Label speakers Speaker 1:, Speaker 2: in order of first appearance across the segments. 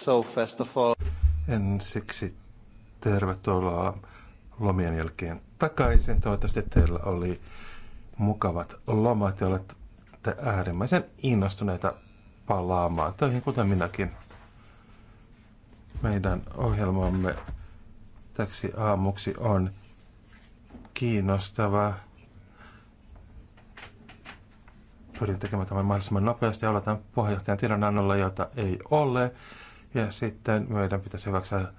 Speaker 1: So first of all... Ensiksi tervetuloa lomien jälkeen takaisin. Toivottavasti teillä oli mukavat lomat ja olette äärimmäisen innostuneita palaamaan töihin, kuten minäkin. Meidän ohjelmamme täksi aamuksi on kiinnostava. Pyrin tekemään tämän mahdollisimman nopeasti ja aloitan puheenjohtajan tiedonannolla, jota ei ole. Ja sitten meidän pitäisi hyväksyä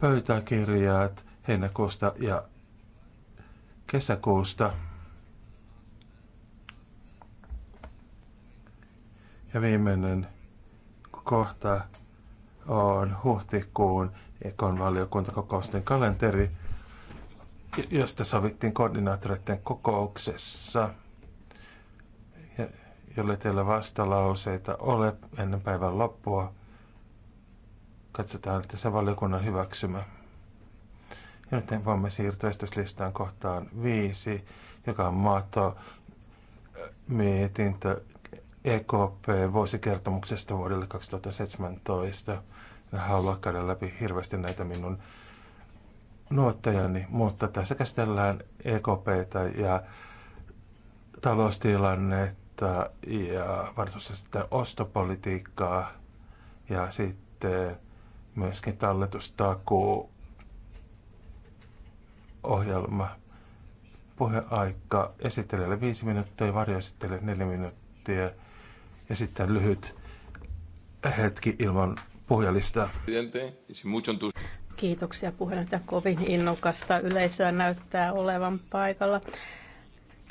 Speaker 1: pöytäkirjat heinäkuusta ja kesäkuusta. Ja viimeinen kohta on huhtikuun Ekon valiokuntakokousten kalenteri, josta sovittiin koordinaattoreiden kokouksessa. Ja, jolle teillä vastalauseita ole ennen päivän loppua, katsotaan että se valiokunnan hyväksymä. Ja nyt voimme siirtyä esityslistaan kohtaan viisi, joka on maato äh, mietintö EKP vuosikertomuksesta vuodelle 2017. En halua käydä läpi hirveästi näitä minun nuottajani, mutta tässä käsitellään EKPtä ja taloustilannetta ja varsinaisesti ostopolitiikkaa ja sitten myöskin talletustakuu ohjelma. Puheaika esittelijälle viisi minuuttia, varjoesittelijälle neljä minuuttia ja sitten lyhyt hetki ilman puhujalista.
Speaker 2: Kiitoksia puheenjohtaja. Kovin innokasta yleisöä näyttää olevan paikalla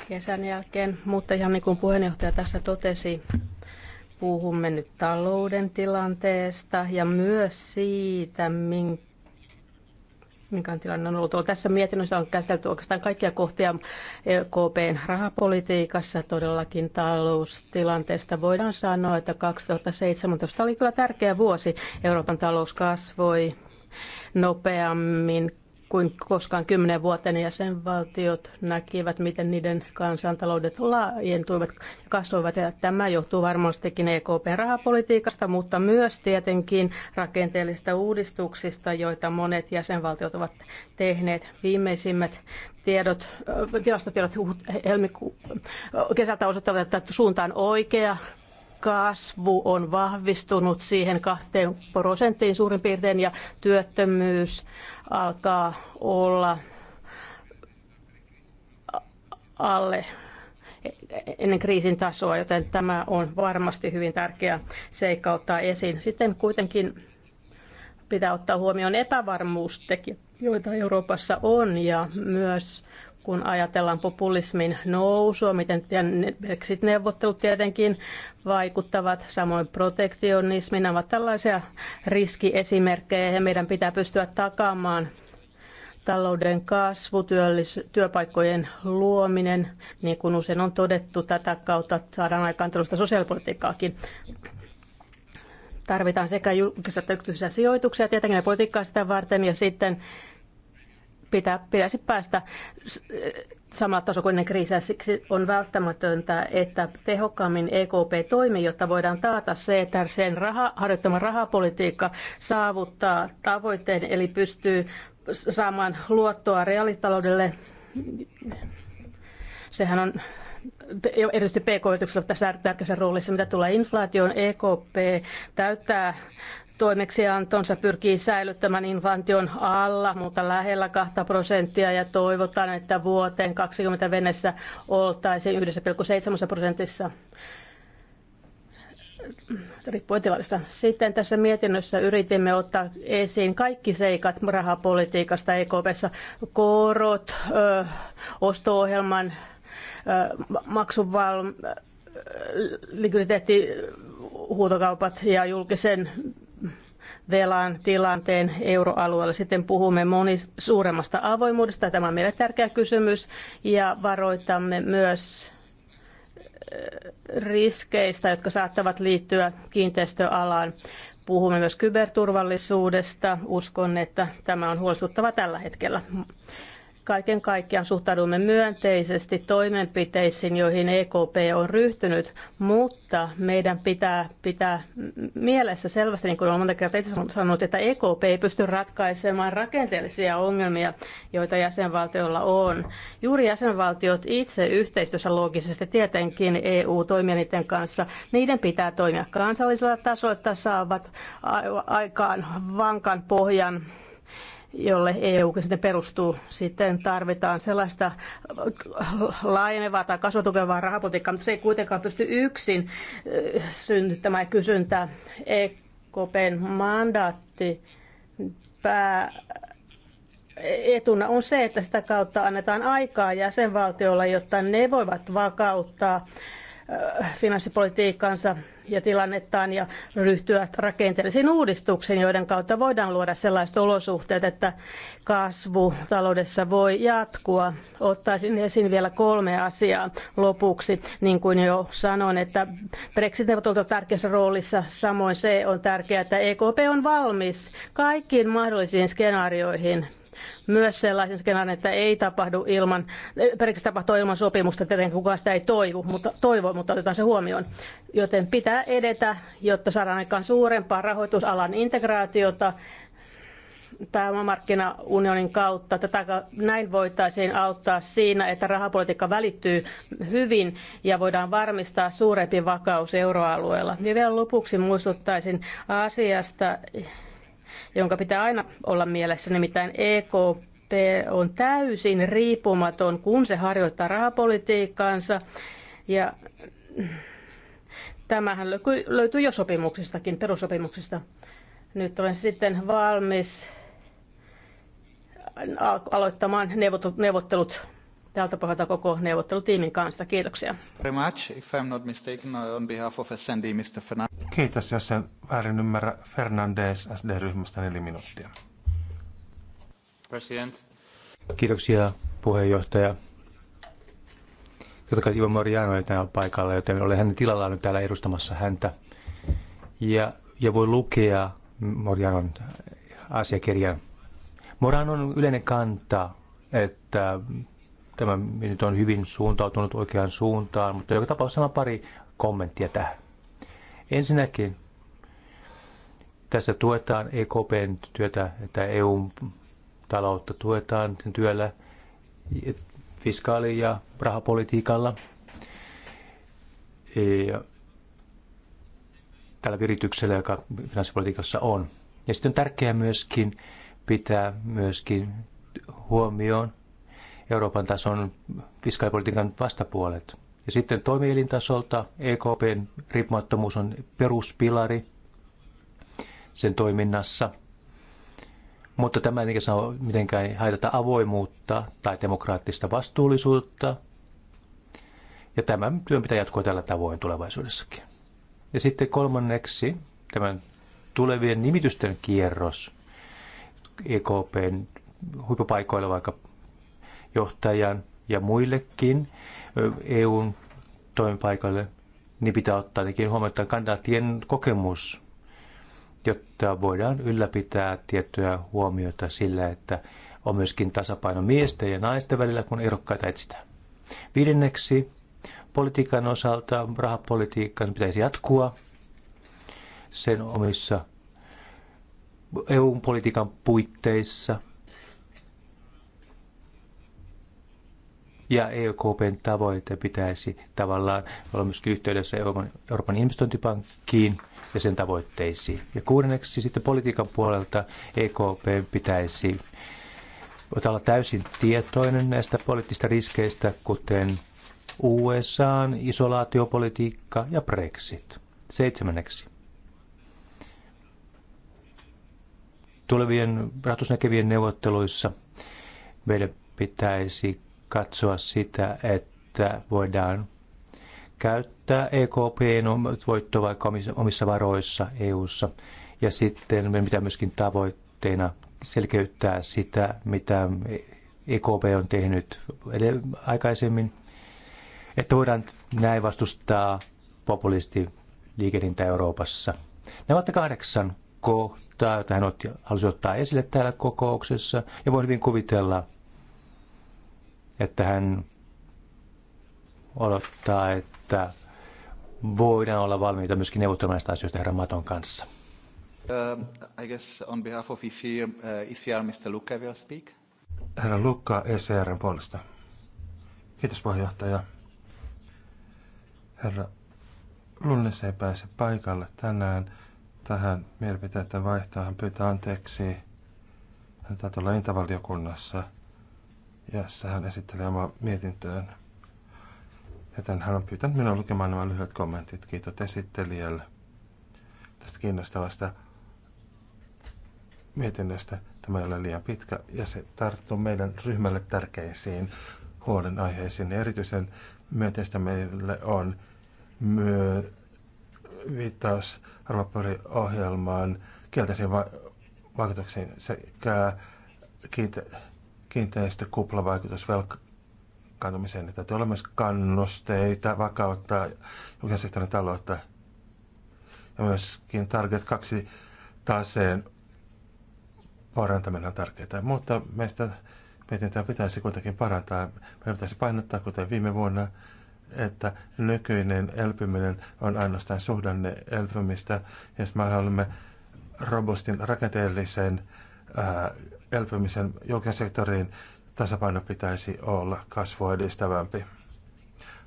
Speaker 2: kesän jälkeen, mutta ihan niin kuin puheenjohtaja tässä totesi, Puhumme nyt talouden tilanteesta ja myös siitä, minkä on tilanne on ollut. Tuolla tässä mietinnössä on käsitelty oikeastaan kaikkia kohtia e KPn rahapolitiikassa. Todellakin taloustilanteesta voidaan sanoa, että 2017 oli kyllä tärkeä vuosi. Euroopan talous kasvoi nopeammin kuin koskaan kymmenen vuoteen ja sen valtiot näkivät, miten niiden kansantaloudet laajentuivat ja kasvoivat. Ja tämä johtuu varmastikin EKPn rahapolitiikasta, mutta myös tietenkin rakenteellisista uudistuksista, joita monet jäsenvaltiot ovat tehneet. Viimeisimmät tiedot, tilastotiedot helmiku- kesältä osoittavat, että suunta on oikea, kasvu on vahvistunut siihen kahteen prosenttiin suurin piirtein ja työttömyys alkaa olla alle ennen kriisin tasoa, joten tämä on varmasti hyvin tärkeä seikka ottaa esiin. Sitten kuitenkin pitää ottaa huomioon epävarmuustekijät, joita Euroopassa on, ja myös kun ajatellaan populismin nousua, miten Brexit-neuvottelut tietenkin vaikuttavat, samoin protektionismi, nämä ovat tällaisia riskiesimerkkejä ja meidän pitää pystyä takaamaan talouden kasvu, työllis- työpaikkojen luominen, niin kuin usein on todettu, tätä kautta saadaan aikaan tällaista sosiaalipolitiikkaakin. Tarvitaan sekä julkisia että yksityisiä sijoituksia, tietenkin politiikkaa sitä varten, ja sitten pitää, pitäisi päästä eh, samalla tasolla kuin ennen kriisiä. Siksi on välttämätöntä, että tehokkaammin EKP toimii, jotta voidaan taata se, että sen raha, harjoittama rahapolitiikka saavuttaa tavoitteen, eli pystyy saamaan luottoa reaalitaloudelle. Sehän on erityisesti pk yrityksellä tässä tärkeässä roolissa, mitä tulee inflaatioon. EKP täyttää toimeksiantonsa pyrkii säilyttämään infantion alla, mutta lähellä 2 prosenttia ja toivotaan, että vuoteen 20 venessä oltaisiin 1,7 prosentissa riippuen tilallista. Sitten tässä mietinnössä yritimme ottaa esiin kaikki seikat rahapolitiikasta EKPssä. Korot, ö, osto-ohjelman, ö, maksuval, likviditeettihuutokaupat ja julkisen velan tilanteen euroalueella. Sitten puhumme moni suuremmasta avoimuudesta. Tämä on meille tärkeä kysymys ja varoitamme myös äh, riskeistä, jotka saattavat liittyä kiinteistöalaan. Puhumme myös kyberturvallisuudesta. Uskon, että tämä on huolestuttava tällä hetkellä. Kaiken kaikkiaan suhtaudumme myönteisesti toimenpiteisiin, joihin EKP on ryhtynyt, mutta meidän pitää pitää mielessä selvästi, niin kuin olen monta kertaa itse sanonut, että EKP ei pysty ratkaisemaan rakenteellisia ongelmia, joita jäsenvaltioilla on. Juuri jäsenvaltiot itse yhteistyössä loogisesti tietenkin EU-toimia niiden kanssa, niiden pitää toimia kansallisella tasolla, että saavat aikaan vankan pohjan jolle EU sitten perustuu. Sitten tarvitaan sellaista laajenevaa tai kasvatukevaa rahapolitiikkaa, mutta se ei kuitenkaan pysty yksin äh, synnyttämään kysyntää. EKPn mandaatti pää etuna on se, että sitä kautta annetaan aikaa jäsenvaltioille, jotta ne voivat vakauttaa Äh, finanssipolitiikkaansa ja tilannettaan ja ryhtyä rakenteellisiin uudistuksiin, joiden kautta voidaan luoda sellaiset olosuhteet, että kasvu taloudessa voi jatkua. Ottaisin esiin vielä kolme asiaa lopuksi. Niin kuin jo sanoin, että brexit on tärkeässä roolissa. Samoin se on tärkeää, että EKP on valmis kaikkiin mahdollisiin skenaarioihin myös sellaisen skenaarin, että ei tapahdu ilman, periaatteessa tapahtuu ilman sopimusta, tietenkin kukaan sitä ei toivo, mutta, toivo, mutta otetaan se huomioon. Joten pitää edetä, jotta saadaan aikaan suurempaa rahoitusalan integraatiota, pääomamarkkinaunionin kautta. Tätä näin voitaisiin auttaa siinä, että rahapolitiikka välittyy hyvin ja voidaan varmistaa suurempi vakaus euroalueella. Ja vielä lopuksi muistuttaisin asiasta, jonka pitää aina olla mielessä, nimittäin EKP on täysin riippumaton, kun se harjoittaa rahapolitiikkaansa. Ja tämähän löytyy jo sopimuksistakin, perussopimuksista. Nyt olen sitten valmis aloittamaan neuvottelut tältä pohjalta koko neuvottelutiimin kanssa. Kiitoksia. If I'm not
Speaker 3: mistaken, uh, on behalf of
Speaker 1: Kiitos, jos en väärin ymmärrä. Fernandes SD-ryhmästä neljä minuuttia.
Speaker 3: President. Kiitoksia, puheenjohtaja. Totta kai Ivo Moriano oli täällä paikalla, joten olen hänen tilallaan nyt täällä edustamassa häntä. Ja, ja voi lukea Morianon asiakirjan. Moran on yleinen kanta, että Tämä nyt on hyvin suuntautunut oikeaan suuntaan, mutta joka tapauksessa on pari kommenttia tähän. Ensinnäkin tässä tuetaan EKPn työtä, että EUn taloutta tuetaan sen työllä fiskaali- ja rahapolitiikalla. E, ja tällä virityksellä, joka finanssipolitiikassa on. Ja sitten on tärkeää myöskin pitää myöskin huomioon Euroopan tason fiskaalipolitiikan vastapuolet. Ja sitten toimielintasolta EKPn riippumattomuus on peruspilari sen toiminnassa. Mutta tämä ei saa mitenkään haitata avoimuutta tai demokraattista vastuullisuutta. Ja tämä työn pitää jatkua tällä tavoin tulevaisuudessakin. Ja sitten kolmanneksi tämän tulevien nimitysten kierros EKPn huippupaikoilla, vaikka johtajan ja muillekin EUn toimipaikalle, niin pitää ottaa nekin huomioon kandidaattien kokemus, jotta voidaan ylläpitää tiettyä huomiota sillä, että on myöskin tasapaino miesten ja naisten välillä, kun ehdokkaita etsitään. Viidenneksi politiikan osalta rahapolitiikkaan pitäisi jatkua sen omissa EU-politiikan puitteissa – Ja EKPn tavoite pitäisi tavallaan olla myöskin yhteydessä Euroopan investointipankkiin ja sen tavoitteisiin. Ja kuudenneksi sitten politiikan puolelta EKP pitäisi olla täysin tietoinen näistä poliittisista riskeistä, kuten USAn isolaatiopolitiikka ja Brexit. Seitsemänneksi. Tulevien ratusnäkevien neuvotteluissa meidän pitäisi katsoa sitä, että voidaan käyttää EKPn voittoa vaikka omissa varoissa EU:ssa ja sitten me mitä myöskin tavoitteena selkeyttää sitä, mitä EKP on tehnyt aikaisemmin, että voidaan näin vastustaa populisti populistiliikehdintä Euroopassa. Nämä ovat kahdeksan kohtaa, joita hän halusi ottaa esille täällä kokouksessa, ja voin hyvin kuvitella, että hän odottaa, että voidaan olla valmiita myöskin neuvottelemaan näistä asioista herran Maton kanssa.
Speaker 1: Uh, I guess on behalf of ECR, uh, ECR Mr.
Speaker 3: Luca will speak. Herra Luca ECRn puolesta. Kiitos puheenjohtaja.
Speaker 1: Herra Lunnes ei pääse paikalle tänään tähän mielipiteiden vaihtoon. Hän pyytää anteeksi. Hän taitaa olla intavaliokunnassa jossa hän esitteli omaa mietintöön. Joten hän on pyytänyt minua lukemaan nämä lyhyet kommentit. Kiitos esittelijälle tästä kiinnostavasta mietinnöstä. Tämä ei ole liian pitkä ja se tarttuu meidän ryhmälle tärkeisiin huolenaiheisiin. Erityisen myönteistä meille on myö- viittaus arvapuri ohjelmaan kielteisiin va- vaikutuksiin sekä kiinte- kiinteistökuplavaikutus velkaantumiseen. Niin täytyy olla myös kannusteita vakauttaa julkisen sektorin taloutta ja myöskin Target 2 taseen parantaminen on tärkeää, mutta meistä mietintää pitäisi kuitenkin parantaa. Meidän pitäisi painottaa, kuten viime vuonna, että nykyinen elpyminen on ainoastaan suhdanne elpymistä. Jos me haluamme robustin rakenteellisen ää, elpymisen julkisen sektorin tasapaino pitäisi olla kasvua edistävämpi.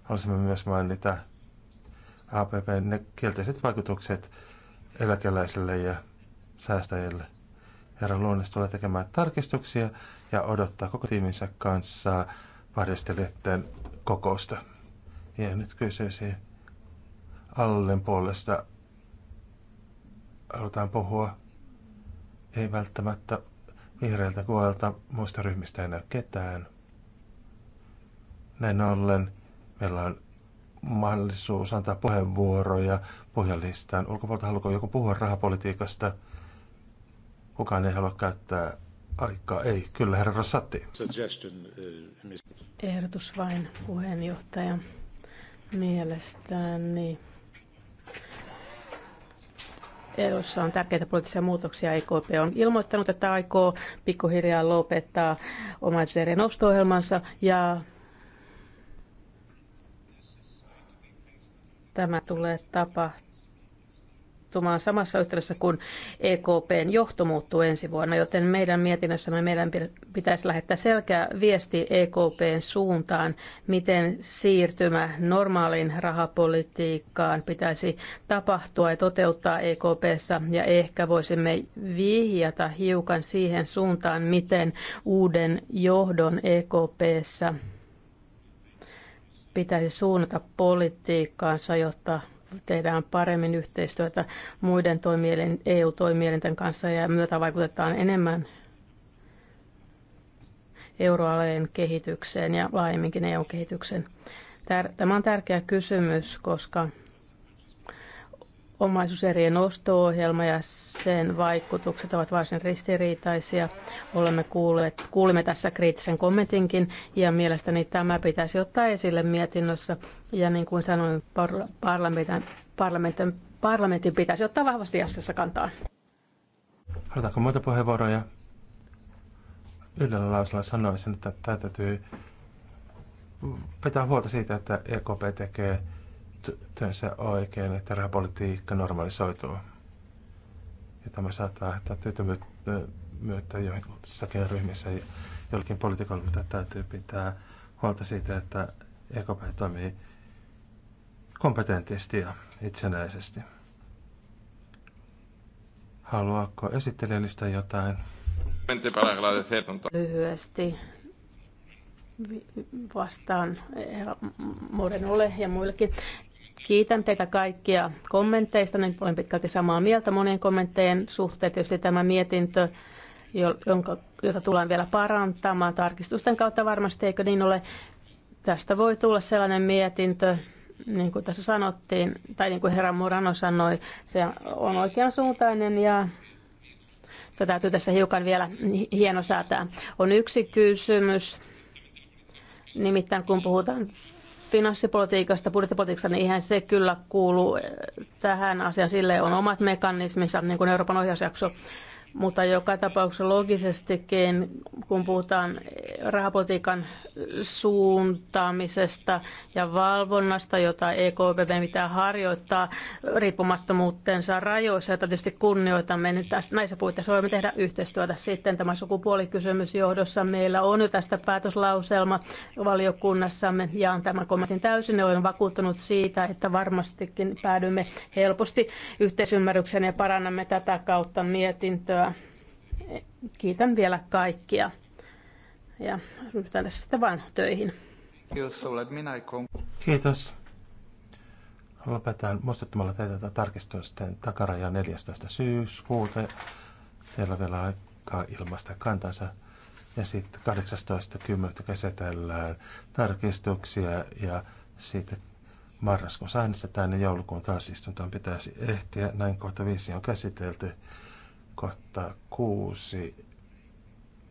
Speaker 1: Haluaisimme myös mainita APPn kielteiset vaikutukset eläkeläisille ja säästäjille. Herra Luonnes tulee tekemään tarkistuksia ja odottaa koko tiiminsä kanssa varjastelijoiden kokousta. Ja nyt kysyisin Allen puolesta halutaan puhua. Ei välttämättä Vihreältä kuolta muista ryhmistä ei näy ketään. Näin ollen meillä on mahdollisuus antaa puheenvuoroja pohjalistaan. Ulkopuolta haluaa joku puhua rahapolitiikasta? Kukaan ei halua käyttää aikaa. Ei, kyllä herra Rosatti. Uh,
Speaker 2: Ehdotus vain puheenjohtaja mielestäni. Niin jossa e on tärkeitä poliittisia muutoksia. EKP on ilmoittanut, että aikoo pikkuhiljaa lopettaa omaisuuden osto-ohjelmansa ja tämä tulee tapahtumaan muuttumaan samassa yhteydessä, kun EKPn johto muuttuu ensi vuonna, joten meidän mietinnössämme meidän pitäisi lähettää selkeä viesti EKPn suuntaan, miten siirtymä normaaliin rahapolitiikkaan pitäisi tapahtua ja toteuttaa EKP:ssa, ja ehkä voisimme vihjata hiukan siihen suuntaan, miten uuden johdon EKPssä pitäisi suunnata politiikkaansa, jotta tehdään paremmin yhteistyötä muiden toimielin, EU-toimielinten kanssa ja myötä vaikutetaan enemmän euroalueen kehitykseen ja laajemminkin EU-kehitykseen. Tämä on tärkeä kysymys, koska omaisuuserien nosto-ohjelma ja sen vaikutukset ovat varsin ristiriitaisia. Olemme kuulleet, kuulimme tässä kriittisen kommentinkin ja mielestäni tämä pitäisi ottaa esille mietinnössä. Ja niin kuin sanoin, par- parlamentin, parlamentin, parlamentin pitäisi ottaa vahvasti asiassa kantaa.
Speaker 1: Halutaanko muita puheenvuoroja? Yhdellä lausulla sanoisin, että tämä täytyy pitää huolta siitä, että EKP tekee työnsä oikein, että rahapolitiikka normalisoituu. Ja tämä saattaa että tyytymyyttä joissakin ryhmissä ja jollakin poliitikolla, mutta täytyy pitää huolta siitä, että EKP toimii kompetentisti ja itsenäisesti. Haluaako esittelijällistä jotain?
Speaker 2: Lyhyesti vastaan ole ja muillekin. Kiitän teitä kaikkia kommenteista, niin olen pitkälti samaa mieltä monien kommenttejen suhteen. Tietysti tämä mietintö, jonka, jota tullaan vielä parantamaan tarkistusten kautta varmasti, eikö niin ole. Tästä voi tulla sellainen mietintö, niin kuin tässä sanottiin, tai niin kuin herra Murano sanoi, se on oikeansuuntainen ja tätä täytyy tässä hiukan vielä hieno säätää. On yksi kysymys, nimittäin kun puhutaan finanssipolitiikasta, budjettipolitiikasta, niin ihan se kyllä kuuluu eh, tähän asiaan. Sille on omat mekanisminsa, niin kuin Euroopan ohjausjakso mutta joka tapauksessa logisestikin, kun puhutaan rahapolitiikan suuntaamisesta ja valvonnasta, jota EKPV pitää harjoittaa riippumattomuutensa rajoissa, jota tietysti kunnioitamme, niin näissä puitteissa voimme tehdä yhteistyötä. Sitten tämä sukupuolikysymys johdossa meillä on jo tästä päätöslauselma valiokunnassamme. Jaan tämän kommentin täysin ja olen vakuuttunut siitä, että varmastikin päädymme helposti yhteisymmärrykseen ja parannamme tätä kautta mietintöä mietintöä. Kiitän vielä kaikkia ja ryhdytään sitten vain töihin.
Speaker 1: Kiitos. Lopetan muistuttamalla teitä tarkistusten takaraja 14. syyskuuta. Teillä on vielä aikaa ilmaista kantansa. Ja sitten 18.10. käsitellään tarkistuksia ja sitten marraskuussa äänestetään ja joulukuun istuntoon pitäisi ehtiä. Näin kohta viisi on käsitelty kohtaa kuusi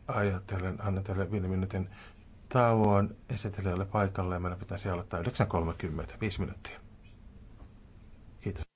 Speaker 1: ajatellen, annan teille viiden minuutin tauon esittelijälle paikalle ja meidän pitäisi aloittaa 9.30, viisi minuuttia. Kiitos.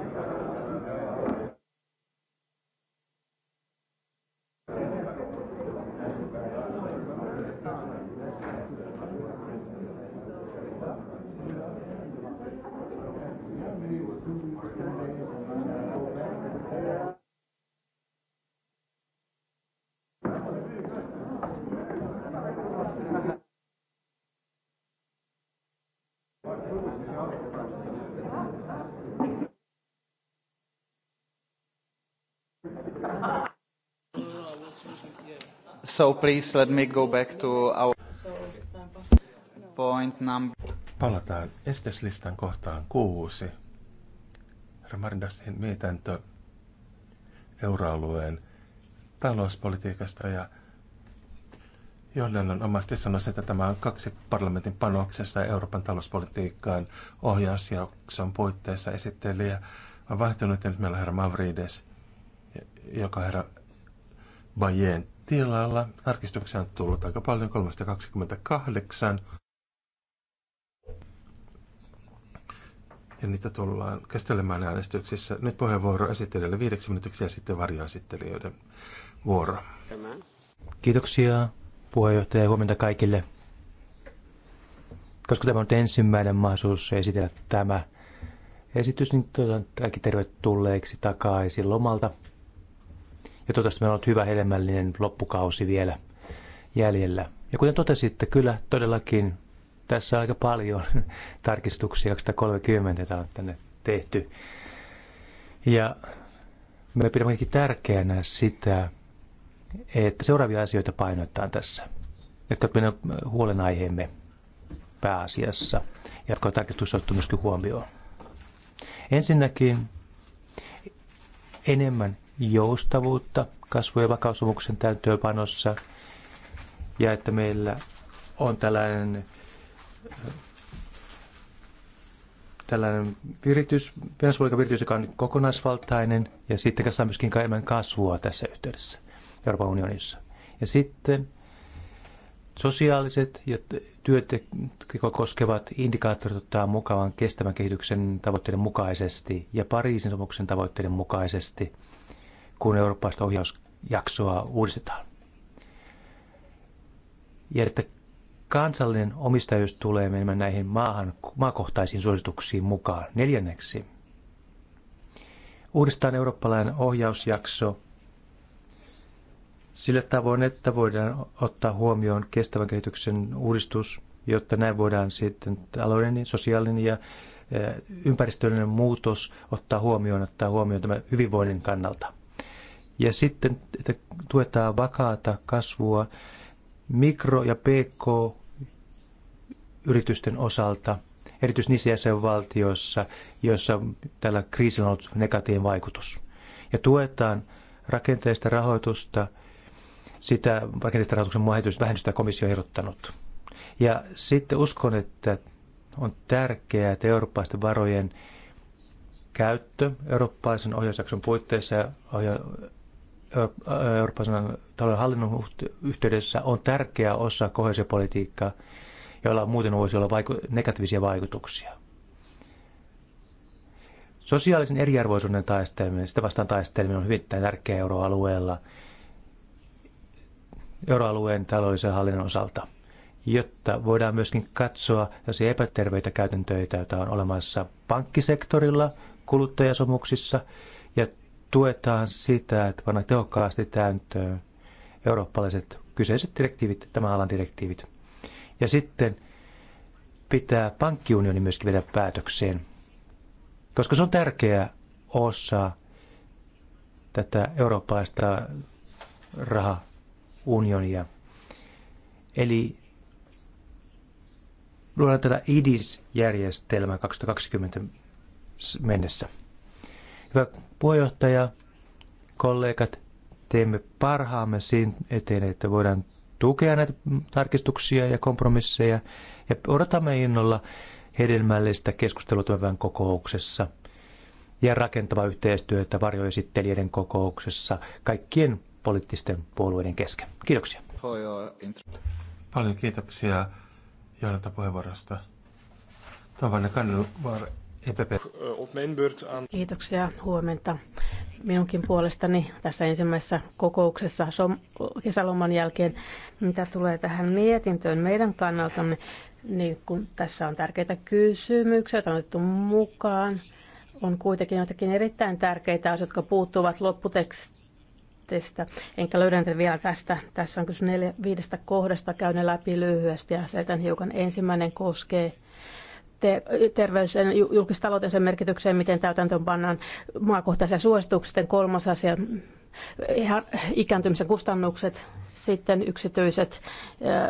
Speaker 3: So please let me go back to our point number.
Speaker 1: Palataan esteslistan kohtaan kuusi. Ramardasin mietintö euroalueen talouspolitiikasta ja johdannon omasti sanoisi, että tämä on kaksi parlamentin panoksesta Euroopan talouspolitiikkaan ohjausjakson puitteissa esittelijä on vaihtunut ja nyt meillä on herra Mavrides, joka herra vajeen tilalla. Tarkistuksia on tullut aika paljon, 328. Ja niitä tullaan käsittelemään äänestyksissä. Nyt puheenvuoro esittelijälle viideksi minuutiksi ja sitten varjoesittelijöiden
Speaker 3: vuoro. Kiitoksia puheenjohtaja ja huomenta kaikille. Koska tämä on nyt ensimmäinen mahdollisuus esitellä tämä esitys, niin kaikki tervetulleeksi takaisin lomalta – ja toivottavasti meillä on hyvä hedelmällinen loppukausi vielä jäljellä. Ja kuten totesitte, kyllä todellakin tässä on aika paljon tarkistuksia, 230 tämä on tänne tehty. Ja me pidämme tärkeänä sitä, että seuraavia asioita painotetaan tässä. Että meidän huolenaiheemme pääasiassa, Ja jotka on tarkistus myöskin huomioon. Ensinnäkin enemmän joustavuutta kasvu- ja vakausomuksen täytäntöönpanossa ja että meillä on tällainen, tällainen viritys, viritys, joka on kokonaisvaltainen ja sitten kasvaa myöskin enemmän kasvua tässä yhteydessä Euroopan unionissa. Ja sitten sosiaaliset ja työtekniikkaa koskevat indikaattorit ottaa mukavan kestävän kehityksen tavoitteiden mukaisesti ja Pariisin sopimuksen tavoitteiden mukaisesti – kun eurooppalaista ohjausjaksoa uudistetaan. Ja että kansallinen omistajuus tulee menemään näihin maahan, maakohtaisiin suosituksiin mukaan. Neljänneksi, uudistetaan eurooppalainen ohjausjakso sillä tavoin, että voidaan ottaa huomioon kestävän kehityksen uudistus, jotta näin voidaan sitten taloudellinen, sosiaalinen ja eh, ympäristöllinen muutos ottaa huomioon, ottaa huomioon tämä hyvinvoinnin kannalta. Ja sitten, että tuetaan vakaata kasvua mikro- ja pk-yritysten osalta, erityisesti niissä jäsenvaltioissa, joissa tällä kriisillä on ollut negatiivinen vaikutus. Ja tuetaan rakenteista rahoitusta, sitä rakenteista rahoituksen vähennystä komissio on ehdottanut. Ja sitten uskon, että on tärkeää, että eurooppalaisten varojen käyttö eurooppalaisen ohjausjakson puitteissa ja Euroopan talouden hallinnon yhteydessä on tärkeä osa kohesiopolitiikkaa, joilla muuten voisi olla vaiku- negatiivisia vaikutuksia. Sosiaalisen eriarvoisuuden taisteleminen, sitä vastaan taisteleminen on hyvin tärkeä euroalueella, euroalueen taloudellisen hallinnon osalta, jotta voidaan myöskin katsoa tällaisia epäterveitä käytäntöitä, joita on olemassa pankkisektorilla, kuluttajasomuksissa – tuetaan sitä, että panna tehokkaasti täyntöön eurooppalaiset kyseiset direktiivit, tämä alan direktiivit. Ja sitten pitää pankkiunioni myöskin vedä päätökseen, koska se on tärkeä osa tätä eurooppalaista rahaunionia. Eli luodaan tätä IDIS-järjestelmää 2020 mennessä. Hyvä puheenjohtaja, kollegat, teemme parhaamme siinä eteen, että voidaan tukea näitä tarkistuksia ja kompromisseja ja odotamme innolla hedelmällistä keskustelua tämän kokouksessa ja rakentava yhteistyötä varjoesittelijöiden kokouksessa kaikkien poliittisten puolueiden kesken. Kiitoksia.
Speaker 1: Paljon kiitoksia Joonalta puheenvuorosta. Tavanne Kanneluvaara EPP.
Speaker 2: Kiitoksia, huomenta. Minunkin puolestani tässä ensimmäisessä kokouksessa kesäloman jälkeen, mitä tulee tähän mietintöön meidän kannaltamme, niin kun tässä on tärkeitä kysymyksiä, joita on otettu mukaan, on kuitenkin jotakin erittäin tärkeitä asioita, jotka puuttuvat lopputekstistä. Enkä löydä niitä vielä tästä. Tässä on kyse neljä, viidestä kohdasta. Käyn ne läpi lyhyesti ja sieltä hiukan ensimmäinen koskee terveys- ja julkistaloutensa merkitykseen, miten täytäntöön pannaan maakohtaisia suosituksia. Kolmas asia, ihan ikääntymisen kustannukset, sitten yksityiset äh,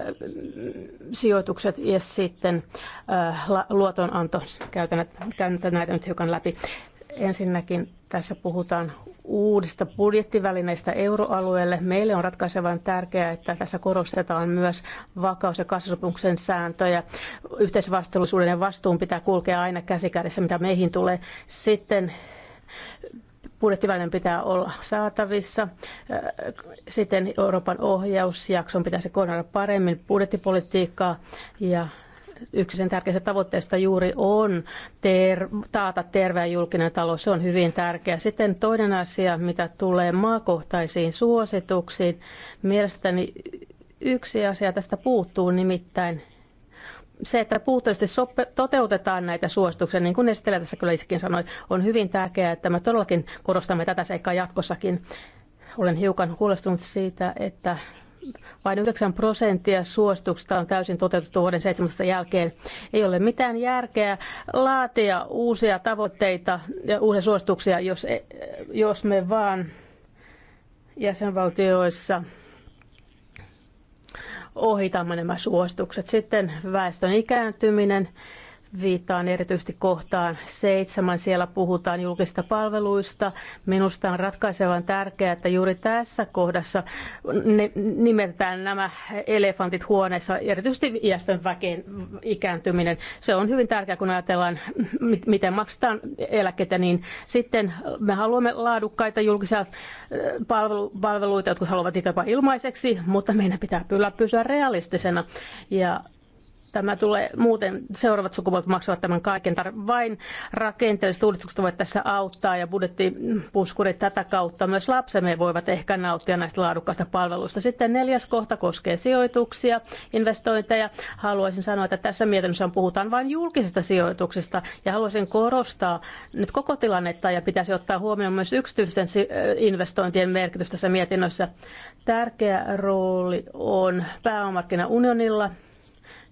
Speaker 2: sijoitukset ja sitten äh, luotonanto. Käytän, käytän näitä nyt hiukan läpi. Ensinnäkin tässä puhutaan uudista budjettivälineistä euroalueelle. Meille on ratkaisevan tärkeää, että tässä korostetaan myös vakaus- ja kasvusopimuksen sääntöjä. Yhteisvastuullisuuden ja vastuun pitää kulkea aina käsikädessä, mitä meihin tulee. Sitten budjettivälinen pitää olla saatavissa. Sitten Euroopan ohjausjakson pitäisi koordinoida paremmin budjettipolitiikkaa ja yksi sen tärkeistä tavoitteista juuri on ter- taata terveä julkinen talous. Se on hyvin tärkeä. Sitten toinen asia, mitä tulee maakohtaisiin suosituksiin. Mielestäni yksi asia tästä puuttuu nimittäin se, että puutteellisesti toteutetaan näitä suosituksia, niin kuin Estelä tässä kyllä itsekin sanoi, on hyvin tärkeää, että me todellakin korostamme tätä seikkaa jatkossakin. Olen hiukan huolestunut siitä, että vain 9 prosenttia suosituksista on täysin toteutettu vuoden 17 jälkeen. Ei ole mitään järkeä laatia uusia tavoitteita ja uusia suosituksia, jos, e- jos me vaan jäsenvaltioissa ohitamme nämä suositukset. Sitten väestön ikääntyminen. Viittaan erityisesti kohtaan seitsemän. Siellä puhutaan julkista palveluista. Minusta on ratkaisevan tärkeää, että juuri tässä kohdassa nimetään nämä elefantit huoneessa, erityisesti iästön väkeen ikääntyminen. Se on hyvin tärkeää, kun ajatellaan, miten maksetaan eläkettä. Niin sitten me haluamme laadukkaita julkisia äh, palvelu- palveluita, jotkut haluavat niitä jopa ilmaiseksi, mutta meidän pitää kyllä pysyä realistisena. Ja tämä tulee, muuten seuraavat sukupolvet maksavat tämän kaiken. Vain rakenteelliset uudistukset voivat tässä auttaa ja budjettipuskurit tätä kautta. Myös lapsemme voivat ehkä nauttia näistä laadukkaista palveluista. Sitten neljäs kohta koskee sijoituksia, investointeja. Haluaisin sanoa, että tässä mietinnössä puhutaan vain julkisista sijoituksista ja haluaisin korostaa nyt koko tilannetta ja pitäisi ottaa huomioon myös yksityisten investointien merkitys tässä mietinnössä. Tärkeä rooli on pääomarkkinaunionilla,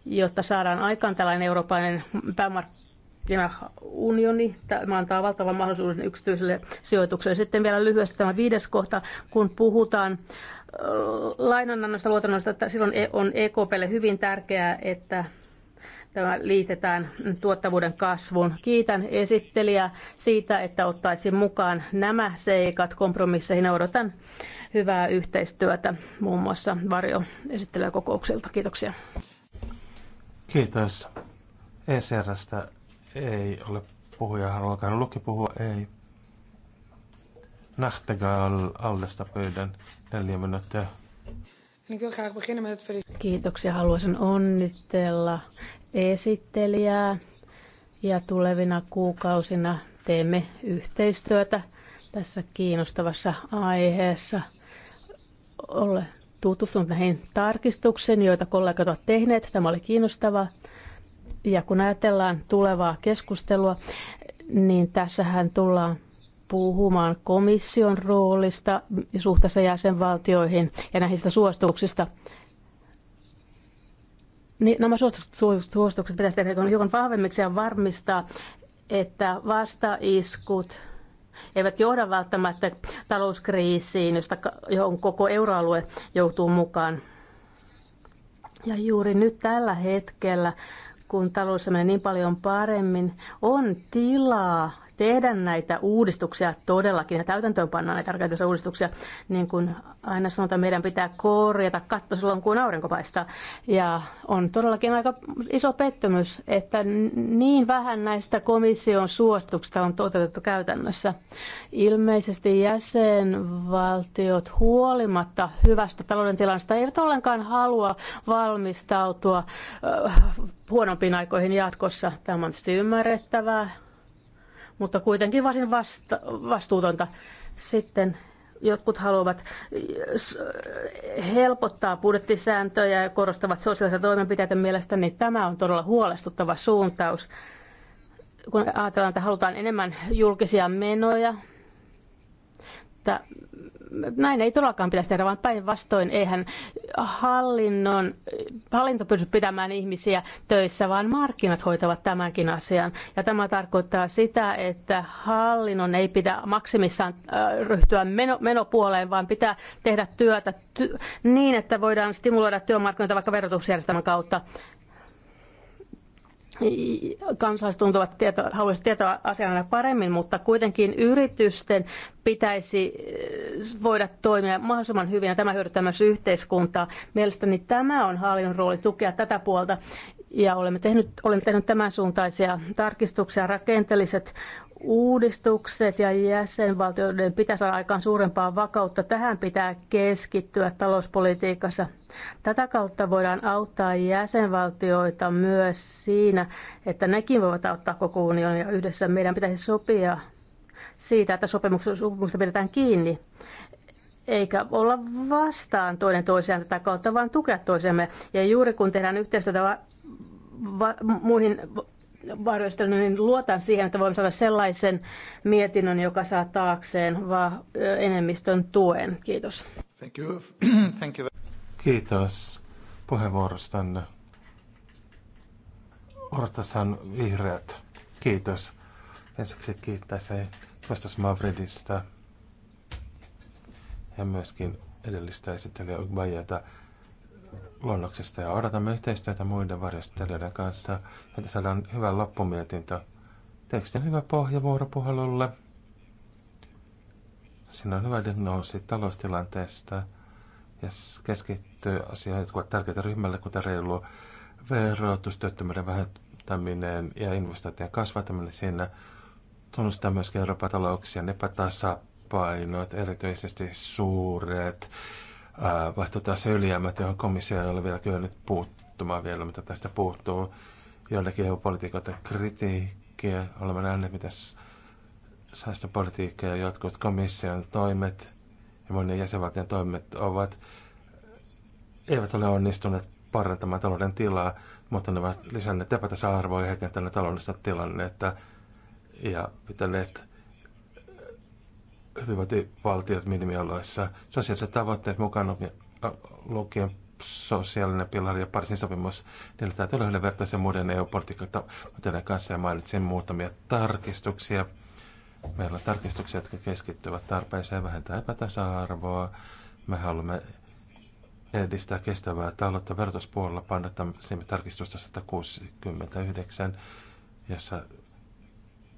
Speaker 2: jotta saadaan aikaan tällainen eurooppalainen päämarkkinaunioni. Tämä antaa valtavan mahdollisuuden yksityiselle sijoitukselle. Sitten vielä lyhyesti tämä viides kohta, kun puhutaan lainannannosta luotannosta, että silloin e- on EKPlle hyvin tärkeää, että tämä liitetään tuottavuuden kasvuun. Kiitän esittelijää siitä, että ottaisin mukaan nämä seikat kompromisseihin. Odotan hyvää yhteistyötä muun muassa varjoesittelijäkokoukselta. Kiitoksia.
Speaker 1: Kiitos. ECRstä ei ole puhuja. Haluakaa luki puhua? Ei. Nachtegaal Allesta pöydän neljä minuuttia.
Speaker 2: Kiitoksia. Haluaisin onnitella esittelijää ja tulevina kuukausina teemme yhteistyötä tässä kiinnostavassa aiheessa. Ole tutustunut näihin tarkistuksiin, joita kollegat ovat tehneet. Tämä oli kiinnostavaa. Ja kun ajatellaan tulevaa keskustelua, niin tässähän tullaan puhumaan komission roolista suhteessa jäsenvaltioihin ja näistä suosituksista. Niin nämä suositukset pitäisi tehdä hiukan vahvemmiksi ja varmistaa, että vastaiskut eivät johda välttämättä talouskriisiin, josta, johon koko euroalue joutuu mukaan. Ja juuri nyt tällä hetkellä, kun taloudessa menee niin paljon paremmin, on tilaa tehdä näitä uudistuksia todellakin ja täytäntöönpanna näitä rakenteellisia uudistuksia, niin kuin aina sanotaan, meidän pitää korjata katto silloin, kun aurinko paistaa. Ja on todellakin aika iso pettymys, että niin vähän näistä komission suosituksista on toteutettu käytännössä. Ilmeisesti jäsenvaltiot huolimatta hyvästä talouden tilannesta eivät ollenkaan halua valmistautua äh, huonompiin aikoihin jatkossa. Tämä on tietysti ymmärrettävää mutta kuitenkin varsin vasta- vastuutonta. Sitten jotkut haluavat helpottaa budjettisääntöjä ja korostavat sosiaalisia toimenpiteitä. niin tämä on todella huolestuttava suuntaus. Kun ajatellaan, että halutaan enemmän julkisia menoja, näin ei todellakaan pitäisi tehdä, vaan päinvastoin eihän hallinnon, hallinto pysty pitämään ihmisiä töissä, vaan markkinat hoitavat tämänkin asian. Ja tämä tarkoittaa sitä, että hallinnon ei pidä maksimissaan äh, ryhtyä meno, menopuoleen, vaan pitää tehdä työtä ty- niin, että voidaan stimuloida työmarkkinoita vaikka verotusjärjestelmän kautta kansalaiset tuntuvat tieto, haluaisivat tietoa asiana paremmin, mutta kuitenkin yritysten pitäisi eh, voida toimia mahdollisimman hyvin ja tämä hyödyttää myös yhteiskuntaa. Mielestäni tämä on hallinnon rooli tukea tätä puolta ja olemme tehneet olemme tehneet tämän suuntaisia tarkistuksia. Rakenteelliset uudistukset ja jäsenvaltioiden pitää saada aikaan suurempaa vakautta. Tähän pitää keskittyä talouspolitiikassa. Tätä kautta voidaan auttaa jäsenvaltioita myös siinä, että nekin voivat auttaa koko ja yhdessä. Meidän pitäisi sopia siitä, että sopimuksesta pidetään kiinni eikä olla vastaan toinen toisiaan tätä kautta, vaan tukea toisemme. Ja juuri kun tehdään yhteistyötä muihin varjostelun, niin luotan siihen, että voimme saada sellaisen mietinnön, joka saa taakseen vaan enemmistön tuen. Kiitos. Thank you. Thank you.
Speaker 1: Kiitos puheenvuorostanne. Ortasan vihreät. Kiitos. Ensiksi kiittäisin Kostas Mavridista ja myöskin edellistä esittelijä Ogbayata luonnoksesta ja odotamme yhteistyötä muiden varjostelijoiden kanssa, että saadaan hyvä loppumietintö. Tekstin hyvä pohja vuoropuhelulle. Siinä on hyvä diagnoosi taloustilanteesta ja keskittyy asioihin, jotka ovat tärkeitä ryhmälle, kuten reilu verotus, työttömyyden vähentäminen ja investointien kasvattaminen. Siinä tunnustaa myöskin Euroopan talouksien epätasapainot, erityisesti suuret Äh, vaihtoi se ylijäämät, johon komissio ei ole vielä kyennyt puuttumaan vielä, mitä tästä puuttuu. Joillekin eu politiikoita kritiikkiä, olemme nähneet, mitä säästöpolitiikka ja jotkut komission toimet ja monien jäsenvaltion toimet ovat, eivät ole onnistuneet parantamaan talouden tilaa, mutta ne ovat lisänneet epätasa-arvoa ja heikentäneet taloudellista tilannetta ja pitäneet hyvinvointivaltiot minimioloissa. Sosiaaliset tavoitteet mukaan lukien sosiaalinen pilari ja Pariisin sopimus, niillä täytyy olla yhdenvertaisen muiden EU-politiikan kanssa ja mainitsin muutamia tarkistuksia. Meillä on tarkistuksia, jotka keskittyvät tarpeeseen vähentää epätasa-arvoa. Me haluamme edistää kestävää taloutta verotuspuolella painottamme tarkistusta 169, jossa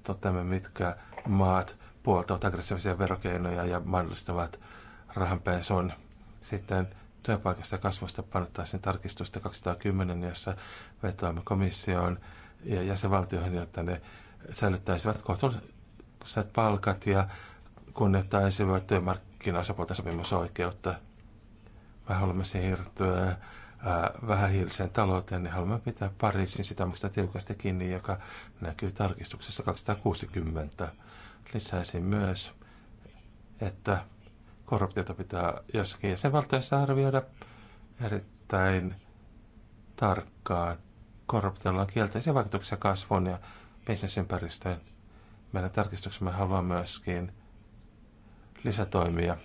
Speaker 1: toteamme, mitkä maat puoltavat aggressiivisia verokeinoja ja mahdollistavat rahanpesun. Sitten työpaikasta ja kasvusta panottaisiin tarkistusta 210, jossa vetoamme komissioon ja jäsenvaltioihin, jotta ne säilyttäisivät kohtuulliset palkat ja kunnioittaisivat työmarkkinaosapuolten sopimusoikeutta. Me haluamme siirtyä vähähiiliseen talouteen, niin haluamme pitää Pariisin sitä tiukasti kiinni, joka näkyy tarkistuksessa 260. Lisäisin myös, että korruptiota pitää jossakin jäsenvaltioissa arvioida erittäin tarkkaan. Korruptiolla on kielteisiä vaikutuksia kasvuun ja bisnesympäristöön. Meidän tarkistuksemme haluaa myöskin lisätoimia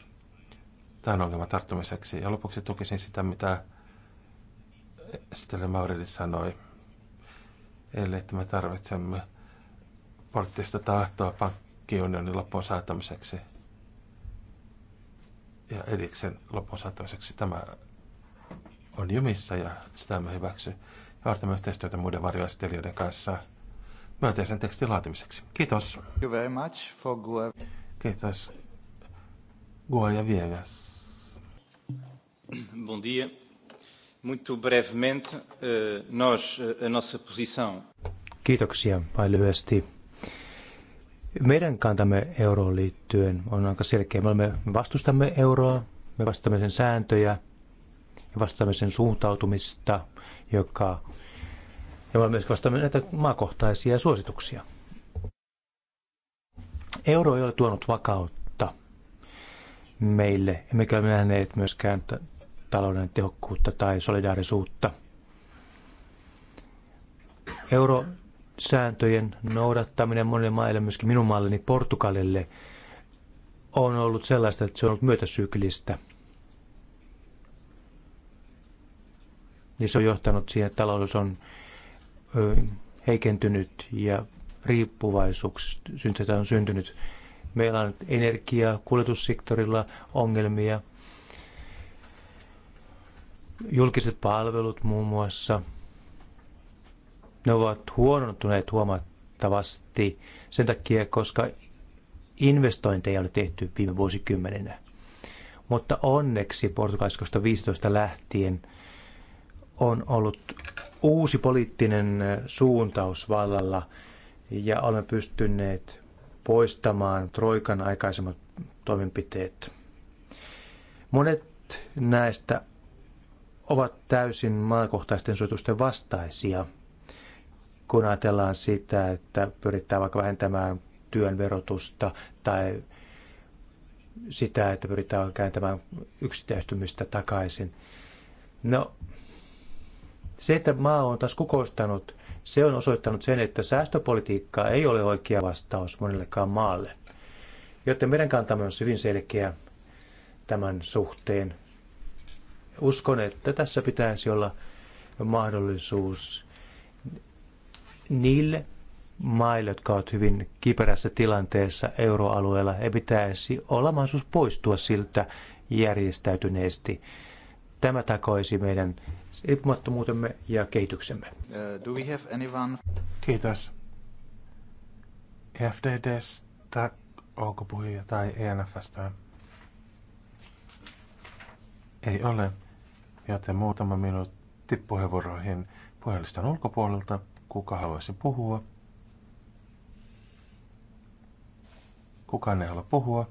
Speaker 1: tämän ongelman tarttumiseksi. Ja lopuksi tukisin sitä, mitä Stella Mauridis sanoi. Eli että me tarvitsemme poliittista tahtoa pankkia pankkiunionin loppuun saattamiseksi ja ediksen loppuun saattamiseksi. Tämä on jumissa ja sitä emme hyväksy. Ja vartamme yhteistyötä muiden varjoistelijoiden kanssa myönteisen tekstin laatimiseksi. Kiitos. Thank
Speaker 3: you very much for Gua. Kiitos. Gua ja Viegas. Bon dia. Muito brevemente, eh, nós, eh, a nossa posição. Kiitoksia, vain lyhyesti meidän kantamme euroon liittyen on aika selkeä. Me vastustamme euroa, me vastustamme sen sääntöjä ja vastustamme sen suuntautumista, joka, ja me myös vastustamme näitä maakohtaisia suosituksia. Euro ei ole tuonut vakautta meille, emmekä ole nähneet myöskään talouden tehokkuutta tai solidaarisuutta. Euro sääntöjen noudattaminen monille maille, myöskin minun maalleni Portugalille, on ollut sellaista, että se on ollut myötäsyklistä. Ja se on johtanut siihen, että talous on heikentynyt ja riippuvaisuuksista on syntynyt. Meillä on energia- kuljetussektorilla ongelmia, julkiset palvelut muun muassa – ne ovat huonontuneet huomattavasti sen takia, koska investointeja on tehty viime vuosikymmeninä. Mutta onneksi Portugalista 15 lähtien on ollut uusi poliittinen suuntaus vallalla ja olemme pystyneet poistamaan Troikan aikaisemmat toimenpiteet. Monet näistä ovat täysin maakohtaisten suositusten vastaisia – kun ajatellaan sitä, että pyritään vaikka vähentämään työn verotusta tai sitä, että pyritään kääntämään yksityistymistä takaisin. No, se, että maa on taas kukoistanut, se on osoittanut sen, että säästöpolitiikka ei ole oikea vastaus monellekaan maalle. Joten meidän kantamme on hyvin selkeä tämän suhteen. Uskon, että tässä pitäisi olla mahdollisuus niille maille, jotka ovat hyvin kiperässä tilanteessa euroalueella, ei pitäisi olla mahdollisuus poistua siltä järjestäytyneesti. Tämä takoisi meidän riippumattomuutemme ja kehityksemme.
Speaker 2: Uh, do we have anyone?
Speaker 3: Kiitos.
Speaker 1: FDDstä, onko puhuja tai ENFstä? Ei ole, joten muutama minuutti puheenvuoroihin puhelistan ulkopuolelta – Kuka haluaisi puhua? Kukaan ei halua puhua,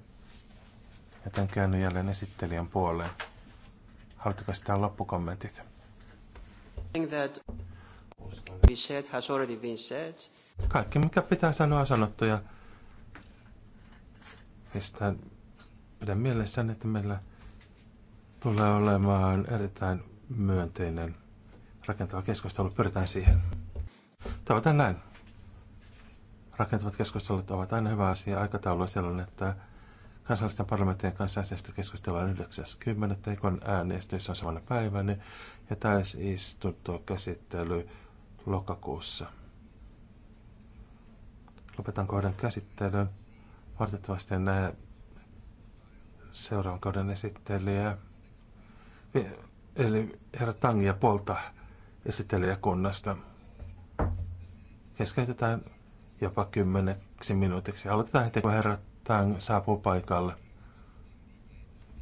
Speaker 1: joten käänny jälleen esittelijän puoleen. Haluatteko sitä loppukommentit? Kaikki, mikä pitää sanoa, sanottu. Ja sitä pidän mielessäni, että meillä tulee olemaan erittäin myönteinen rakentava keskustelu. Pyritään siihen. Toivotan näin. Rakentavat keskustelut ovat aina hyvä asia. Aikataulu on sellainen, että kansallisten parlamenttien kanssa asiasta keskustellaan 9.10. Ekon äänestys on samana päivänä niin ja täysistunto käsittely lokakuussa. Lopetan kohdan käsittelyn. Valitettavasti en näe seuraavan kauden esittelijää. Eli herra Tangia Polta esittelijäkunnasta keskeytetään jopa kymmeneksi minuutiksi. Aloitetaan heti, kun herra Tang saapuu paikalle.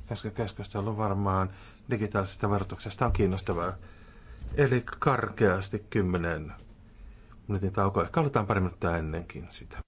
Speaker 1: Koska keskustelu varmaan digitaalisesta verotuksesta on kiinnostavaa. Eli karkeasti kymmenen minuutin tauko. Ehkä aloitetaan pari minuuttia ennenkin sitä.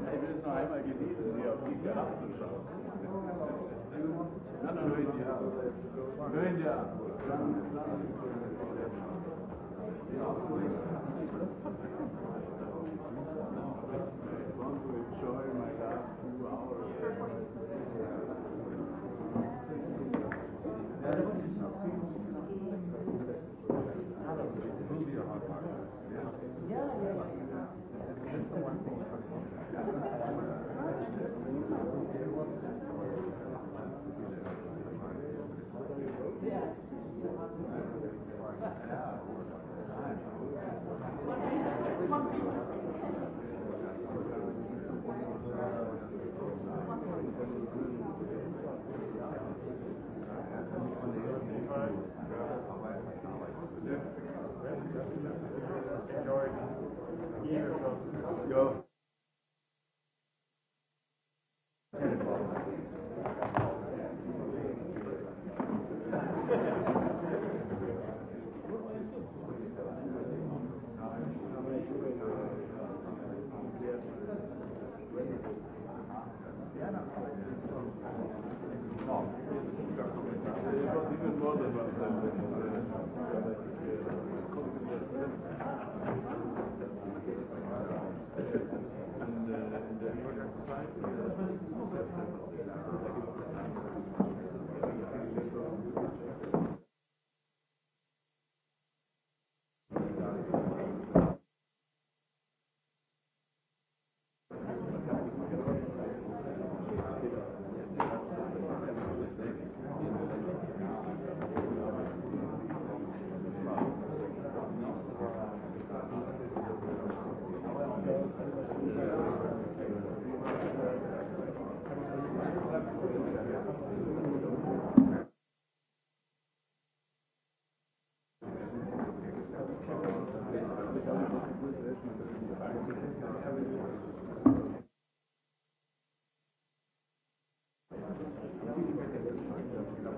Speaker 4: Ja, ich will es noch einmal genießen, hier auf die Karte zu schauen. Dann Dann, dann. Ja, Joo.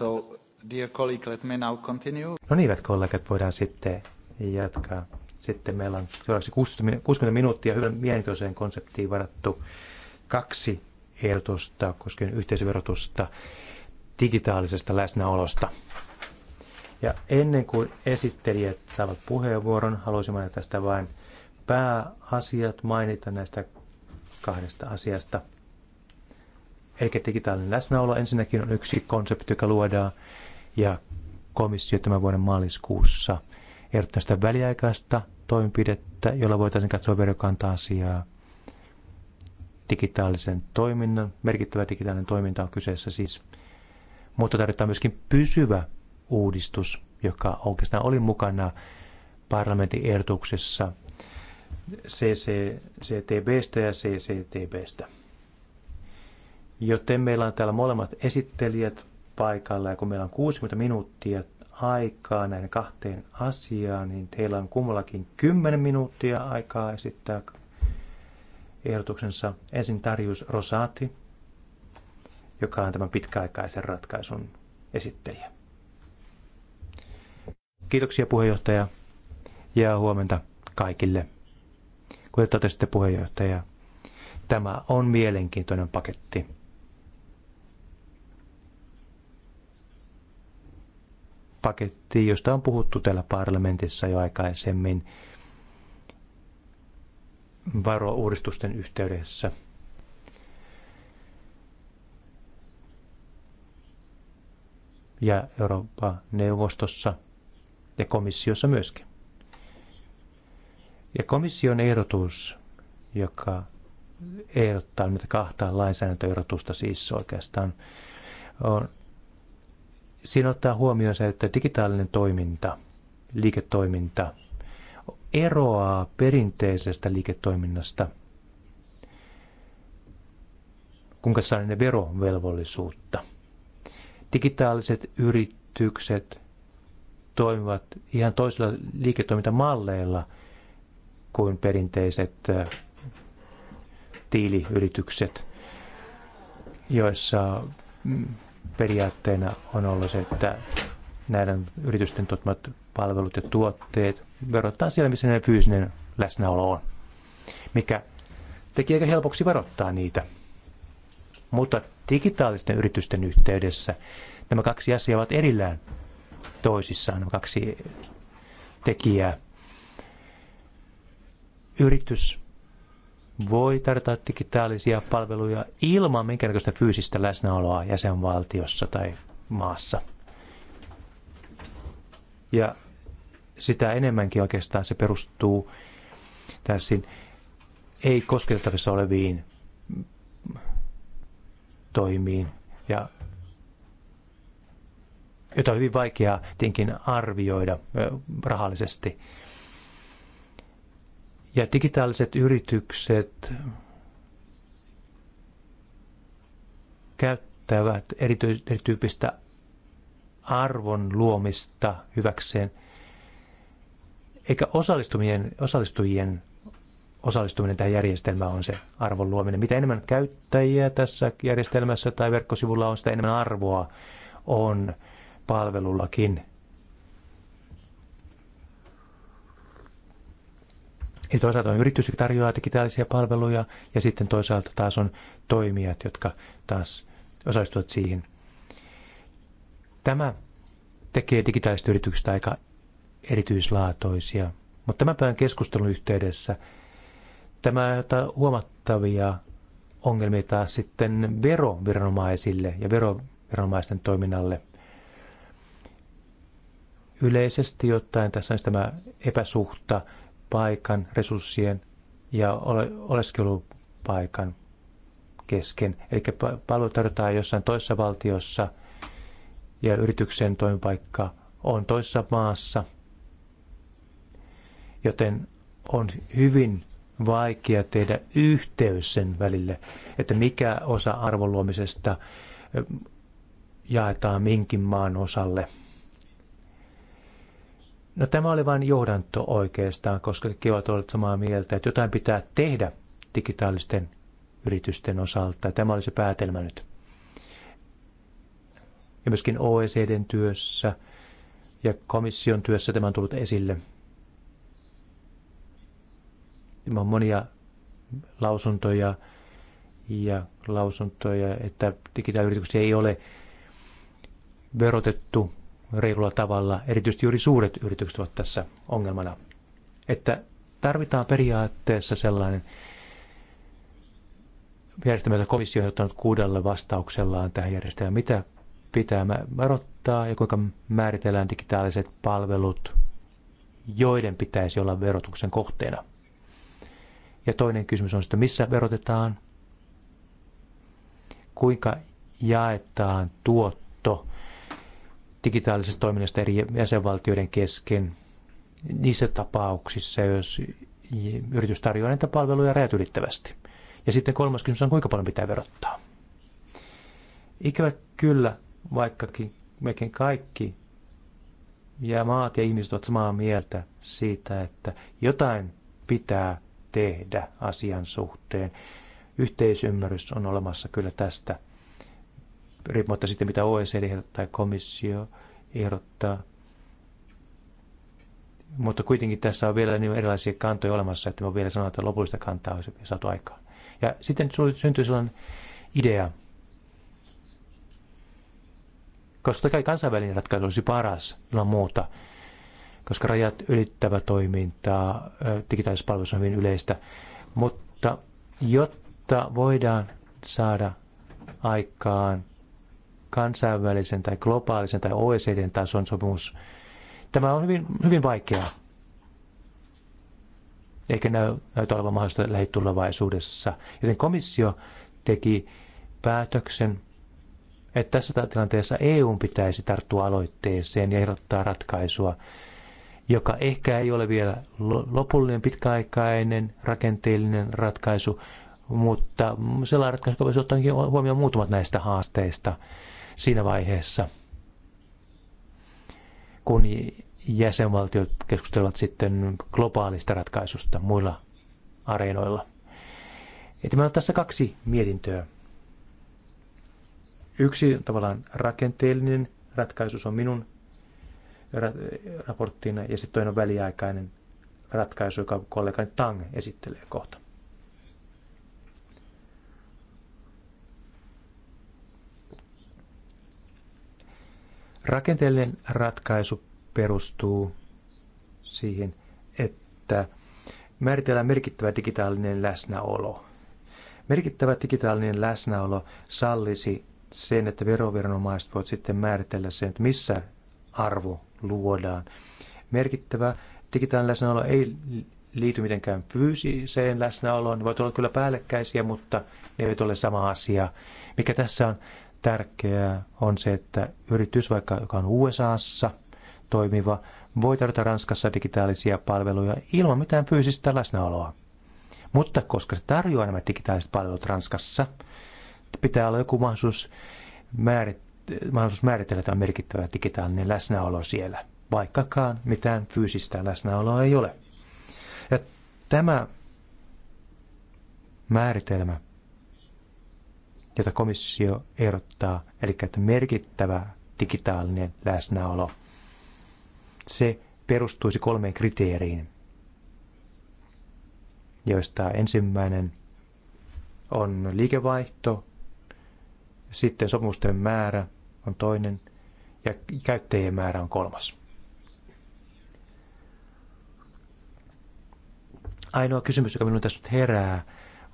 Speaker 3: So, dear colleague, let me now continue. No niin, hyvät kollegat, voidaan sitten jatkaa. Sitten meillä on seuraavaksi 60 minuuttia hyvän mielenkiintoiseen konseptiin varattu kaksi ehdotusta koskien yhteisöverotusta digitaalisesta läsnäolosta. Ja ennen kuin esittelijät saavat puheenvuoron, haluaisin mainita tästä vain pääasiat, mainita näistä kahdesta asiasta – Eli digitaalinen läsnäolo ensinnäkin on yksi konsepti, joka luodaan, ja komissio tämän vuoden maaliskuussa ehdottaa sitä väliaikaista toimenpidettä, jolla voitaisiin katsoa verokanta-asiaa. Digitaalisen toiminnan, merkittävä digitaalinen toiminta on kyseessä siis. Mutta tarvitaan myöskin pysyvä uudistus, joka oikeastaan oli mukana parlamentin ehdotuksessa CCTBstä ja CCTBstä. Joten meillä on täällä molemmat esittelijät paikalla ja kun meillä on 60 minuuttia aikaa näiden kahteen asiaan, niin teillä on kummallakin 10 minuuttia aikaa esittää ehdotuksensa. Ensin Tarjus Rosati, joka on tämän pitkäaikaisen ratkaisun esittelijä. Kiitoksia puheenjohtaja ja huomenta kaikille. Kuten totesitte puheenjohtaja, tämä on mielenkiintoinen paketti pakettiin, josta on puhuttu täällä parlamentissa jo aikaisemmin varouudistusten yhteydessä. Ja Euroopan neuvostossa ja komissiossa myöskin. Ja komission ehdotus, joka ehdottaa näitä kahta lainsäädäntöehdotusta siis oikeastaan, on siinä ottaa huomioon se, että digitaalinen toiminta, liiketoiminta, eroaa perinteisestä liiketoiminnasta, kun saa ne verovelvollisuutta. Digitaaliset yritykset toimivat ihan toisilla liiketoimintamalleilla kuin perinteiset tiiliyritykset, joissa mm, periaatteena on ollut se, että näiden yritysten tuottamat palvelut ja tuotteet verottaa siellä, missä ne fyysinen läsnäolo on, mikä teki aika helpoksi varoittaa niitä. Mutta digitaalisten yritysten yhteydessä nämä kaksi asiaa ovat erillään toisissaan, nämä kaksi tekijää. Yritys voi tarjota digitaalisia palveluja ilman minkäännäköistä fyysistä läsnäoloa jäsenvaltiossa tai maassa. Ja sitä enemmänkin oikeastaan se perustuu täysin ei kosketeltavissa oleviin toimiin, ja jota on hyvin vaikeaa tietenkin arvioida rahallisesti ja digitaaliset yritykset käyttävät erityyppistä arvon luomista hyväkseen, eikä osallistumien, osallistujien osallistuminen tähän järjestelmään on se arvon luominen. Mitä enemmän käyttäjiä tässä järjestelmässä tai verkkosivulla on, sitä enemmän arvoa on palvelullakin. Eli toisaalta on yritys, joka tarjoaa digitaalisia palveluja, ja sitten toisaalta taas on toimijat, jotka taas osallistuvat siihen. Tämä tekee digitaalisista yrityksistä aika erityislaatoisia. Mutta tämän päivän keskustelun yhteydessä tämä ottaa huomattavia ongelmia taas sitten veroviranomaisille ja veroviranomaisten toiminnalle. Yleisesti ottaen tässä on siis tämä epäsuhta paikan, resurssien ja oleskelupaikan kesken. Eli palvelu tarjotaan jossain toisessa valtiossa ja yrityksen toimipaikka on toisessa maassa, joten on hyvin vaikea tehdä yhteys sen välille, että mikä osa arvonluomisesta jaetaan minkin maan osalle – No tämä oli vain johdanto oikeastaan, koska kaikki ovat olleet samaa mieltä, että jotain pitää tehdä digitaalisten yritysten osalta. Tämä oli se päätelmä nyt. Ja myöskin OECDn työssä ja komission työssä tämä on tullut esille. Tämä on monia lausuntoja ja lausuntoja, että digitaaliyrityksiä ei ole verotettu reilulla tavalla. Erityisesti juuri suuret yritykset ovat tässä ongelmana. Että tarvitaan periaatteessa sellainen järjestelmä, jota komissio on ottanut kuudella vastauksellaan tähän järjestelmään. Mitä pitää verottaa ja kuinka määritellään digitaaliset palvelut, joiden pitäisi olla verotuksen kohteena. Ja toinen kysymys on että missä verotetaan, kuinka jaetaan tuotteet digitaalisesta toiminnasta eri jäsenvaltioiden kesken niissä tapauksissa, jos yritys tarjoaa näitä palveluja rajat ylittävästi. Ja sitten kolmas kysymys on, kuinka paljon pitää verottaa. Ikävä kyllä, vaikkakin mekin kaikki ja maat ja ihmiset ovat samaa mieltä siitä, että jotain pitää tehdä asian suhteen. Yhteisymmärrys on olemassa kyllä tästä – riippumatta sitten mitä OECD tai komissio ehdottaa. Mutta kuitenkin tässä on vielä niin erilaisia kantoja olemassa, että me vielä sanoa, että lopullista kantaa olisi saatu aikaan. Ja sitten syntyi sellainen idea, koska kai kansainvälinen ratkaisu olisi paras ilman muuta, koska rajat ylittävä toiminta digitaalisessa palvelussa on hyvin yleistä. Mutta jotta voidaan saada aikaan kansainvälisen tai globaalisen tai OECDn tason sopimus. Tämä on hyvin, hyvin vaikeaa. Eikä näy, näytä olevan mahdollista lähitulevaisuudessa. Joten komissio teki päätöksen, että tässä tilanteessa EU pitäisi tarttua aloitteeseen ja ehdottaa ratkaisua, joka ehkä ei ole vielä lopullinen pitkäaikainen rakenteellinen ratkaisu, mutta sellainen ratkaisu, joka voisi ottaa huomioon muutamat näistä haasteista siinä vaiheessa, kun jäsenvaltiot keskustelevat sitten globaalista ratkaisusta muilla areenoilla. Että meillä on tässä kaksi mietintöä. Yksi tavallaan rakenteellinen ratkaisu, on minun raporttina, ja sitten toinen on väliaikainen ratkaisu, joka kollegani Tang esittelee kohta. Rakenteellinen ratkaisu perustuu siihen, että määritellään merkittävä digitaalinen läsnäolo. Merkittävä digitaalinen läsnäolo sallisi sen, että veroviranomaiset voivat sitten määritellä sen, että missä arvo luodaan. Merkittävä digitaalinen läsnäolo ei liity mitenkään fyysiseen läsnäoloon. Ne voivat olla kyllä päällekkäisiä, mutta ne eivät ole sama asia. Mikä tässä on tärkeää on se, että yritys, vaikka joka on USAssa toimiva, voi tarjota Ranskassa digitaalisia palveluja ilman mitään fyysistä läsnäoloa. Mutta koska se tarjoaa nämä digitaaliset palvelut Ranskassa, pitää olla joku mahdollisuus, määrit, mahdollisuus määritellä tämä merkittävä digitaalinen läsnäolo siellä, vaikkakaan mitään fyysistä läsnäoloa ei ole. Ja tämä määritelmä jota komissio ehdottaa, eli että merkittävä digitaalinen läsnäolo. Se perustuisi kolmeen kriteeriin, joista ensimmäinen on liikevaihto, sitten sopimusten määrä on toinen ja käyttäjien määrä on kolmas. Ainoa kysymys, joka minun tässä nyt herää,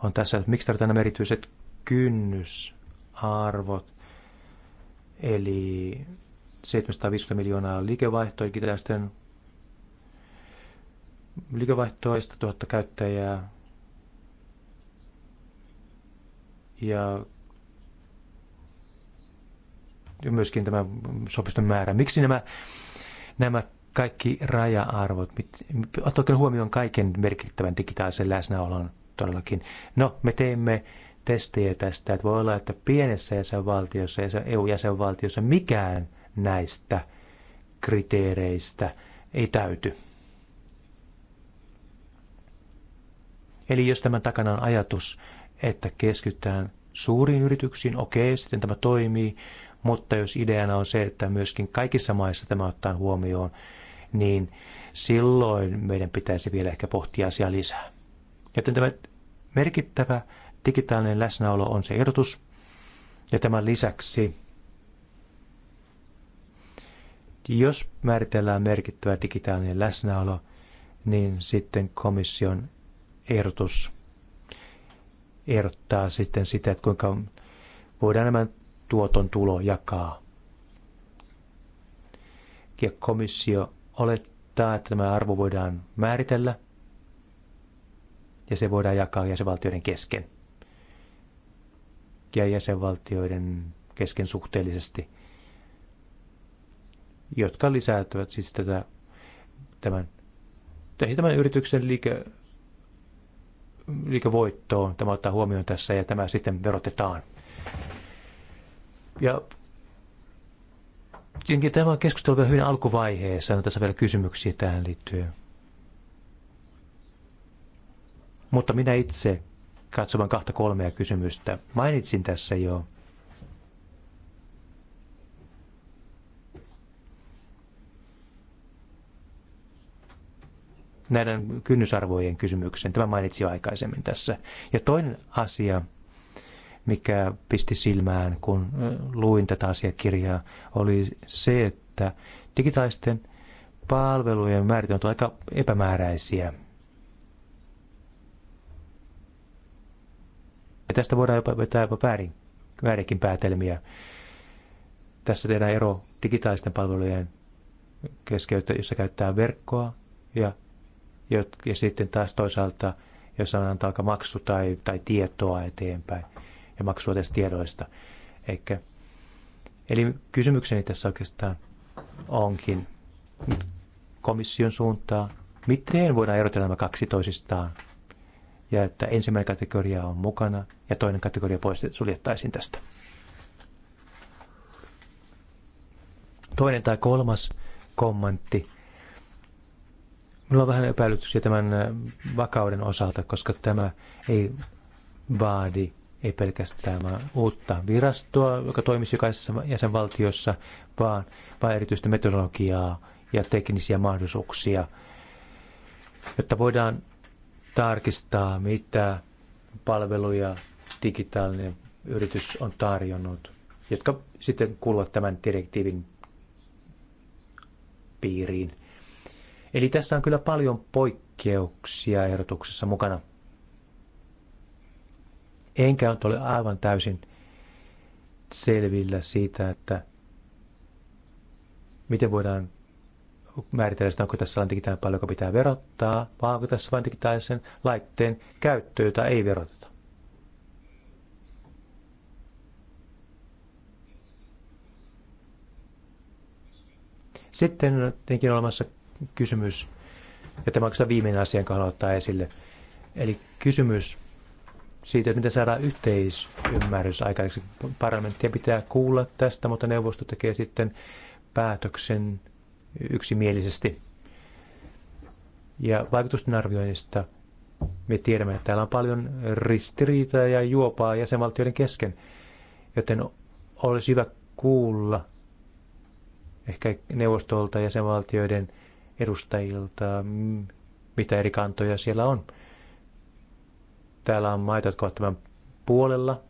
Speaker 3: on tässä, että miksi tarvitaan nämä erityiset kynnysarvot, eli 750 miljoonaa liikevaihtoa, tästä liikevaihtoista tuhatta käyttäjää ja myöskin tämä sopiston määrä. Miksi nämä, nämä kaikki raja-arvot, Ottakaa huomioon kaiken merkittävän digitaalisen läsnäolon todellakin? No, me teemme testiä tästä, että voi olla, että pienessä jäsenvaltiossa ja EU-jäsenvaltiossa mikään näistä kriteereistä ei täyty. Eli jos tämän takana on ajatus, että keskitytään suuriin yrityksiin, okei, sitten tämä toimii, mutta jos ideana on se, että myöskin kaikissa maissa tämä ottaa huomioon, niin silloin meidän pitäisi vielä ehkä pohtia asiaa lisää. Joten tämä merkittävä digitaalinen läsnäolo on se erotus. Ja tämän lisäksi, jos määritellään merkittävä digitaalinen läsnäolo, niin sitten komission erotus erottaa sitten sitä, että kuinka voidaan nämä tuoton tulo jakaa. Ja komissio olettaa, että tämä arvo voidaan määritellä ja se voidaan jakaa jäsenvaltioiden kesken kaikkia jäsenvaltioiden kesken suhteellisesti, jotka lisääntyvät siis tätä, tämän, siis tämän yrityksen liike, liikevoittoon. Tämä ottaa huomioon tässä ja tämä sitten verotetaan. Ja tietenkin tämä keskustelu on vielä hyvin alkuvaiheessa, on tässä vielä kysymyksiä tähän liittyen. Mutta minä itse katsomaan kahta kolmea kysymystä. Mainitsin tässä jo näiden kynnysarvojen kysymyksen. Tämä mainitsin jo aikaisemmin tässä. Ja toinen asia, mikä pisti silmään, kun luin tätä asiakirjaa, oli se, että digitaalisten palvelujen määrit ovat aika epämääräisiä tästä voidaan jopa vetää jopa väärin, väärinkin päätelmiä. Tässä tehdään ero digitaalisten palvelujen keskeyttä, jossa käyttää verkkoa ja, ja, sitten taas toisaalta, jos on antaa maksu tai, tai tietoa eteenpäin ja maksua tästä tiedoista. Eikä, eli kysymykseni tässä oikeastaan onkin komission suuntaan, miten voidaan erotella nämä kaksi toisistaan ja että ensimmäinen kategoria on mukana ja toinen kategoria pois suljettaisiin tästä. Toinen tai kolmas kommentti. Minulla on vähän epäilytyksiä tämän vakauden osalta, koska tämä ei vaadi ei pelkästään vaan uutta virastoa, joka toimisi jokaisessa jäsenvaltiossa, vaan, vaan erityistä metodologiaa ja teknisiä mahdollisuuksia, jotta voidaan tarkistaa, mitä palveluja digitaalinen yritys on tarjonnut, jotka sitten kuuluvat tämän direktiivin piiriin. Eli tässä on kyllä paljon poikkeuksia ehdotuksessa mukana. Enkä ole aivan täysin selvillä siitä, että miten voidaan määritellä sitä, onko tässä digitaalinen palvelu, joka pitää verottaa, vai onko tässä vain digitaalisen laitteen käyttö, jota ei veroteta. Sitten on tietenkin olemassa kysymys, ja tämä on viimeinen asia, jonka haluan ottaa esille. Eli kysymys siitä, että miten saadaan yhteisymmärrys aikaiseksi. Parlamenttia pitää kuulla tästä, mutta neuvosto tekee sitten päätöksen yksimielisesti. Ja vaikutusten arvioinnista me tiedämme, että täällä on paljon ristiriitaa ja juopaa jäsenvaltioiden kesken, joten olisi hyvä kuulla ehkä neuvostolta jäsenvaltioiden edustajilta, mitä eri kantoja siellä on. Täällä on maita, jotka ovat tämän puolella,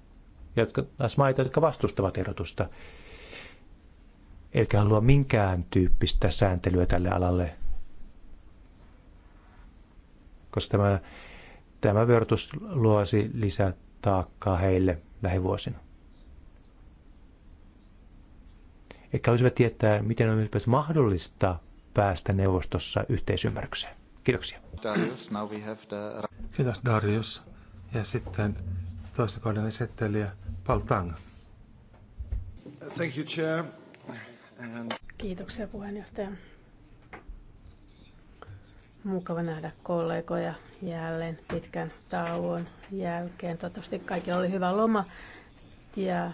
Speaker 3: ja jotka, maita, jotka vastustavat erotusta eikä halua minkään tyyppistä sääntelyä tälle alalle. Koska tämä, tämä verotus luosi lisää taakkaa heille lähivuosina. Eikä olisivat tietää, miten on myös mahdollista päästä neuvostossa yhteisymmärrykseen. Kiitoksia.
Speaker 1: Darius, now we have the...
Speaker 3: Kiitos Darius.
Speaker 1: Ja sitten toisen kohdan esittelijä Paul Tang. Thank you, Chair.
Speaker 2: Kiitoksia puheenjohtaja. Mukava nähdä kollegoja jälleen pitkän tauon jälkeen. Toivottavasti kaikilla oli hyvä loma. Ja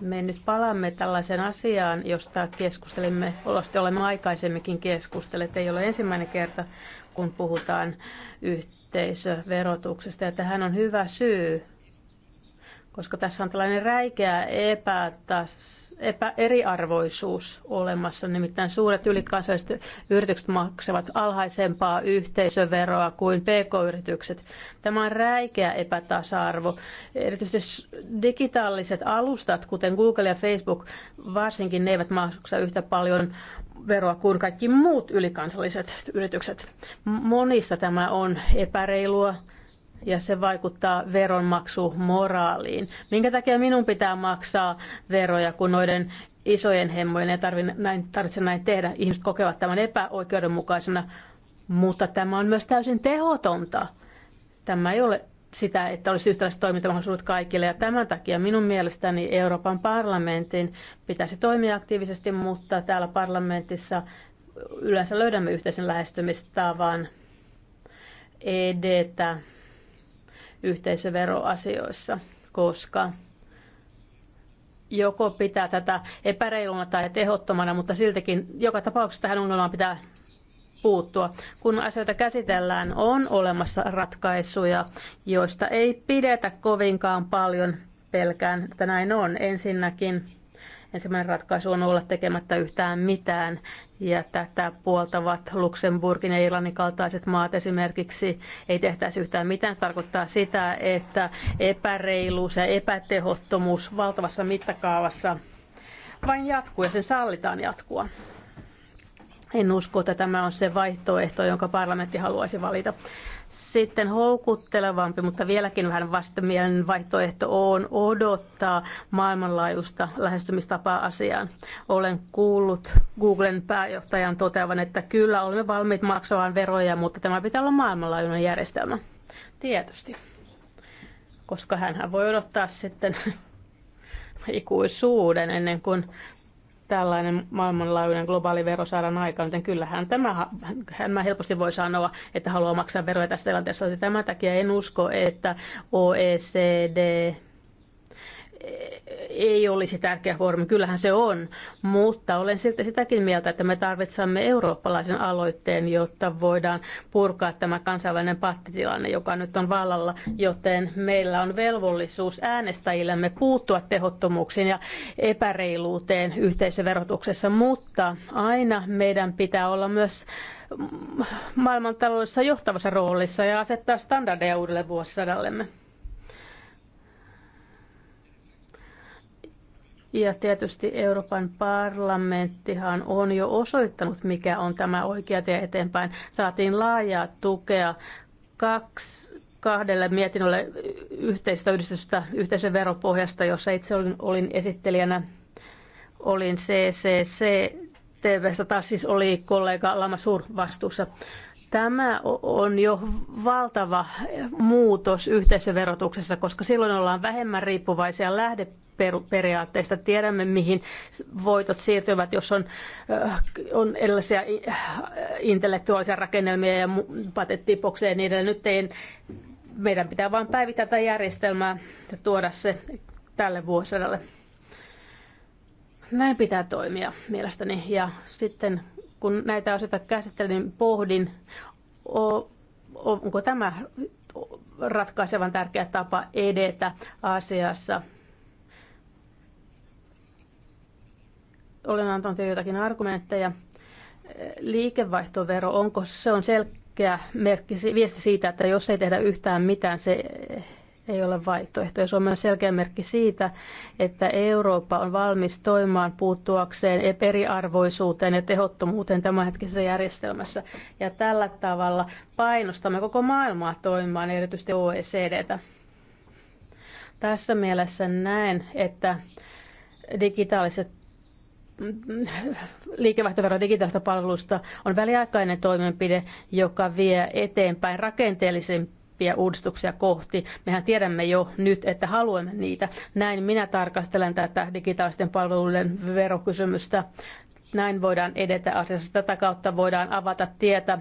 Speaker 2: me nyt palaamme tällaiseen asiaan, josta keskustelimme, olosti olemme aikaisemminkin keskustelleet. Ei ole ensimmäinen kerta, kun puhutaan yhteisöverotuksesta. Ja tähän on hyvä syy koska tässä on tällainen räikeä epätas, epä, eriarvoisuus olemassa. Nimittäin suuret ylikansalliset yritykset maksavat alhaisempaa yhteisöveroa kuin pk-yritykset. Tämä on räikeä epätasa-arvo. Erityisesti digitaaliset alustat, kuten Google ja Facebook, varsinkin ne eivät maksa yhtä paljon veroa kuin kaikki muut ylikansalliset yritykset. Monista tämä on epäreilua ja se vaikuttaa moraaliin. Minkä takia minun pitää maksaa veroja, kun noiden isojen hemmojen ei tarvitse näin, tarvitse näin tehdä. Ihmiset kokevat tämän epäoikeudenmukaisena, mutta tämä on myös täysin tehotonta. Tämä ei ole sitä, että olisi yhtäläiset toimintamahdollisuudet kaikille. Ja tämän takia minun mielestäni Euroopan parlamentin pitäisi toimia aktiivisesti, mutta täällä parlamentissa yleensä löydämme yhteisen lähestymistavan edetä yhteisöveroasioissa, koska joko pitää tätä epäreiluna tai tehottomana, mutta siltikin joka tapauksessa tähän ongelmaan pitää puuttua. Kun asioita käsitellään, on olemassa ratkaisuja, joista ei pidetä kovinkaan paljon pelkään, että näin on. Ensinnäkin Ensimmäinen ratkaisu on olla tekemättä yhtään mitään, ja tätä puoltavat Luxemburgin ja Irlannin kaltaiset maat esimerkiksi ei tehtäisi yhtään mitään. Se tarkoittaa sitä, että epäreiluus ja epätehottomuus valtavassa mittakaavassa vain jatkuu ja sen sallitaan jatkua. En usko, että tämä on se vaihtoehto, jonka parlamentti haluaisi valita. Sitten houkuttelevampi, mutta vieläkin vähän vastamielinen vaihtoehto on odottaa maailmanlaajuista lähestymistapaa asiaan. Olen kuullut Googlen pääjohtajan toteavan, että kyllä olemme valmiit maksamaan veroja, mutta tämä pitää olla maailmanlaajuinen järjestelmä. Tietysti, koska hän voi odottaa sitten ikuisuuden ennen kuin tällainen maailmanlaajuinen globaali vero saadaan aikaan, joten kyllähän tämä, tämä helposti voi sanoa, että haluaa maksaa veroja tässä tilanteessa. Tämän takia en usko, että OECD ei olisi tärkeä foorumi, kyllähän se on, mutta olen silti sitäkin mieltä, että me tarvitsemme eurooppalaisen aloitteen, jotta voidaan purkaa tämä kansainvälinen pattitilanne, joka nyt on vallalla, joten meillä on velvollisuus äänestäjillemme puuttua tehottomuuksiin ja epäreiluuteen yhteisöverotuksessa, mutta aina meidän pitää olla myös maailmantaloudessa johtavassa roolissa ja asettaa standardeja uudelle vuosisadallemme. Ja tietysti Euroopan parlamenttihan on jo osoittanut, mikä on tämä oikea tie eteenpäin. Saatiin laajaa tukea kaksi, kahdelle mietinnölle yhteistä yhdistystä yhteisen veropohjasta, jossa itse olin, olin esittelijänä. Olin CCC TVstä, taas siis oli kollega Lama Sur vastuussa. Tämä on jo valtava muutos yhteisöverotuksessa, koska silloin ollaan vähemmän riippuvaisia lähde periaatteista. Tiedämme, mihin voitot siirtyvät, jos on, äh, on erilaisia äh, intellektuaalisia rakennelmia ja patettipokseja ja niin edelleen. Nyt ei, meidän pitää vain päivittää tätä järjestelmää ja tuoda se tälle vuosisadalle. Näin pitää toimia mielestäni. Ja sitten kun näitä asioita käsittelin, niin pohdin, onko tämä ratkaisevan tärkeä tapa edetä asiassa – olen antanut jo jotakin argumentteja. Liikevaihtovero, onko se on selkeä merkki, viesti siitä, että jos ei tehdä yhtään mitään, se ei ole vaihtoehto. Ja se on myös selkeä merkki siitä, että Eurooppa on valmis toimimaan puuttuakseen periarvoisuuteen ja tehottomuuteen tämänhetkisessä järjestelmässä. Ja tällä tavalla painostamme koko maailmaa toimimaan, erityisesti OECDtä. Tässä mielessä näen, että digitaaliset liikevaihtovero digitaalista palvelusta on väliaikainen toimenpide, joka vie eteenpäin rakenteellisempia uudistuksia kohti. Mehän tiedämme jo nyt, että haluamme niitä. Näin minä tarkastelen tätä digitaalisten palveluiden verokysymystä. Näin voidaan edetä asiassa. Tätä kautta voidaan avata tietä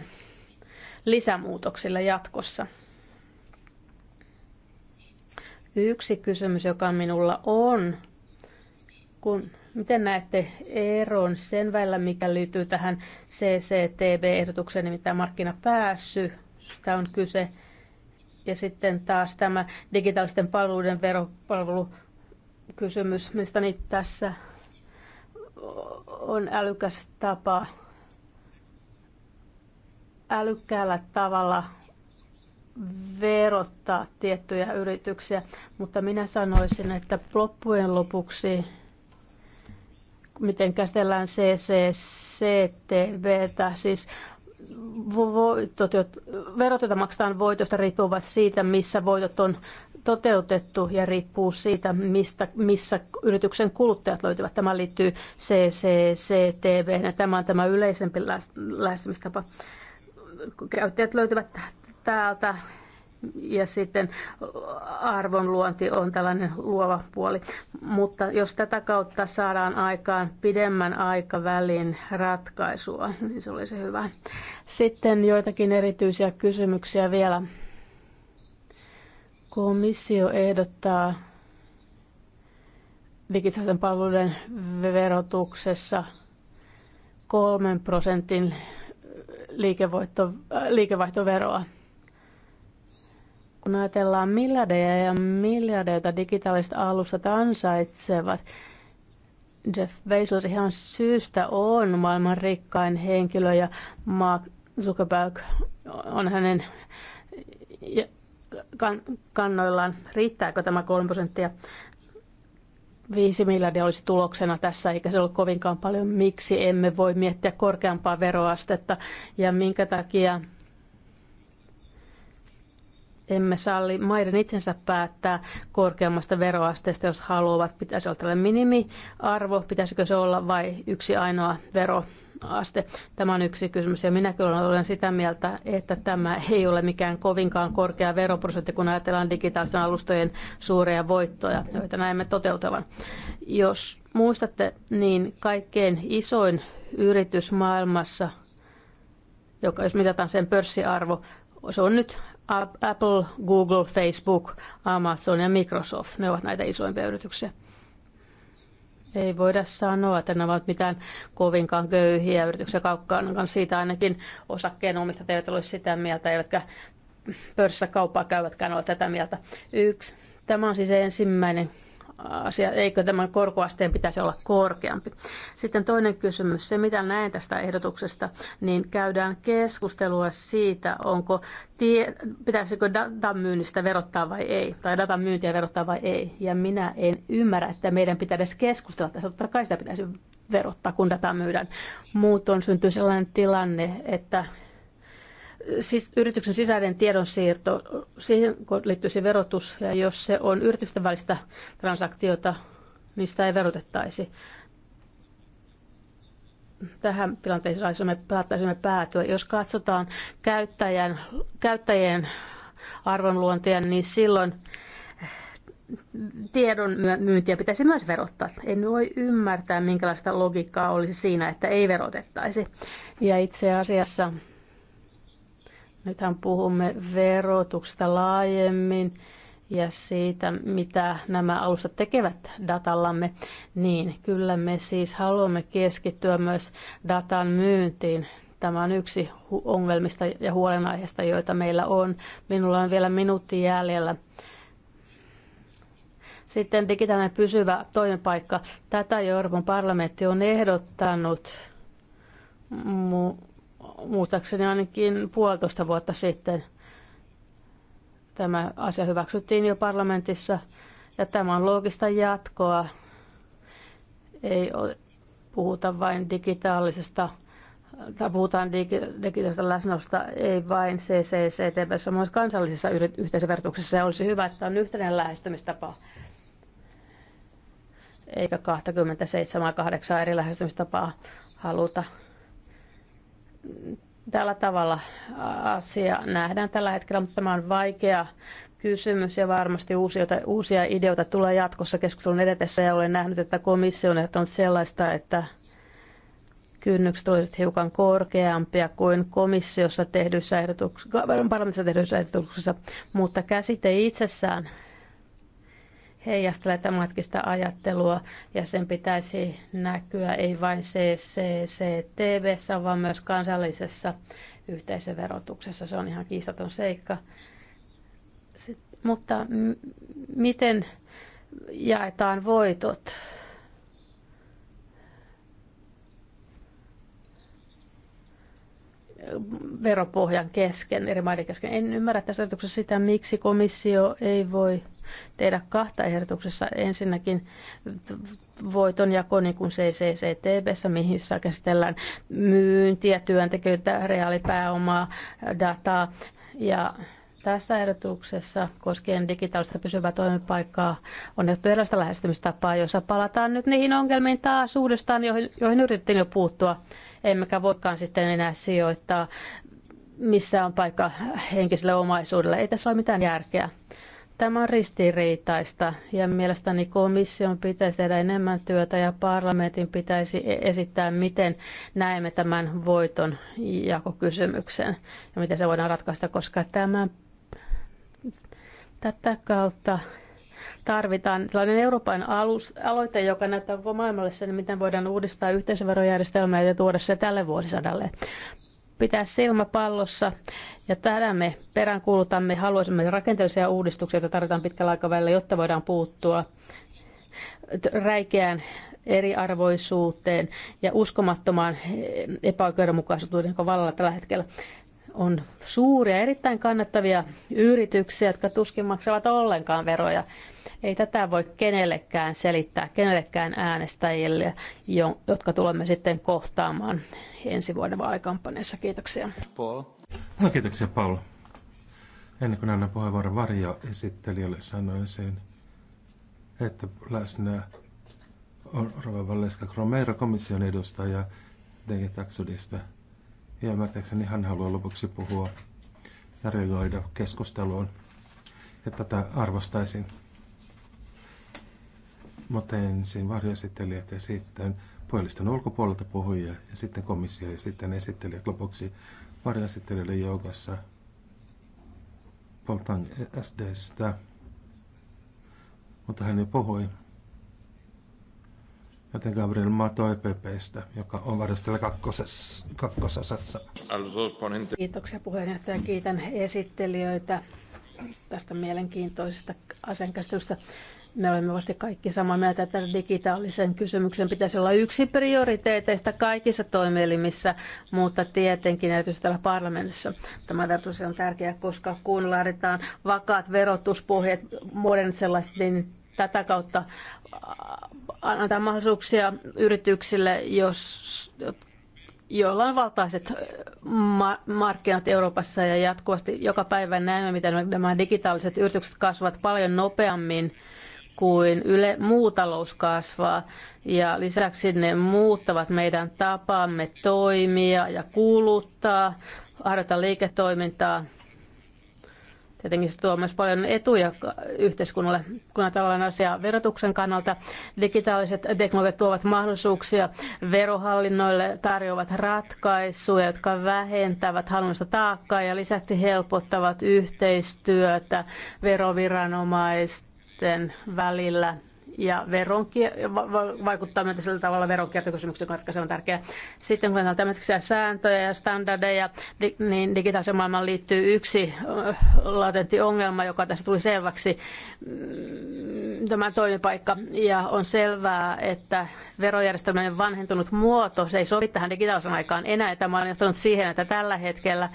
Speaker 2: lisämuutoksille jatkossa. Yksi kysymys, joka minulla on, kun Miten näette eron sen välillä, mikä liittyy tähän CCTB-ehdotukseen, markkina markkinapäässy, sitä on kyse, ja sitten taas tämä digitaalisten palveluiden veropalvelukysymys, mistä niitä tässä on älykäs tapa älykkäällä tavalla verottaa tiettyjä yrityksiä, mutta minä sanoisin, että loppujen lopuksi miten käsitellään CCCTVtä, siis voitot, verot, joita maksetaan voitosta, riippuvat siitä, missä voitot on toteutettu ja riippuu siitä, mistä, missä yrityksen kuluttajat löytyvät. Tämä liittyy CCCTV ja tämä on tämä yleisempi lähestymistapa. Käyttäjät löytyvät täältä ja sitten arvonluonti on tällainen luova puoli. Mutta jos tätä kautta saadaan aikaan pidemmän aikavälin ratkaisua, niin se olisi hyvä. Sitten joitakin erityisiä kysymyksiä vielä. Komissio ehdottaa digitaalisen palveluiden verotuksessa kolmen prosentin äh, liikevaihtoveroa kun ajatellaan miljardeja ja miljardeja, digitaalista alusta alustat ansaitsevat, Jeff Bezos ihan syystä on maailman rikkain henkilö ja Mark Zuckerberg on hänen kannoillaan. Riittääkö tämä 3 prosenttia? 5 miljardia olisi tuloksena tässä, eikä se ole kovinkaan paljon. Miksi emme voi miettiä korkeampaa veroastetta ja minkä takia emme salli maiden itsensä päättää korkeammasta veroasteesta, jos haluavat. Pitäisi olla tällainen minimiarvo, pitäisikö se olla vai yksi ainoa Aste. Tämä on yksi kysymys ja minä kyllä olen sitä mieltä, että tämä ei ole mikään kovinkaan korkea veroprosentti, kun ajatellaan digitaalisten alustojen suuria voittoja, joita näemme toteutuvan. Jos muistatte, niin kaikkein isoin yritys maailmassa, joka jos mitataan sen pörssiarvo, se on nyt Apple, Google, Facebook, Amazon ja Microsoft, ne ovat näitä isoimpia yrityksiä. Ei voida sanoa, että ne ovat mitään kovinkaan köyhiä yrityksiä kaukkaan. Siitä ainakin osakkeen omista eivät olisi sitä mieltä, eivätkä pörssissä kauppaa käyvätkään ole tätä mieltä. Yksi. Tämä on siis ensimmäinen asia, eikö tämän korkoasteen pitäisi olla korkeampi. Sitten toinen kysymys, se mitä näen tästä ehdotuksesta, niin käydään keskustelua siitä, onko tie, pitäisikö datan myynnistä verottaa vai ei, tai datan myyntiä verottaa vai ei. Ja minä en ymmärrä, että meidän pitäisi keskustella tästä, totta kai sitä pitäisi verottaa, kun dataa myydään. Muutoin syntyy sellainen tilanne, että siis yrityksen sisäinen tiedonsiirto, siihen liittyisi verotus, ja jos se on yritysten välistä transaktiota, niin sitä ei verotettaisi. Tähän tilanteeseen saattaisimme päätyä. Jos katsotaan käyttäjän, käyttäjien arvonluontia, niin silloin tiedon myyntiä pitäisi myös verottaa. En voi ymmärtää, minkälaista logiikkaa olisi siinä, että ei verotettaisi. Ja itse asiassa Nythän puhumme verotuksesta laajemmin ja siitä, mitä nämä alustat tekevät datallamme, niin kyllä me siis haluamme keskittyä myös datan myyntiin. Tämä on yksi ongelmista ja huolenaiheista, joita meillä on. Minulla on vielä minuutti jäljellä. Sitten digitaalinen pysyvä toimipaikka. Tätä Euroopan parlamentti on ehdottanut muistaakseni ainakin puolitoista vuotta sitten. Tämä asia hyväksyttiin jo parlamentissa ja tämä on loogista jatkoa. Ei puhuta vain digitaalisesta tai puhutaan digitaalisesta läsnäolosta, ei vain CCCTV, myös kansallisissa yhteisövertuksissa. Ja olisi hyvä, että on yhtenäinen lähestymistapa, eikä 27-8 eri lähestymistapaa haluta tällä tavalla asia nähdään tällä hetkellä, mutta tämä on vaikea kysymys ja varmasti uusia, uusia ideoita tulee jatkossa keskustelun edetessä ja olen nähnyt, että komissio on ehdottanut sellaista, että kynnykset olisivat hiukan korkeampia kuin komissiossa tehdyissä ehdotuksissa, parlamentissa tehdyissä ehdotuksissa, mutta käsite itsessään – heijastelee tämänhetkistä ajattelua ja sen pitäisi näkyä ei vain CCCTV, vaan myös kansallisessa yhteisöverotuksessa. Se on ihan kiistaton seikka. mutta miten jaetaan voitot? veropohjan kesken, eri maiden kesken. En ymmärrä tässä ajatuksessa sitä, miksi komissio ei voi tehdä kahta ehdotuksessa. Ensinnäkin jako niin kuin CCCTVssä, mihin käsitellään myyntiä, työntekijöitä, reaalipääomaa, dataa. Ja tässä ehdotuksessa koskien digitaalista pysyvää toimipaikkaa on otettu erilaista lähestymistapaa, jossa palataan nyt niihin ongelmiin taas uudestaan, joihin, joihin yritettiin jo puuttua. Emmekä voikaan sitten enää sijoittaa missä on paikka henkiselle omaisuudelle. Ei tässä ole mitään järkeä. Tämä on ristiriitaista ja mielestäni komission pitäisi tehdä enemmän työtä ja parlamentin pitäisi e- esittää, miten näemme tämän voiton jakokysymyksen ja miten se voidaan ratkaista, koska tämä, tätä kautta tarvitaan tällainen Euroopan alus, aloite, joka näyttää koko maailmalle sen, miten voidaan uudistaa yhteisöverojärjestelmää ja tuoda se tälle vuosisadalle pitää silmä pallossa ja täällä me peräänkuulutamme, haluaisimme rakenteellisia uudistuksia, joita tarvitaan pitkällä aikavälillä, jotta voidaan puuttua räikeään eriarvoisuuteen ja uskomattomaan epäoikeudenmukaisuuteen, joka vallalla tällä hetkellä on suuria, erittäin kannattavia yrityksiä, jotka tuskin maksavat ollenkaan veroja. Ei tätä voi kenellekään selittää, kenellekään äänestäjille, jotka tulemme sitten kohtaamaan ensi vuoden vaalikampanjassa. Kiitoksia. Paul.
Speaker 1: No, kiitoksia, Paul. Ennen kuin annan puheenvuoron varjoesittelijälle, sanoisin, että läsnä on Rova Valeska Romero, komission edustaja Dege ja ymmärtääkseni hän haluaa lopuksi puhua ja reagoida keskusteluun. Ja tätä arvostaisin. Mutta ensin varjoesittelijät ja sitten puoliston ulkopuolelta puhujia ja sitten komissio ja sitten esittelijät lopuksi varjoesittelijöiden joukossa Poltang SDstä. Mutta hän jo puhui joten Gabriel Matoi PPstä, joka on varustella kakkososassa.
Speaker 2: Kiitoksia puheenjohtaja. Kiitän esittelijöitä tästä mielenkiintoisesta asiankäsittelystä. Me olemme vasta kaikki samaa mieltä, että digitaalisen kysymyksen pitäisi olla yksi prioriteeteista kaikissa toimielimissä, mutta tietenkin erityisesti täällä parlamentissa. Tämä vertaus on tärkeä, koska kun laaditaan vakaat verotuspohjat, modernit sellaiset, niin tätä kautta annetaan mahdollisuuksia yrityksille, jos, joilla on valtaiset äh, ma- markkinat Euroopassa ja jatkuvasti joka päivä näemme, miten nämä digitaaliset yritykset kasvavat paljon nopeammin kuin yle, muu talous kasvaa. Ja lisäksi ne muuttavat meidän tapaamme toimia ja kuluttaa, harjoittaa liiketoimintaa Tietenkin se tuo myös paljon etuja yhteiskunnalle, kun ajatellaan asiaa verotuksen kannalta. Digitaaliset teknologiat tuovat mahdollisuuksia verohallinnoille, tarjoavat ratkaisuja, jotka vähentävät hallinnollista taakkaa ja lisäksi helpottavat yhteistyötä veroviranomaisten välillä ja veronkier- vaikuttaa sillä tavalla veronkiertokysymyksen katkaisu on tärkeää. Sitten kun on tämmöisiä sääntöjä ja standardeja, niin digitaalisen maailman liittyy yksi latentti ongelma, joka tässä tuli selväksi, mm, tämä toimipaikka. Ja on selvää, että verojärjestelmän vanhentunut muoto, se ei sovi tähän digitaalisen aikaan enää. Tämä on johtanut siihen, että tällä hetkellä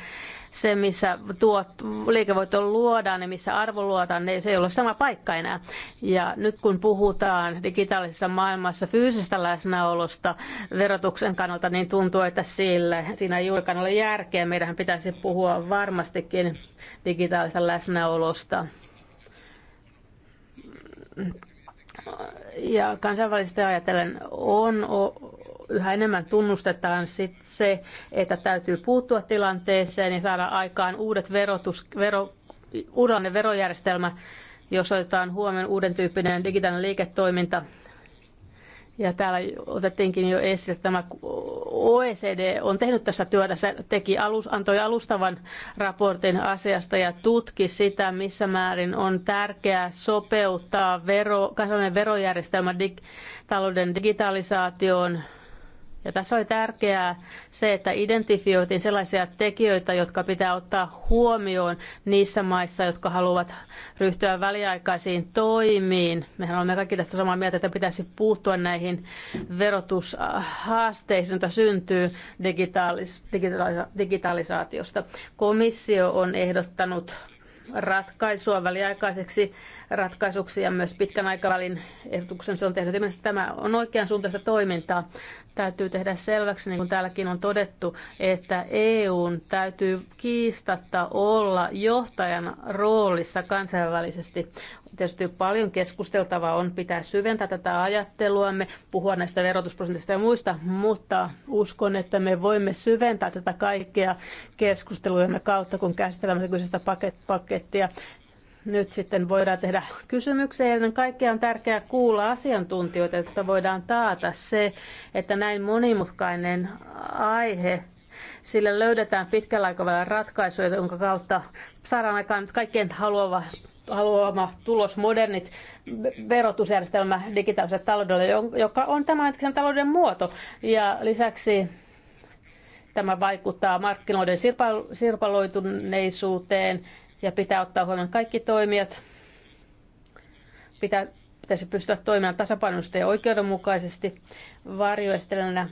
Speaker 2: se, missä tuot, liikevoitto luodaan ja missä arvo luodaan, niin se ei ole sama paikka enää. Ja nyt kun puhutaan digitaalisessa maailmassa fyysisestä läsnäolosta verotuksen kannalta, niin tuntuu, että sille, siinä ei juurikaan ole järkeä. Meidän pitäisi puhua varmastikin digitaalisesta läsnäolosta ja kansainvälisesti ajatellen on yhä enemmän tunnustetaan sit se, että täytyy puuttua tilanteeseen ja saada aikaan uudet verotus, vero, uudenlainen verojärjestelmä, jos otetaan huomioon uuden tyyppinen digitaalinen liiketoiminta. Ja täällä otettiinkin jo esille, että tämä OECD on tehnyt tässä työtä. Se teki alus, antoi alustavan raportin asiasta ja tutki sitä, missä määrin on tärkeää sopeuttaa vero, kansallinen verojärjestelmä dig, talouden digitalisaatioon – ja tässä oli tärkeää se, että identifioitiin sellaisia tekijöitä, jotka pitää ottaa huomioon niissä maissa, jotka haluavat ryhtyä väliaikaisiin toimiin. Mehän olemme kaikki tästä samaa mieltä, että pitäisi puuttua näihin verotushaasteisiin, joita syntyy digitaalis- digitaalisa- digitalisaatiosta. Komissio on ehdottanut ratkaisua väliaikaiseksi ratkaisuksi ja myös pitkän aikavälin ehdotuksen se on tehnyt. tämä on oikean suuntaista toimintaa täytyy tehdä selväksi, niin kuin täälläkin on todettu, että EUn täytyy kiistatta olla johtajan roolissa kansainvälisesti. Tietysti paljon keskusteltavaa on pitää syventää tätä ajatteluamme, puhua näistä verotusprosentista ja muista, mutta uskon, että me voimme syventää tätä kaikkea keskustelujemme kautta, kun käsitellään kyseistä pakettia nyt sitten voidaan tehdä kysymyksiä. Ennen kaikkea on tärkeää kuulla asiantuntijoita, että voidaan taata se, että näin monimutkainen aihe, sillä löydetään pitkällä aikavälillä ratkaisuja, jonka kautta saadaan aikaan kaikkien haluava haluama tulos modernit verotusjärjestelmä digitaaliselle taloudelle, joka on hetkisen talouden muoto. Ja lisäksi tämä vaikuttaa markkinoiden sirpaloituneisuuteen ja pitää ottaa huomioon kaikki toimijat. Pitää, pitäisi pystyä toimimaan tasapainoisesti ja oikeudenmukaisesti. Varjoistelijana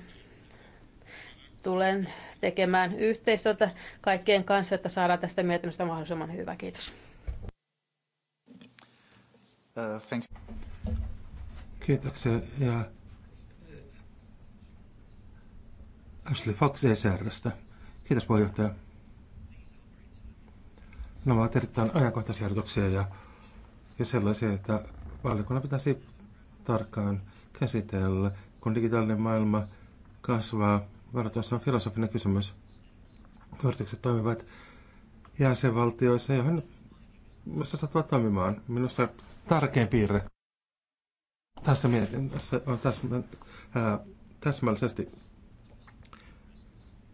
Speaker 2: tulen tekemään yhteistyötä kaikkien kanssa, että saadaan tästä mietinnöstä mahdollisimman hyvä. Kiitos.
Speaker 1: Uh, thank you. Kiitoksia. Ja Ashley Fox ECRstä. Kiitos puheenjohtaja. Nämä ovat erittäin ajankohtaisia ehdotuksia ja, ja sellaisia, että valiokunnan pitäisi tarkkaan käsitellä, kun digitaalinen maailma kasvaa. Varoitus on filosofinen kysymys. Yritykset toimivat jäsenvaltioissa, johon myös saattavat toimimaan. Minusta tärkein piirre tässä mietinnössä on täsmä, ää, täsmällisesti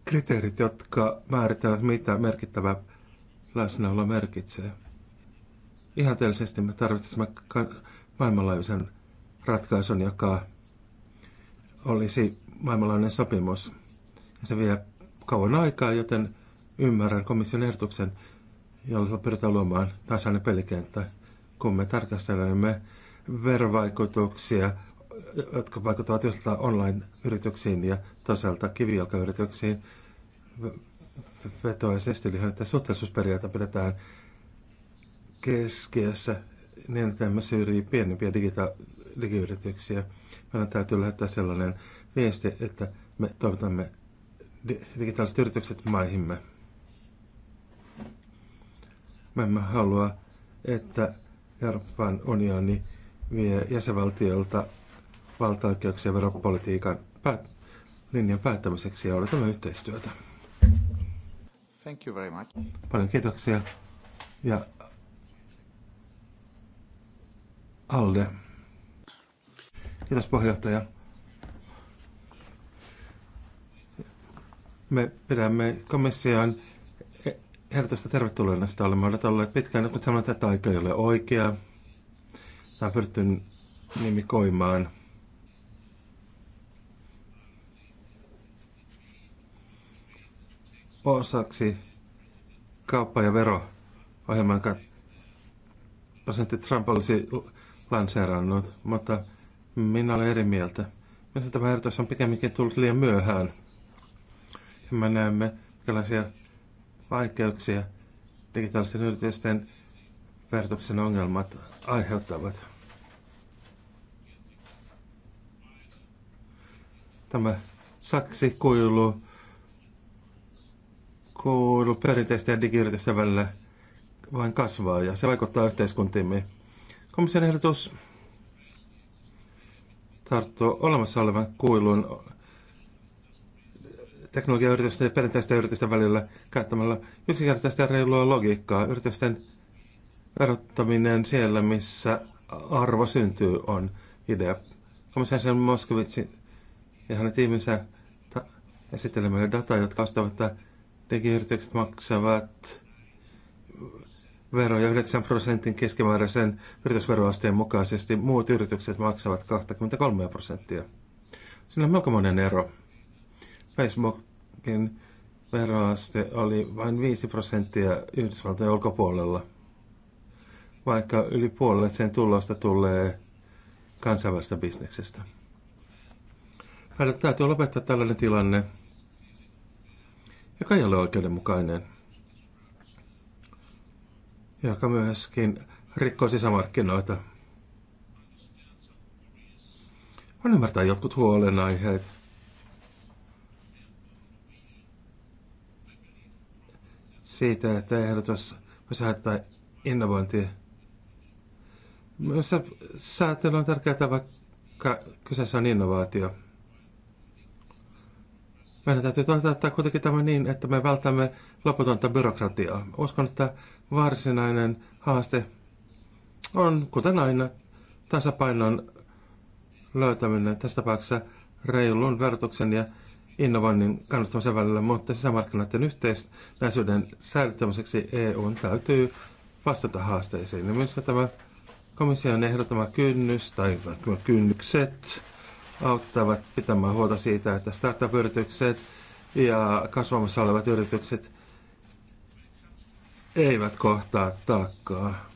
Speaker 1: kriteerit, jotka määrittävät, mitä merkittävä läsnäolo merkitsee. Ihanteellisesti me tarvitsemme maailmanlaajuisen ratkaisun, joka olisi maailmanlaajuinen sopimus. Ja se vie kauan aikaa, joten ymmärrän komission ehdotuksen, jolla pyritään luomaan tasainen pelikenttä, kun me tarkastelemme verovaikutuksia, jotka vaikuttavat yhtä online-yrityksiin ja toisaalta kivijalkayrityksiin ja Estilihan, että suhteellisuusperiaate pidetään keskiössä niin, että emme syrjii pienempiä digita- digiyrityksiä. Meidän täytyy lähettää sellainen viesti, että me toivotamme digitaaliset yritykset maihimme. Me emme halua, että Euroopan unioni vie jäsenvaltiolta valtaoikeuksia veropolitiikan päät- linjan päättämiseksi ja odotamme yhteistyötä.
Speaker 2: Thank you very much.
Speaker 1: Paljon kiitoksia. Ja Alde. Kiitos puheenjohtaja. Me pidämme komission e- ehdotusta tervetulleena. Sitä olemme olleet pitkään, nyt sanotaan, että aika ei ole oikea. Tämä on pyritty nimikoimaan osaksi kauppa- ja vero-ohjelman, presidentti Trump olisi lanseerannut, mutta minä olen eri mieltä. Minusta tämä ehdotus on pikemminkin tullut liian myöhään. Ja me näemme, erilaisia vaikeuksia digitaalisten yritysten verotuksen ongelmat aiheuttavat. Tämä saksi kuilu kuilu perinteisten ja digiyritysten välillä vain kasvaa ja se vaikuttaa yhteiskuntiimme. Komission ehdotus tarttuu olemassa olevan kuilun teknologiayritysten ja perinteisten yritysten välillä käyttämällä yksinkertaista ja reilua logiikkaa. Yritysten erottaminen siellä, missä arvo syntyy, on idea. Komission sen Moskovitsin ja hänen tiiminsä esittelemään dataa, jotka ostavat, että Digiyritykset maksavat veroja 9 prosentin keskimääräisen yritysveroasteen mukaisesti. Muut yritykset maksavat 23 prosenttia. Siinä on melkomoinen ero. Facebookin veroaste oli vain 5 prosenttia Yhdysvaltojen ulkopuolella, vaikka yli puolet sen tulosta tulee kansainvälisestä bisneksestä. Meidän täytyy lopettaa tällainen tilanne joka ei ole oikeudenmukainen. Joka myöskin rikkoo sisämarkkinoita. Voin ymmärtää jotkut huolenaiheet. Siitä, että ehdotus voisi haittaa innovointia. Myös säätely on tärkeää, vaikka kyseessä on innovaatio. Meidän täytyy toteuttaa kuitenkin tämä niin, että me vältämme loputonta byrokratiaa. Uskon, että varsinainen haaste on, kuten aina, tasapainon löytäminen tässä tapauksessa reilun verotuksen ja innovoinnin kannustamisen välillä, mutta sisämarkkinoiden yhteisnäisyyden säilyttämiseksi EUn täytyy vastata haasteisiin. Ja minusta tämä komission ehdottama kynnys tai kynnykset auttavat pitämään huolta siitä, että startup-yritykset ja kasvamassa olevat yritykset eivät kohtaa taakkaa.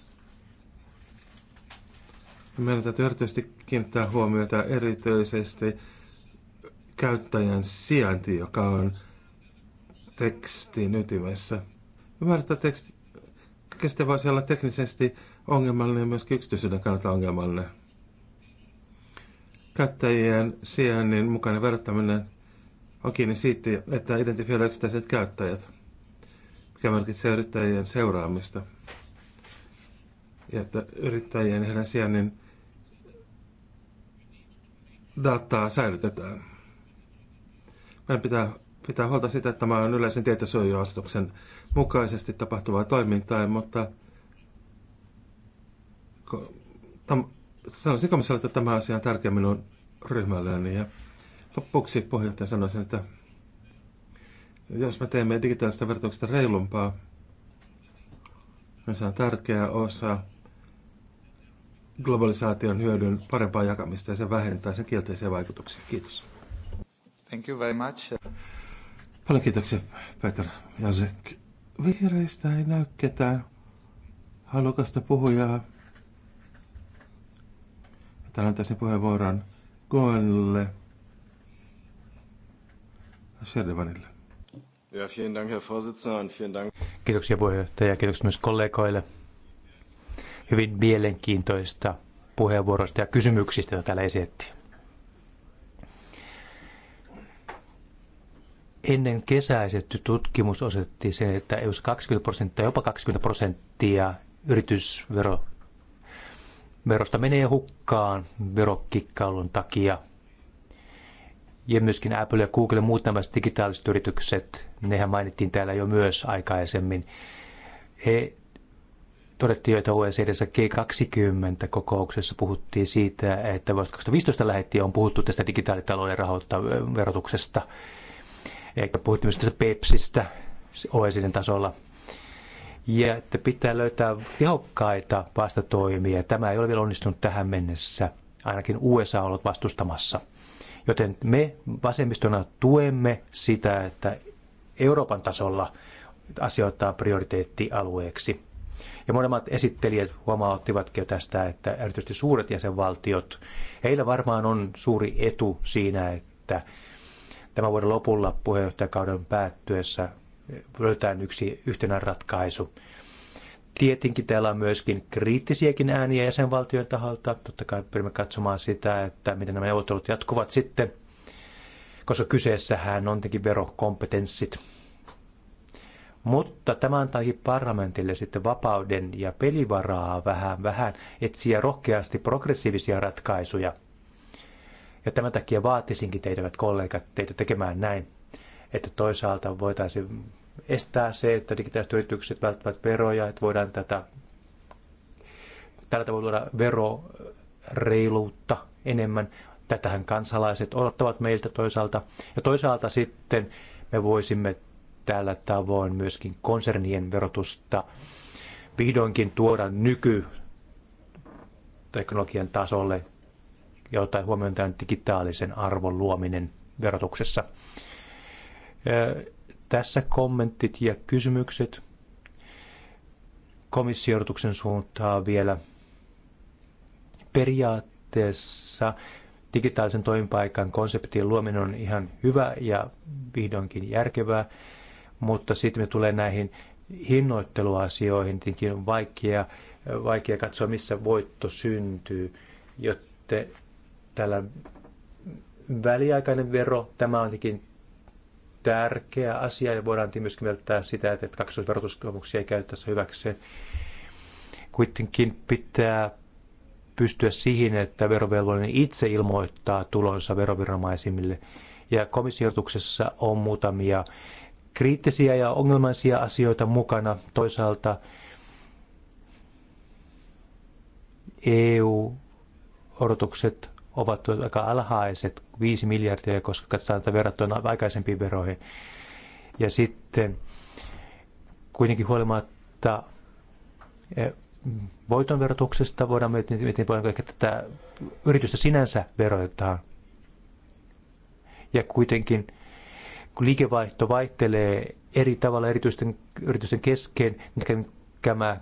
Speaker 1: Meidän täytyy erityisesti kiinnittää huomiota erityisesti käyttäjän sijainti, joka on tekstin ytimessä. Ymmärrän, että teksti, käsite voisi olla teknisesti ongelmallinen ja myös yksityisyyden kannalta ongelmallinen. Käyttäjien sijainnin mukainen verrattaminen on kiinni siitä, että identifioidaan yksittäiset käyttäjät, mikä merkitsee yrittäjien seuraamista. Ja että yrittäjien ja heidän sijainnin dataa säilytetään. Meidän pitää pitää huolta sitä, että tämä on yleisen tietosuoja mukaisesti tapahtuvaa toimintaa, mutta sanoisin komissiolle, että tämä asia on tärkeä minun ryhmälleni. Niin ja lopuksi puheenjohtaja sen, että jos me teemme digitaalista vertauksesta reilumpaa, niin se on tärkeä osa globalisaation hyödyn parempaa jakamista ja se vähentää sen kielteisiä vaikutuksia. Kiitos. Thank you very much. Paljon kiitoksia, Peter Jasek. Vihreistä ei näy ketään halukasta puhujaa. Tänään tässä puheenvuoron Goelle.
Speaker 3: Serdevanille.
Speaker 1: Ja, vielen Dank, Herr Vorsitzender, und
Speaker 2: vielen Dank.
Speaker 3: Kiitoksia puheenjohtaja ja kiitoksia myös kollegoille. Hyvin mielenkiintoista puheenvuoroista ja kysymyksistä, joita täällä esitettiin. Ennen kesää esitetty tutkimus osoitti sen, että jos 20 prosenttia, jopa 20 prosenttia yritysvero verosta menee hukkaan verokikkailun takia. Ja myöskin Apple ja Google ja muut nämä digitaaliset yritykset, nehän mainittiin täällä jo myös aikaisemmin. He todettiin että OECD G20-kokouksessa puhuttiin siitä, että vuodesta 2015 lähtien on puhuttu tästä digitaalitalouden rahoitta verotuksesta. Eikä puhuttiin myös tästä PEPSistä OECDn tasolla – ja että pitää löytää tehokkaita vastatoimia. Tämä ei ole vielä onnistunut tähän mennessä, ainakin USA on ollut vastustamassa. Joten me vasemmistona tuemme sitä, että Euroopan tasolla on prioriteettialueeksi. Ja molemmat esittelijät huomauttivatkin jo tästä, että erityisesti suuret jäsenvaltiot, heillä varmaan on suuri etu siinä, että tämän vuoden lopulla puheenjohtajakauden päättyessä löydetään yksi yhtenä ratkaisu. Tietenkin täällä on myöskin kriittisiäkin ääniä jäsenvaltion taholta. Totta kai pyrimme katsomaan sitä, että miten nämä neuvottelut jatkuvat sitten, koska kyseessähän on tietenkin verokompetenssit. Mutta tämä antaakin parlamentille sitten vapauden ja pelivaraa vähän, vähän etsiä rohkeasti progressiivisia ratkaisuja. Ja tämän takia vaatisinkin teidät kollegat teitä tekemään näin, että toisaalta voitaisiin estää se, että digitaaliset yritykset välttävät veroja, että voidaan tätä, tällä tavalla luoda veroreiluutta enemmän. Tätähän kansalaiset odottavat meiltä toisaalta. Ja toisaalta sitten me voisimme tällä tavoin myöskin konsernien verotusta vihdoinkin tuoda nykyteknologian tasolle ja ottaa huomioon tämän digitaalisen arvon luominen verotuksessa. Tässä kommentit ja kysymykset komissiortuksen suuntaan vielä. Periaatteessa digitaalisen toimipaikan konseptin luominen on ihan hyvä ja vihdoinkin järkevää, mutta sitten me tulee näihin hinnoitteluasioihin, tietenkin on vaikea, vaikea katsoa, missä voitto syntyy, jotta tällä väliaikainen vero, tämä on tietenkin tärkeä asia ja voidaan myöskin välttää sitä, että kaksoisverotuskysymyksiä ei käyttäisi hyväkseen. Kuitenkin pitää pystyä siihen, että verovelvollinen itse ilmoittaa tulonsa veroviranomaisille. Ja komissiotuksessa on muutamia kriittisiä ja ongelmaisia asioita mukana. Toisaalta EU-odotukset ovat aika alhaiset, 5 miljardia, koska katsotaan tätä verrattuna aikaisempiin veroihin. Ja sitten kuitenkin huolimatta eh, voiton verotuksesta voidaan miettiä, voidaanko ehkä tätä yritystä sinänsä verotetaan. Ja kuitenkin kun liikevaihto vaihtelee eri tavalla erityisten yritysten kesken, niin tämä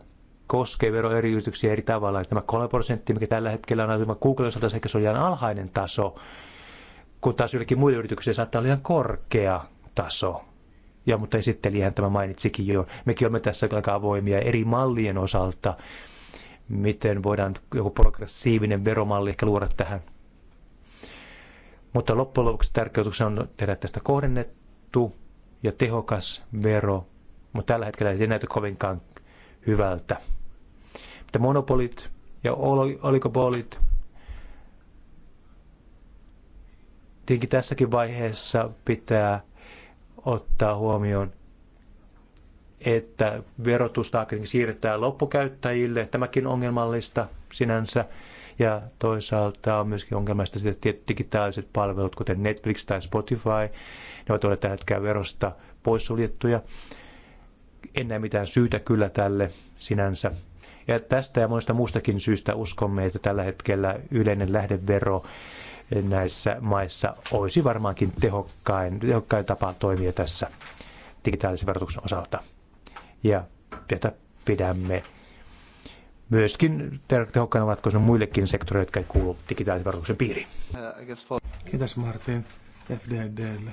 Speaker 3: koskee vero eri yrityksiä eri tavalla. Tämä 3 prosenttia, mikä tällä hetkellä on ajateltu Googlen osalta, se on ihan alhainen taso, kun taas jollekin muille yrityksille saattaa olla ihan korkea taso. Ja mutta esittelijähän tämä mainitsikin jo. Mekin olemme tässä aika avoimia eri mallien osalta, miten voidaan joku progressiivinen veromalli ehkä luoda tähän. Mutta loppujen lopuksi tärkeytyksenä on tehdä tästä kohdennettu ja tehokas vero, mutta tällä hetkellä ei se näytä kovinkaan hyvältä että monopolit ja oligopolit tietenkin tässäkin vaiheessa pitää ottaa huomioon, että verotustaakin siirretään loppukäyttäjille. Tämäkin ongelmallista sinänsä. Ja toisaalta on myöskin ongelmallista sitä, että digitaaliset palvelut, kuten Netflix tai Spotify, ne ovat olleet tällä hetkellä verosta poissuljettuja. En näe mitään syytä kyllä tälle sinänsä. Ja tästä ja monesta muustakin syystä uskomme, että tällä hetkellä yleinen lähdevero näissä maissa olisi varmaankin tehokkain, tehokkain tapa toimia tässä digitaalisen verotuksen osalta. Ja tätä pidämme myöskin tehokkaana ratkaisuna muillekin sektoreille, jotka ei kuulu digitaalisen verotuksen piiriin.
Speaker 1: Kiitos Martin FDDlle.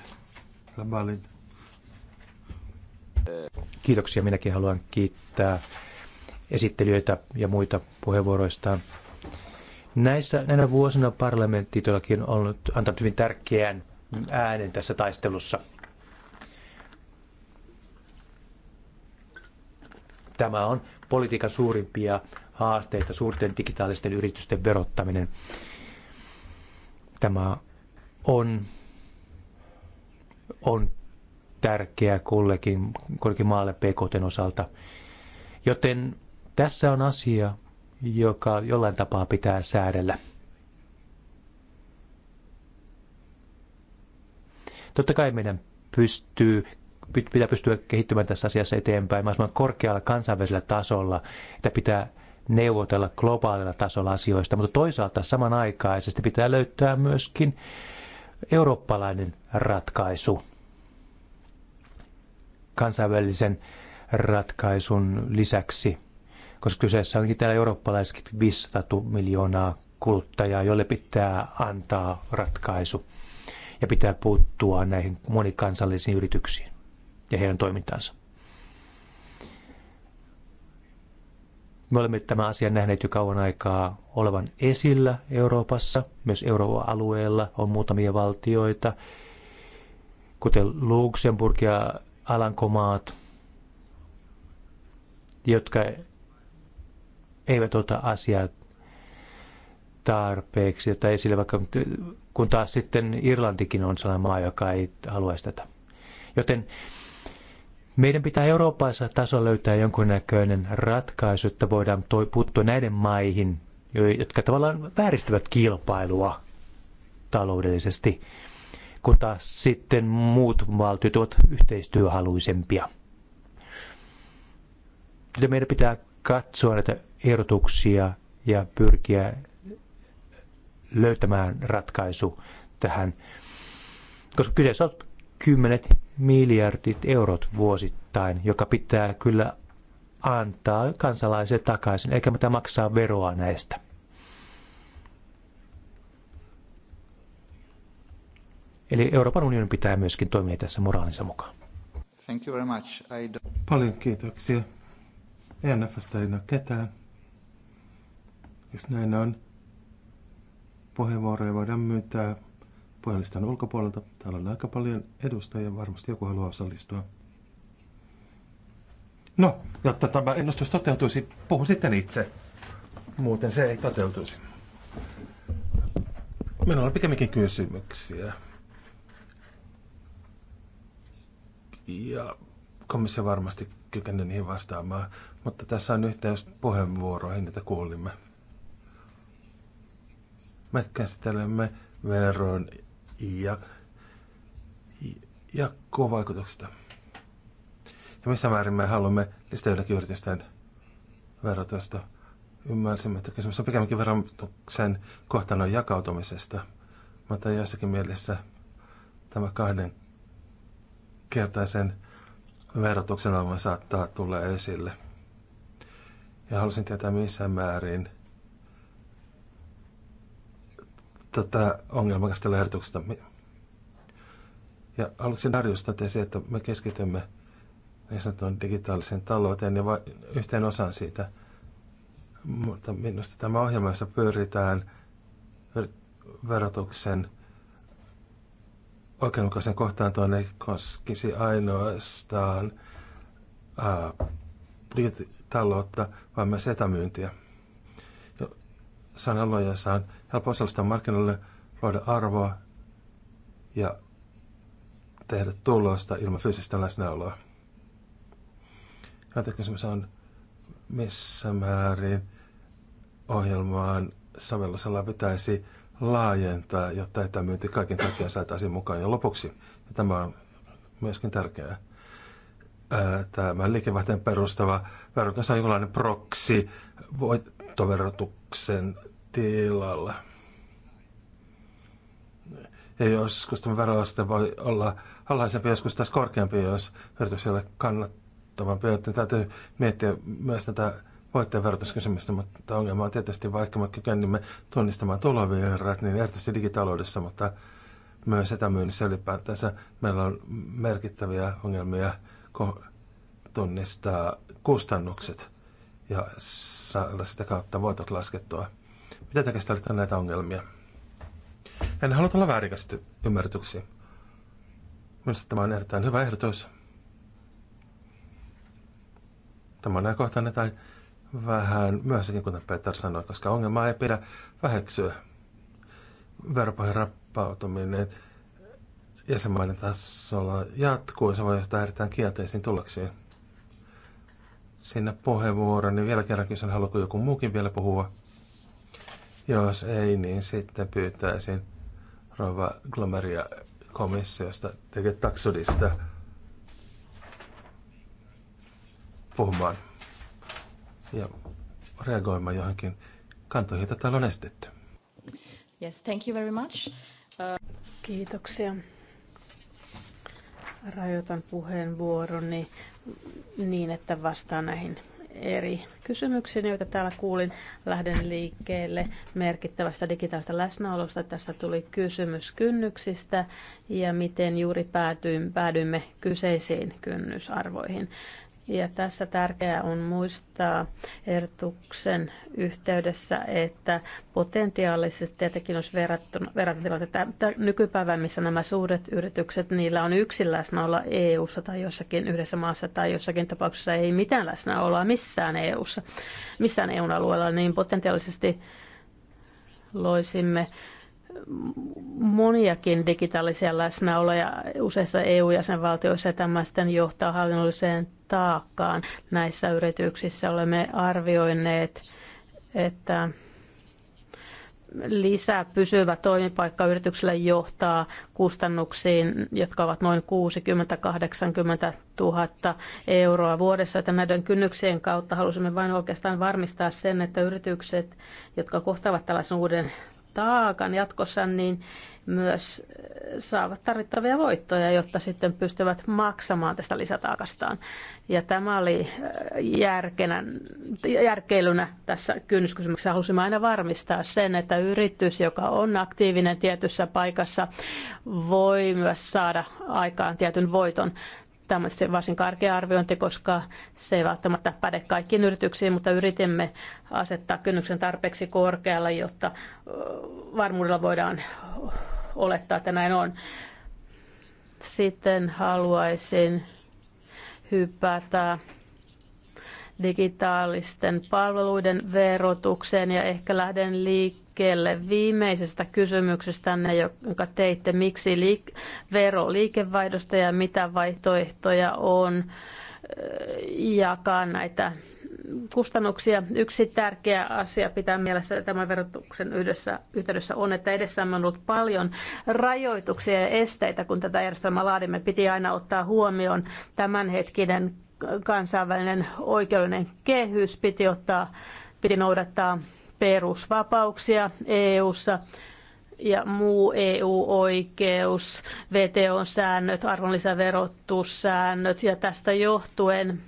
Speaker 3: Kiitoksia. Minäkin haluan kiittää esittelijöitä ja muita puheenvuoroistaan. Näissä, näinä vuosina parlamentti todellakin on ollut, antanut hyvin tärkeän äänen tässä taistelussa. Tämä on politiikan suurimpia haasteita, suurten digitaalisten yritysten verottaminen. Tämä on, on tärkeä kullekin, kullekin maalle PKTn osalta. Joten tässä on asia, joka jollain tapaa pitää säädellä. Totta kai meidän pystyy, pitää pystyä kehittymään tässä asiassa eteenpäin mahdollisimman korkealla kansainvälisellä tasolla, että pitää neuvotella globaalilla tasolla asioista, mutta toisaalta samanaikaisesti pitää löytää myöskin eurooppalainen ratkaisu kansainvälisen ratkaisun lisäksi koska kyseessä onkin täällä eurooppalaiset 500 miljoonaa kuluttajaa, jolle pitää antaa ratkaisu ja pitää puuttua näihin monikansallisiin yrityksiin ja heidän toimintaansa. Me olemme tämän asian nähneet jo kauan aikaa olevan esillä Euroopassa, myös euroalueella on muutamia valtioita, kuten Luxemburg ja Alankomaat, jotka eivät ota asiaa tarpeeksi tai esille, vaikka kun taas sitten Irlantikin on sellainen maa, joka ei halua tätä. Joten meidän pitää Euroopassa tasolla löytää jonkunnäköinen ratkaisu, että voidaan toi, puuttua näiden maihin, jotka tavallaan vääristävät kilpailua taloudellisesti, kun taas sitten muut valtiot ovat yhteistyöhaluisempia. Ja meidän pitää katsoa näitä ehdotuksia ja pyrkiä löytämään ratkaisu tähän, koska kyseessä on kymmenet miljardit eurot vuosittain, joka pitää kyllä antaa kansalaisille takaisin, eikä mitä maksaa veroa näistä. Eli Euroopan unionin pitää myöskin toimia tässä moraalinsa mukaan.
Speaker 2: Thank you very much. I don't...
Speaker 3: Paljon kiitoksia. ENFstä ei ole ketään. Jos
Speaker 1: näin on, puheenvuoroja voidaan myyntää puhelistan ulkopuolelta. Täällä on aika paljon edustajia, varmasti joku haluaa osallistua. No, jotta tämä ennustus toteutuisi, puhu sitten itse. Muuten se ei toteutuisi. Minulla on pikemminkin kysymyksiä. Ja komissio varmasti kykenee niihin vastaamaan, mutta tässä on yhteys puheenvuoroihin, että kuulimme. Me käsittelemme veron ja jakkovaikutuksesta. Ja missä määrin me haluamme lisätä joidenkin yritysten verotusta. Ymmärsimme, että kysymys on pikemminkin verotuksen kohtalon jakautumisesta. Mutta jossakin mielessä tämä kahden kertaisen verotuksen ongelma saattaa tulla esille. Ja halusin tietää missä määrin – tätä ongelmaa käsitellä ehdotuksesta. Ja aluksi Darjusta tesi, että me keskitymme niin sanotun digitaalisen talouteen ja yhteen osaan siitä. Mutta minusta tämä ohjelma, jossa pyritään verotuksen oikeudenmukaisen kohtaantoon, ei koskisi ainoastaan ää, digitaloutta, vaan myös etämyyntiä saan aloja, saan helppo osallistua markkinoille, luoda arvoa ja tehdä tulosta ilman fyysistä läsnäoloa. Joten kysymys on, missä määrin ohjelmaan sovellusella pitäisi laajentaa, jotta etämyynti kaiken kaikkiaan saataisiin mukaan. Ja lopuksi, ja tämä on myöskin tärkeää, tämä liikevaihteen perustava verotus on jonkinlainen proksi voit, nettoverotuksen tilalla. Ja joskus tämä veroaste voi olla alhaisempi, joskus taas korkeampi, jos yritys ei ole kannattavampi. Joten täytyy miettiä myös tätä voittajan verotuskysymystä, mutta ongelma on tietysti, vaikka me kykenimme tunnistamaan tulovirrat, niin erityisesti digitaloudessa, mutta myös etämyynnissä ylipäätänsä meillä on merkittäviä ongelmia tunnistaa kustannukset ja saada sitä kautta voitot laskettua. Mitä te kestävät näitä ongelmia? En halua olla väärikästi ymmärretyksi. Minusta tämä on erittäin hyvä ehdotus. Tämä on ajankohtainen tai vähän myöskin, kuten Peter sanoi, koska ongelmaa ei pidä väheksyä. Veropohjan rappautuminen jäsenmaiden tasolla jatkuu ja se voi johtaa erittäin kielteisiin tuloksiin sinne puheenvuoron, niin vielä kerran kysyn, haluatko joku muukin vielä puhua? Jos ei, niin sitten pyytäisin Rova Glomeria komissiosta, tekee taksudista puhumaan ja reagoimaan johonkin kantoihin, joita täällä on esitetty.
Speaker 2: Yes, thank you very much. Uh... Kiitoksia. Rajoitan puheenvuoroni niin, että vastaan näihin eri kysymyksiin, joita täällä kuulin. Lähden liikkeelle merkittävästä digitaalista läsnäolosta. Tästä tuli kysymys kynnyksistä ja miten juuri päädyimme kyseisiin kynnysarvoihin. Ja tässä tärkeää on muistaa ehdotuksen yhteydessä, että potentiaalisesti tietenkin olisi verrattuna, verrattuna tätä, tätä nykypäivää, missä nämä suuret yritykset, niillä on yksin läsnäolo EU-ssa tai jossakin yhdessä maassa tai jossakin tapauksessa ei mitään läsnäoloa missään EU-ssa, missään EU-alueella, niin potentiaalisesti loisimme moniakin digitaalisia läsnäoloja useissa EU-jäsenvaltioissa ja tämä johtaa hallinnolliseen taakkaan näissä yrityksissä. Olemme arvioineet, että lisää pysyvä toimipaikka yritykselle johtaa kustannuksiin, jotka ovat noin 60-80 000 euroa vuodessa. Että näiden kynnyksien kautta halusimme vain oikeastaan varmistaa sen, että yritykset, jotka kohtaavat tällaisen uuden taakan jatkossa, niin myös saavat tarvittavia voittoja, jotta sitten pystyvät maksamaan tästä lisätaakastaan. Ja tämä oli äh, järkenä, järkeilynä tässä kynnyskysymyksessä. Halusimme aina varmistaa sen, että yritys, joka on aktiivinen tietyssä paikassa, voi myös saada aikaan tietyn voiton. Tämä on varsin karkea arviointi, koska se ei välttämättä päde kaikkiin yrityksiin, mutta yritimme asettaa kynnyksen tarpeeksi korkealla, jotta varmuudella voidaan olettaa, että näin on. Sitten haluaisin hypätä digitaalisten palveluiden verotukseen ja ehkä lähden liikkeelle viimeisestä kysymyksestänne, jonka teitte, miksi liik- vero liikevaihdosta ja mitä vaihtoehtoja on äh, jakaa näitä kustannuksia. Yksi tärkeä asia pitää mielessä tämän verotuksen yhdessä, yhteydessä on, että edessämme on ollut paljon rajoituksia ja esteitä, kun tätä järjestelmää laadimme. Piti aina ottaa huomioon tämänhetkinen kansainvälinen oikeudellinen kehys, piti, ottaa, piti noudattaa perusvapauksia EU-ssa ja muu EU-oikeus, VTO-säännöt, arvonlisäverotussäännöt ja tästä johtuen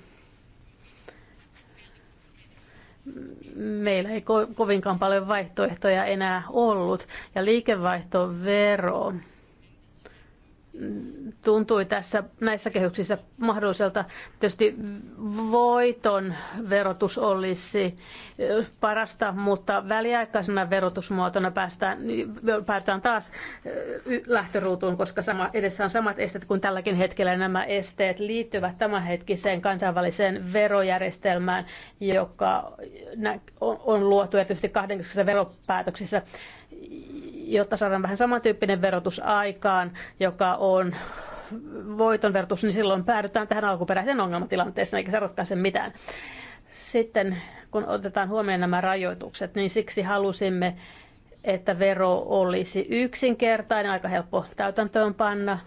Speaker 2: meillä ei ko- kovinkaan paljon vaihtoehtoja enää ollut. Ja liikevaihtovero tuntui tässä näissä kehyksissä mahdolliselta. Tietysti voiton verotus olisi parasta, mutta väliaikaisena verotusmuotona päästään, päästään taas lähtöruutuun, koska sama, edessä on samat esteet kuin tälläkin hetkellä. Nämä esteet liittyvät tämänhetkiseen kansainväliseen verojärjestelmään, joka on luotu erityisesti kahdenkeskisissä veropäätöksissä jotta saadaan vähän samantyyppinen verotus aikaan, joka on voiton verotus, niin silloin päädytään tähän alkuperäiseen ongelmatilanteeseen, eikä se ratkaise mitään. Sitten kun otetaan huomioon nämä rajoitukset, niin siksi halusimme, että vero olisi yksinkertainen, aika helppo panna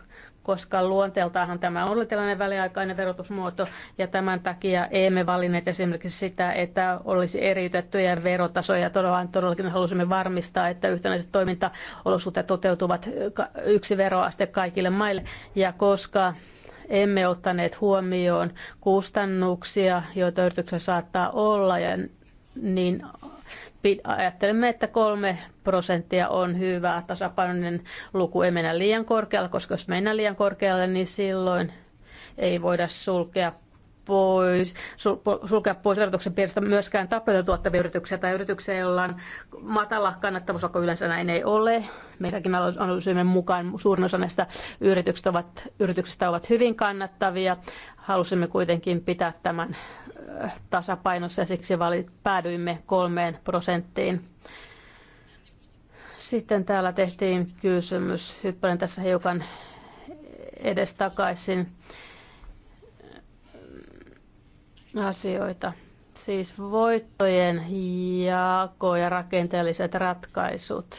Speaker 2: koska luonteeltaanhan tämä on tällainen väliaikainen verotusmuoto, ja tämän takia emme valinneet esimerkiksi sitä, että olisi eriytettyjä verotasoja. Todella, todellakin halusimme varmistaa, että yhtenäiset toimintaolosuhteet toteutuvat yksi veroaste kaikille maille, ja koska emme ottaneet huomioon kustannuksia, joita yrityksessä saattaa olla, ja niin ajattelemme, että kolme prosenttia on hyvä tasapainoinen luku, ei mennä liian korkealle, koska jos mennään liian korkealle, niin silloin ei voida sulkea pois, sulkea pois verotuksen piiristä myöskään tappioita tuottavia yrityksiä tai yrityksiä, joilla on matala kannattavuus, vaikka yleensä näin ei ole. Meidänkin analyysimme mukaan suurin osa näistä yrityksistä ovat, yrityksistä ovat hyvin kannattavia. Halusimme kuitenkin pitää tämän tasapainossa ja siksi päädyimme kolmeen prosenttiin. Sitten täällä tehtiin kysymys. Hyppäilen tässä hiukan edestakaisin asioita. Siis voittojen jako ja rakenteelliset ratkaisut.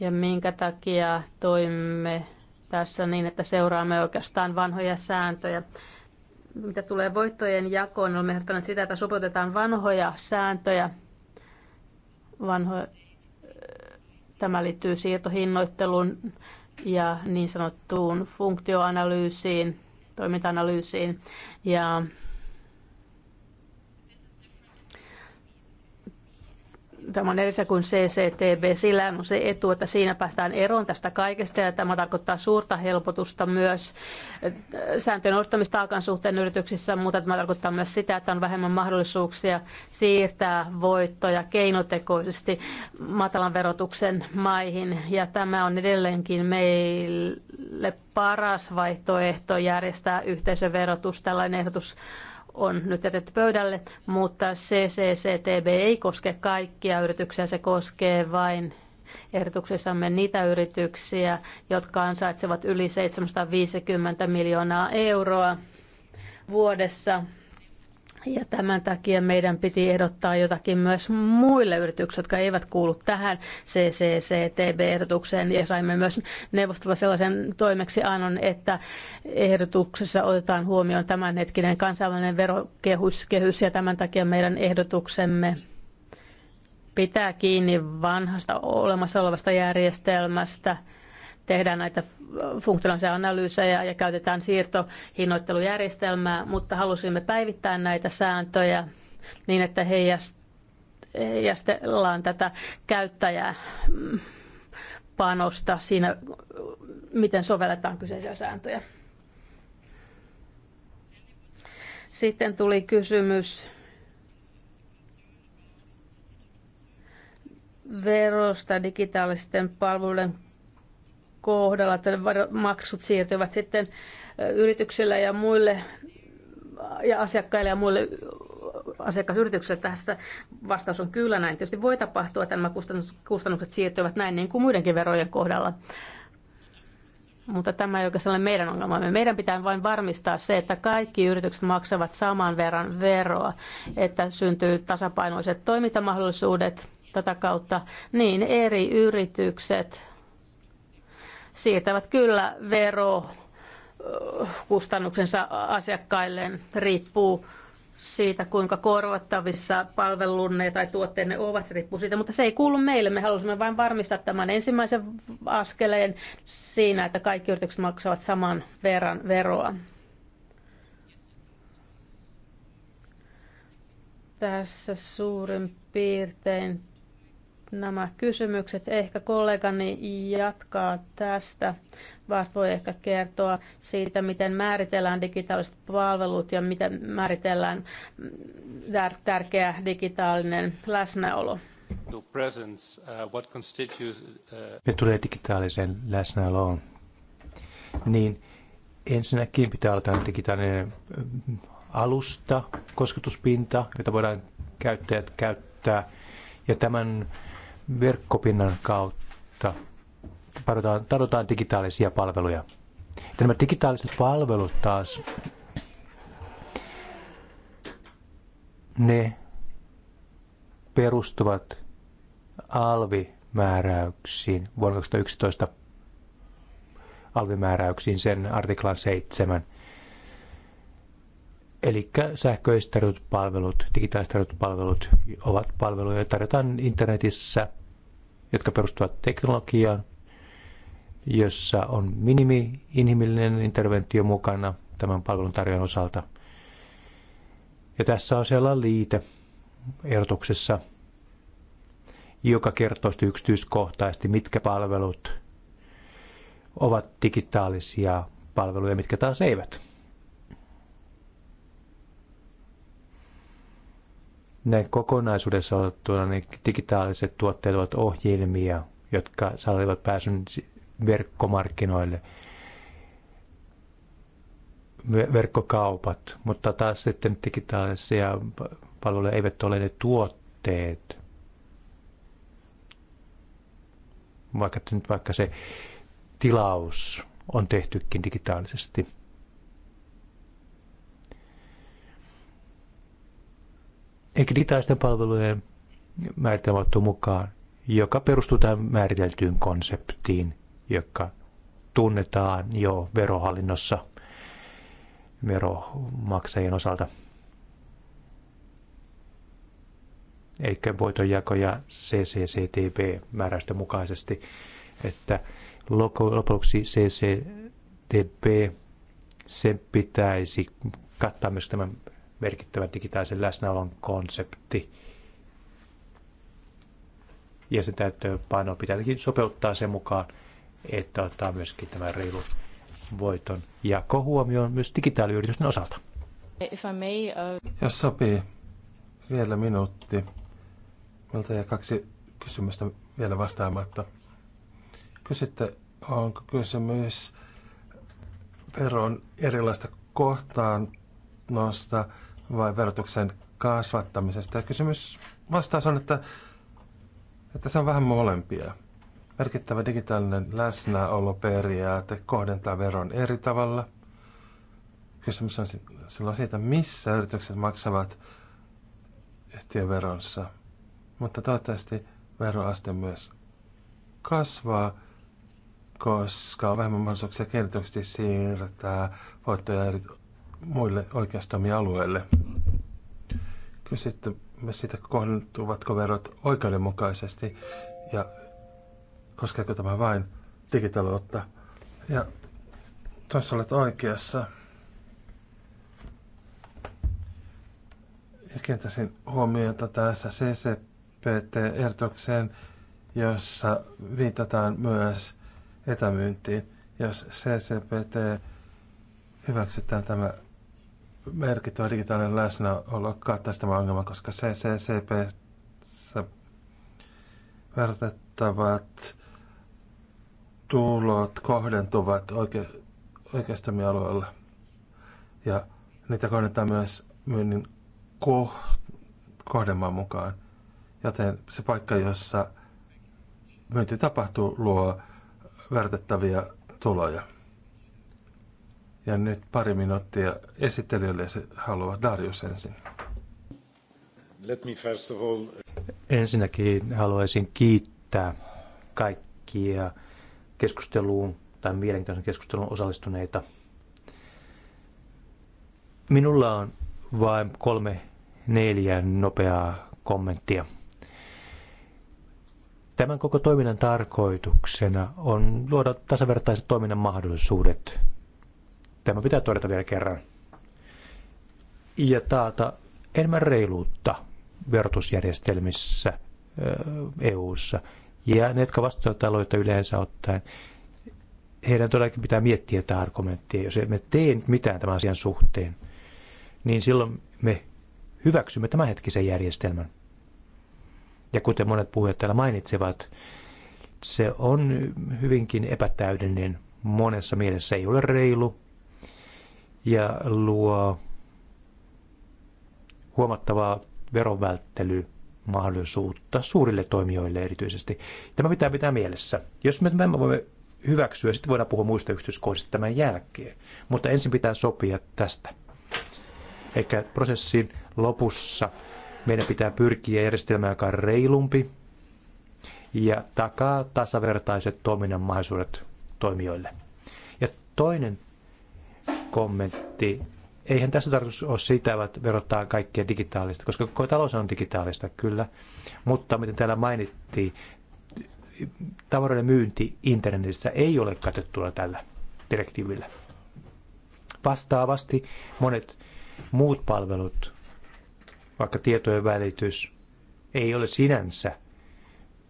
Speaker 2: Ja minkä takia toimme tässä niin, että seuraamme oikeastaan vanhoja sääntöjä. Mitä tulee voittojen jakoon, niin olemme ehdottaneet sitä, että sopeutetaan vanhoja sääntöjä. Vanho... Tämä liittyy siirtohinnoitteluun ja niin sanottuun funktioanalyysiin, toimintaanalyysiin ja tämä on erilaisia kuin CCTB. Sillä on se etu, että siinä päästään eroon tästä kaikesta ja tämä tarkoittaa suurta helpotusta myös eh, sääntöjen ostamistaakan suhteen yrityksissä, mutta tämä tarkoittaa myös sitä, että on vähemmän mahdollisuuksia siirtää voittoja keinotekoisesti matalan verotuksen maihin ja tämä on edelleenkin meille paras vaihtoehto järjestää yhteisöverotus. Tällainen ehdotus on nyt jätetty pöydälle, mutta CCCTB ei koske kaikkia yrityksiä, se koskee vain ehdotuksessamme niitä yrityksiä, jotka ansaitsevat yli 750 miljoonaa euroa vuodessa ja tämän takia meidän piti ehdottaa jotakin myös muille yrityksille, jotka eivät kuulu tähän CCCTB-ehdotukseen. Ja saimme myös neuvostolla sellaisen toimeksiannon, että ehdotuksessa otetaan huomioon tämänhetkinen kansainvälinen verokehys kehys, ja tämän takia meidän ehdotuksemme pitää kiinni vanhasta olemassa olevasta järjestelmästä. Tehdään näitä funktionaalisia analyysejä ja käytetään siirtohinnoittelujärjestelmää, mutta halusimme päivittää näitä sääntöjä niin, että heijastellaan tätä käyttäjää mm, panosta siinä, miten sovelletaan kyseisiä sääntöjä. Sitten tuli kysymys verosta digitaalisten palveluiden kohdalla, että maksut siirtyvät sitten yrityksille ja muille ja asiakkaille ja muille asiakasyrityksille tässä vastaus on kyllä näin. Tietysti voi tapahtua, että nämä kustannukset siirtyvät näin niin kuin muidenkin verojen kohdalla. Mutta tämä ei oikeastaan ole meidän ongelmamme. Meidän pitää vain varmistaa se, että kaikki yritykset maksavat saman verran veroa, että syntyy tasapainoiset toimintamahdollisuudet tätä kautta, niin eri yritykset siirtävät kyllä vero kustannuksensa asiakkailleen riippuu siitä, kuinka korvattavissa palvelunne tai tuotteenne ovat, se riippuu siitä, mutta se ei kuulu meille. Me halusimme vain varmistaa tämän ensimmäisen askeleen siinä, että kaikki yritykset maksavat saman verran veroa. Tässä suurin piirtein nämä kysymykset. Ehkä kollegani jatkaa tästä. vaat voi ehkä kertoa siitä, miten määritellään digitaaliset palvelut ja miten määritellään tärkeä digitaalinen läsnäolo.
Speaker 3: Me uh, uh, tulee digitaaliseen läsnäoloon. Niin ensinnäkin pitää olla digitaalinen äh, alusta, kosketuspinta, jota voidaan käyttäjät käyttää. Ja tämän verkkopinnan kautta tarjotaan, tarjotaan digitaalisia palveluja. Ja nämä digitaaliset palvelut taas, ne perustuvat alvimääräyksiin vuonna 2011 alvimääräyksiin sen artiklan 7 Eli sähköistetyt palvelut, digitaalistetyt palvelut ovat palveluja, joita tarjotaan internetissä, jotka perustuvat teknologiaan, jossa on minimi inhimillinen interventio mukana tämän palvelun tarjon osalta. Ja tässä on siellä liite ehdotuksessa, joka kertoo yksityiskohtaisesti, mitkä palvelut ovat digitaalisia palveluja, mitkä taas eivät. näin kokonaisuudessa otettuna niin digitaaliset tuotteet ovat ohjelmia, jotka sallivat pääsyn verkkomarkkinoille, verkkokaupat, mutta taas sitten digitaalisia palveluja eivät ole ne tuotteet. Vaikka nyt vaikka se tilaus on tehtykin digitaalisesti. eikä digitaalisten palvelujen määritelmät mukaan, joka perustuu tähän määriteltyyn konseptiin, joka tunnetaan jo verohallinnossa veromaksajien osalta. Eli voitonjako ja ccctv määräystä mukaisesti, että lopuksi CCTV, sen pitäisi kattaa myös tämän merkittävä digitaalisen läsnäolon konsepti. Ja se täyttöönpano pitääkin sopeuttaa sen mukaan, että ottaa myöskin tämä reilu voiton jako huomioon myös digitaaliyritysten osalta.
Speaker 2: If I may, uh...
Speaker 3: Jos sopii, vielä minuutti. Meiltä ja kaksi kysymystä
Speaker 1: vielä vastaamatta. Kysytte, onko kysymys veron erilaista kohtaan noista vai verotuksen kasvattamisesta. Ja kysymys vastaus on, että, että se on vähän molempia. Merkittävä digitaalinen läsnäoloperiaate kohdentaa veron eri tavalla. Kysymys on silloin siitä, missä yritykset maksavat yhtiöveronsa. Mutta toivottavasti veroaste myös kasvaa, koska on vähemmän mahdollisuuksia kiinnityksesti siirtää voittoja eri muille oikeustoimialueille. Kysytte me siitä, kohdentuvatko verot oikeudenmukaisesti ja koskeeko tämä vain digitaloutta. Ja tuossa olet oikeassa. Ja kiinnittäisin huomiota tässä CCPT-ehdotukseen, jossa viitataan myös etämyyntiin. Jos CCPT hyväksytään, tämä merkittävä digitaalinen läsnäolo kattaisi tämä ongelma, koska CCCP vertettavat tulot kohdentuvat oike, oikeustoimialueella. Ja niitä kohdentaa myös myynnin ko, kohdemaan mukaan. Joten se paikka, jossa myynti tapahtuu, luo vertettavia tuloja. Ja nyt pari minuuttia esittelijöille haluaa Darius ensin.
Speaker 4: Let me first of all...
Speaker 3: Ensinnäkin haluaisin kiittää kaikkia keskusteluun tai mielenkiintoisen keskustelun osallistuneita. Minulla on vain kolme neljä nopeaa kommenttia. Tämän koko toiminnan tarkoituksena on luoda tasavertaiset toiminnan mahdollisuudet Tämä pitää todeta vielä kerran. Ja taata enemmän reiluutta verotusjärjestelmissä EU-ssa. Ja ne, jotka vastaavat taloutta yleensä ottaen, heidän todellakin pitää miettiä tätä argumenttia. Jos emme tee mitään tämän asian suhteen, niin silloin me hyväksymme hetkisen järjestelmän. Ja kuten monet puhujat täällä mainitsevat, se on hyvinkin epätäydellinen monessa mielessä. Ei ole reilu, ja luo huomattavaa verovälttelymahdollisuutta suurille toimijoille erityisesti. Tämä pitää pitää mielessä. Jos me tämän voimme hyväksyä, sitten voidaan puhua muista yhteiskohdista tämän jälkeen. Mutta ensin pitää sopia tästä. Eikä prosessin lopussa meidän pitää pyrkiä järjestelmään, joka on reilumpi ja takaa tasavertaiset toiminnan mahdollisuudet toimijoille. Ja toinen kommentti. Eihän tässä tarkoitus ole sitä, että verottaa kaikkia digitaalista, koska koko talous on digitaalista kyllä. Mutta miten täällä mainittiin, tavaroiden myynti internetissä ei ole katettuna tällä direktiivillä. Vastaavasti monet muut palvelut, vaikka tietojen välitys, ei ole sinänsä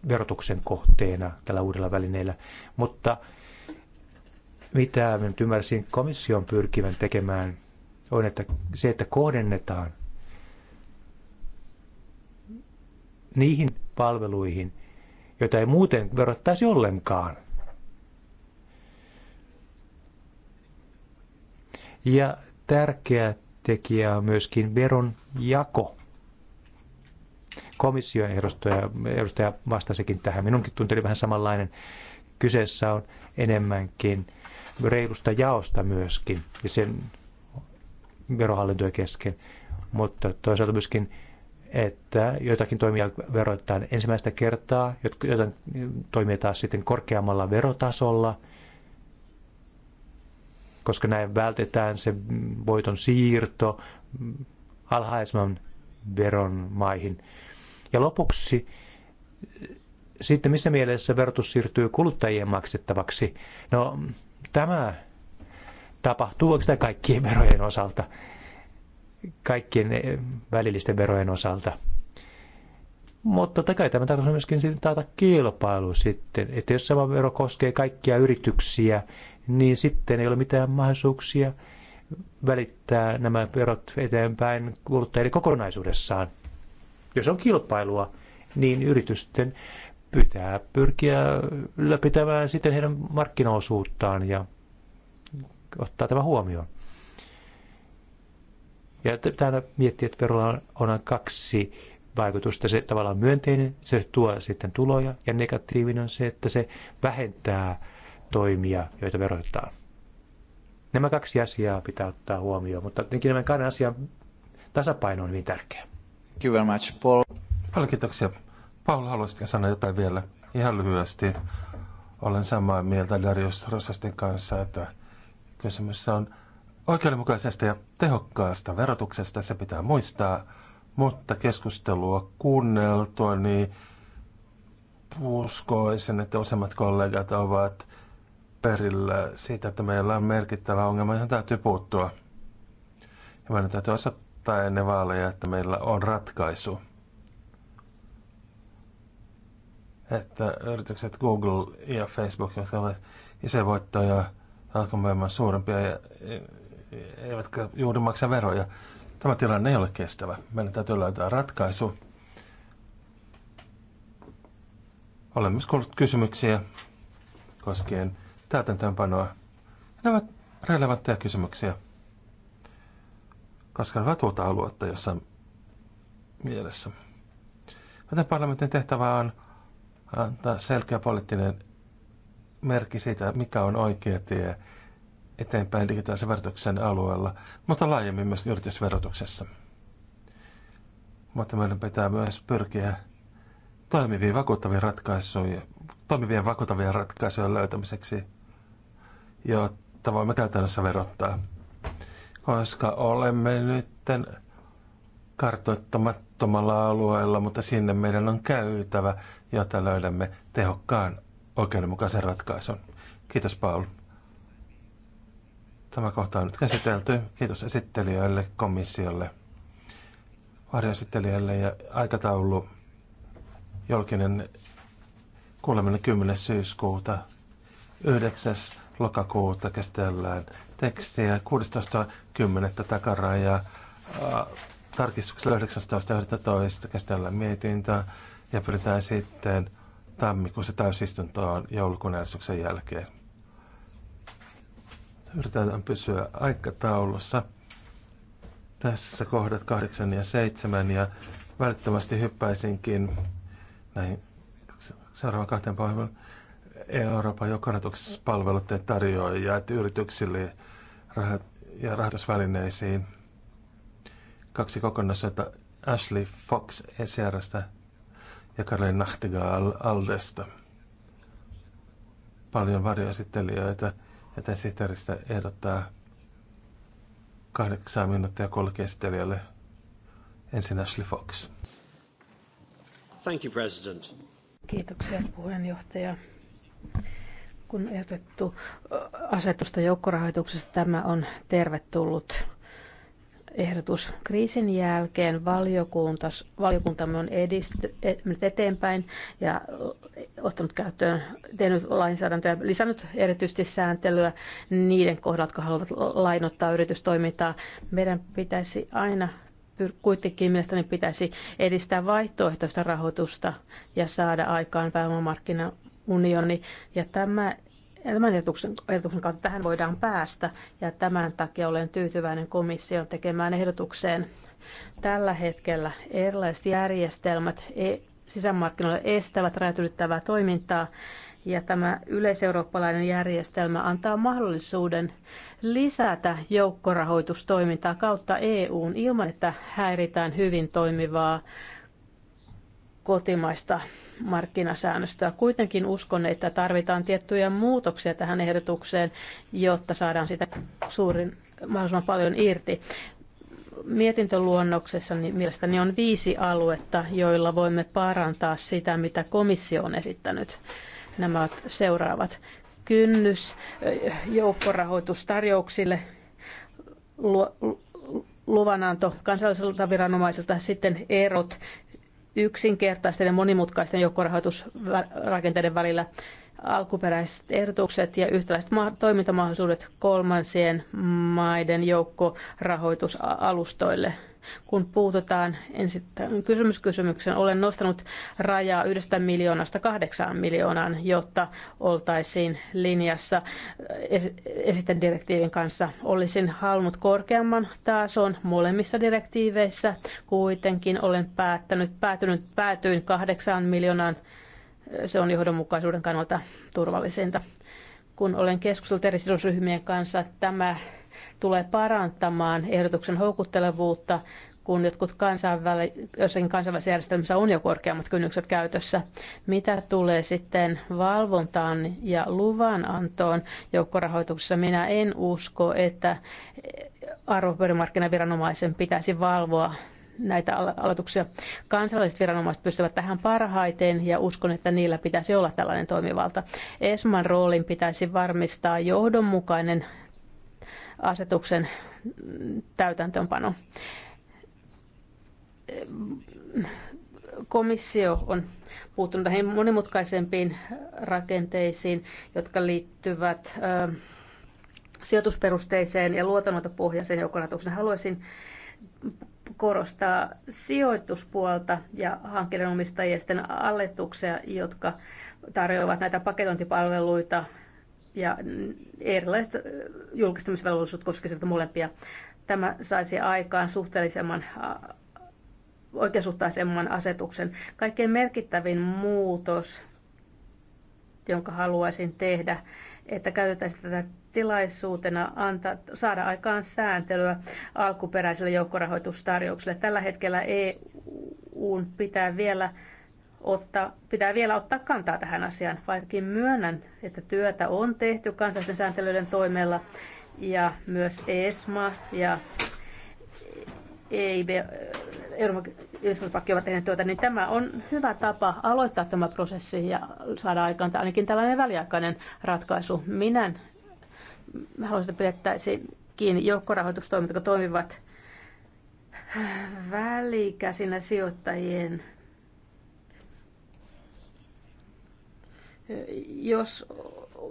Speaker 3: verotuksen kohteena tällä uudella välineellä, mutta mitä nyt ymmärsin komission pyrkivän tekemään, on että se, että kohdennetaan niihin palveluihin, joita ei muuten verottaisi ollenkaan. Ja tärkeä tekijä on myöskin veron jako. Komission edustaja, edustaja vastasikin tähän. Minunkin tunteli vähän samanlainen. Kyseessä on enemmänkin reilusta jaosta myöskin ja sen verohallintojen kesken, mutta toisaalta myöskin, että joitakin toimia verotetaan ensimmäistä kertaa, jotain toimia taas sitten korkeammalla verotasolla, koska näin vältetään se voiton siirto alhaisemman veron maihin. Ja lopuksi sitten missä mielessä verotus siirtyy kuluttajien maksettavaksi? No Tämä tapahtuu oikeastaan kaikkien verojen osalta, kaikkien eh, välillisten verojen osalta. Mutta totta kai tämä tarkoittaa myöskin sitten taata kilpailu sitten, että jos sama vero koskee kaikkia yrityksiä, niin sitten ei ole mitään mahdollisuuksia välittää nämä verot eteenpäin kuluttajille kokonaisuudessaan. Jos on kilpailua, niin yritysten pitää pyrkiä ylläpitämään sitten heidän markkinaosuuttaan ja ottaa tämä huomioon. Ja täällä miettii, että verolla on kaksi vaikutusta. Se tavallaan myönteinen, se tuo sitten tuloja, ja negatiivinen on se, että se vähentää toimia, joita verotetaan. Nämä kaksi asiaa pitää ottaa huomioon, mutta tietenkin nämä kahden asian tasapaino on hyvin tärkeä. Thank you very
Speaker 1: much, Paul. Paljon kiitoksia,
Speaker 3: Paul, haluaisitko sanoa jotain vielä?
Speaker 1: Ihan lyhyesti. Olen samaa mieltä Darius Rosastin kanssa, että kysymys on oikeudenmukaisesta ja tehokkaasta verotuksesta. Se pitää muistaa, mutta keskustelua kuunneltua, niin uskoisin, että useimmat kollegat ovat perillä siitä, että meillä on merkittävä ongelma, johon täytyy puuttua. Ja meidän täytyy osoittaa ennen vaaleja, että meillä on ratkaisu. että yritykset Google ja Facebook, jotka ovat isoja voittoja, alkumaailman suurempia ja eivätkä juuri maksa veroja. Tämä tilanne ei ole kestävä. Meidän täytyy löytää ratkaisu. Olen myös kuullut kysymyksiä koskien täytäntöönpanoa. Ne ovat relevantteja kysymyksiä, koska ne ovat uutta aluetta jossain mielessä. Miten parlamentin tehtävä on antaa selkeä poliittinen merkki siitä, mikä on oikea tie eteenpäin digitaalisen verotuksen alueella, mutta laajemmin myös yritysverotuksessa. Mutta meidän pitää myös pyrkiä toimiviin vakuuttavien ratkaisuja, toimivien vakuuttavien ratkaisujen löytämiseksi, jotta voimme käytännössä verottaa. Koska olemme nyt kartoittamattomalla alueella, mutta sinne meidän on käytävä, jotta löydämme tehokkaan oikeudenmukaisen ratkaisun. Kiitos Paul. Tämä kohta on nyt käsitelty. Kiitos esittelijöille, komissiolle, varjoesittelijöille ja aikataulu jolkinen kuuleminen 10. syyskuuta 9. lokakuuta käsitellään tekstiä 16.10. takarajaa tarkistuksella 19.11. käsitellään mietintää ja pyritään sitten tammikuussa täysistuntoon joulukuun äänestyksen jälkeen. Yritetään pysyä aikataulussa. Tässä kohdat 8 ja 7 ja välittömästi hyppäisinkin näihin seuraavan kahteen päivän Euroopan tarjoajia tarjoajat yrityksille ja rahoitusvälineisiin. Kaksi kokonaisuutta Ashley Fox ECRstä ja Karlen Nachtigal Aldesta. Paljon varjoesittelijöitä, joten sihteeristä ehdottaa kahdeksan minuuttia kolkestelijalle. Ensin Ashley Fox.
Speaker 3: Thank you, President.
Speaker 2: Kiitoksia puheenjohtaja. Kun ehdotettu asetusta joukkorahoituksesta, tämä on tervetullut ehdotus. Kriisin jälkeen valiokunta, valiokuntamme on edistynyt eh, eteenpäin ja ottanut käyttöön, tehnyt lainsäädäntöä, lisännyt erityisesti sääntelyä niiden kohdalla, jotka haluavat lainottaa yritystoimintaa. Meidän pitäisi aina kuitenkin mielestäni pitäisi edistää vaihtoehtoista rahoitusta ja saada aikaan pääomamarkkinaunioni. Ja tämä Tämän ehdotuksen, ehdotuksen kautta tähän voidaan päästä ja tämän takia olen tyytyväinen komission tekemään ehdotukseen. Tällä hetkellä erilaiset järjestelmät e-, sisämarkkinoille estävät rajatylittävää toimintaa ja tämä yleiseurooppalainen järjestelmä antaa mahdollisuuden lisätä joukkorahoitustoimintaa kautta EUn ilman, että häiritään hyvin toimivaa kotimaista markkinasäännöstöä. Kuitenkin uskon, että tarvitaan tiettyjä muutoksia tähän ehdotukseen, jotta saadaan sitä suurin, mahdollisimman paljon irti. Mietintöluonnoksessa niin mielestäni on viisi aluetta, joilla voimme parantaa sitä, mitä komissio on esittänyt. Nämä ovat seuraavat. Kynnys joukkorahoitustarjouksille, luvananto kansalliselta viranomaiselta, sitten erot yksinkertaisten ja monimutkaisten joukkorahoitusrakenteiden välillä alkuperäiset ehdotukset ja yhtäläiset toimintamahdollisuudet kolmansien maiden joukkorahoitusalustoille – kun puututaan ensin kysymyskysymyksen. Olen nostanut rajaa yhdestä miljoonasta kahdeksaan miljoonaan, jotta oltaisiin linjassa esitän direktiivin kanssa. Olisin halunnut korkeamman tason molemmissa direktiiveissä. Kuitenkin olen päättänyt, päätynyt, päätyin kahdeksaan miljoonaan. Se on johdonmukaisuuden kannalta turvallisinta kun olen keskustellut eri sidosryhmien kanssa, tämä tulee parantamaan ehdotuksen houkuttelevuutta, kun jotkut kansainväli, jossakin kansainvälisessä järjestelmässä on jo korkeammat kynnykset käytössä. Mitä tulee sitten valvontaan ja luvanantoon joukkorahoituksessa, minä en usko, että arvopaperimarkkinaviranomaisen pitäisi valvoa näitä aloituksia. Kansalliset viranomaiset pystyvät tähän parhaiten ja uskon, että niillä pitäisi olla tällainen toimivalta. ESMAn roolin pitäisi varmistaa johdonmukainen asetuksen täytäntöönpano. Komissio on puuttunut näihin monimutkaisempiin rakenteisiin, jotka liittyvät sijoitusperusteiseen ja luotonantopohjaiseen joukkorahoitukseen. Haluaisin korostaa sijoituspuolta ja hankkeiden omistajien alletuksia, jotka tarjoavat näitä paketointipalveluita ja erilaiset äh, julkistamisvelvollisuudet koskisivat molempia. Tämä saisi aikaan suhteellisemman äh, oikeasuhtaisemman asetuksen. Kaikkein merkittävin muutos, jonka haluaisin tehdä, että käytetään tätä tilaisuutena antaa, saada aikaan sääntelyä alkuperäisille joukkorahoitustarjouksille. Tällä hetkellä EU pitää vielä ottaa, pitää vielä ottaa kantaa tähän asiaan, vaikkakin myönnän, että työtä on tehty kansallisten sääntelyiden toimella ja myös ESMA ja EIB, Euroopan ovat tehneet työtä, niin tämä on hyvä tapa aloittaa tämä prosessi ja saada aikaan ainakin tällainen väliaikainen ratkaisu. Minä haluaisin, että pidettäisiin kiinni joukkorahoitustoiminta, jotka toimivat välikäsinä sijoittajien jos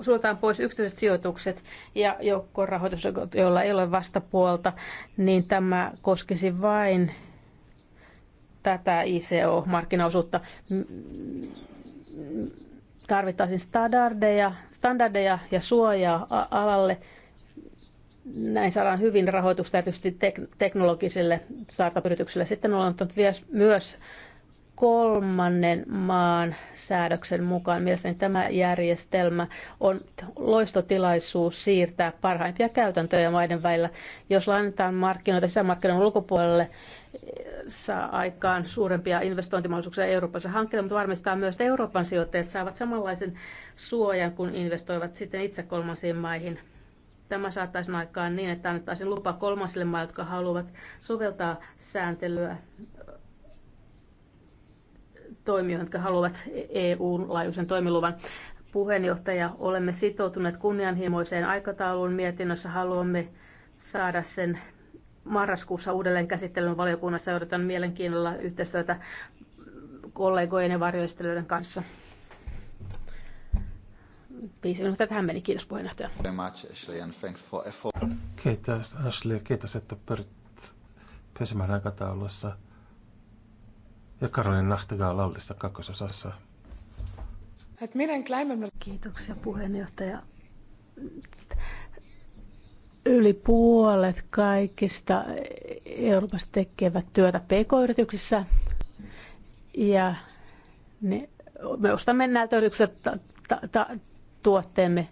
Speaker 2: suljetaan pois yksityiset sijoitukset ja joukkorahoitus, jolla ei ole vastapuolta, niin tämä koskisi vain tätä ICO-markkinaosuutta. Tarvittaisiin standardeja, standardeja ja suojaa alalle. Näin saadaan hyvin rahoitusta tietysti teknologisille startup-yrityksille. Sitten on ottanut myös kolmannen maan säädöksen mukaan. Mielestäni tämä järjestelmä on loistotilaisuus siirtää parhaimpia käytäntöjä maiden välillä. Jos lainataan markkinoita sisämarkkinoiden ulkopuolelle, saa aikaan suurempia investointimahdollisuuksia Euroopassa hankkeelle, mutta varmistaa myös, että Euroopan sijoittajat saavat samanlaisen suojan, kun investoivat sitten itse kolmansiin maihin. Tämä saattaisi aikaan niin, että annettaisiin lupa kolmansille maille, jotka haluavat soveltaa sääntelyä toimijoihin, jotka haluavat EU-laajuisen toimiluvan puheenjohtaja, olemme sitoutuneet kunnianhimoiseen aikatauluun mietinnössä. Haluamme saada sen marraskuussa uudelleen käsittelyn valiokunnassa. Odotan mielenkiinnolla yhteistyötä kollegojen ja varjoistelijoiden kanssa. Viisi minuuttia tähän meni. Kiitos puheenjohtaja.
Speaker 1: Kiitos Ashley. Kiitos, että pyrit pysymään aikataulussa ja Karolin Nachtegaa laulista kakkososassa.
Speaker 2: Kiitoksia puheenjohtaja. Yli puolet kaikista Euroopassa tekevät työtä pk-yrityksissä ja ne, me ostamme näiltä yrityksiltä tuotteemme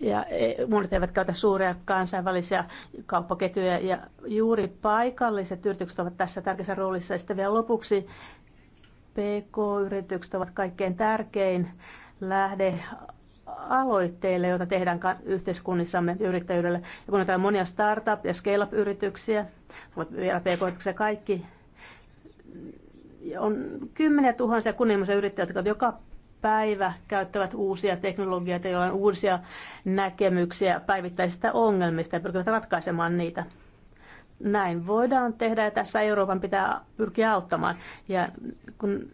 Speaker 2: ja e, monet eivät käytä suuria kansainvälisiä kauppaketjuja ja juuri paikalliset yritykset ovat tässä tärkeässä roolissa. Ja sitten vielä lopuksi PK-yritykset ovat kaikkein tärkein lähde aloitteille, joita tehdään yhteiskunnissamme yrittäjyydelle. Ja kun on monia startup- ja scale-up-yrityksiä, ovat vielä pk-yrityksiä kaikki, on kymmeniä tuhansia kunnianhimoisia yrittäjiä, jotka joka päivä käyttävät uusia teknologioita, joilla on uusia näkemyksiä päivittäisistä ongelmista ja pyrkivät ratkaisemaan niitä. Näin voidaan tehdä ja tässä Euroopan pitää pyrkiä auttamaan. Ja kun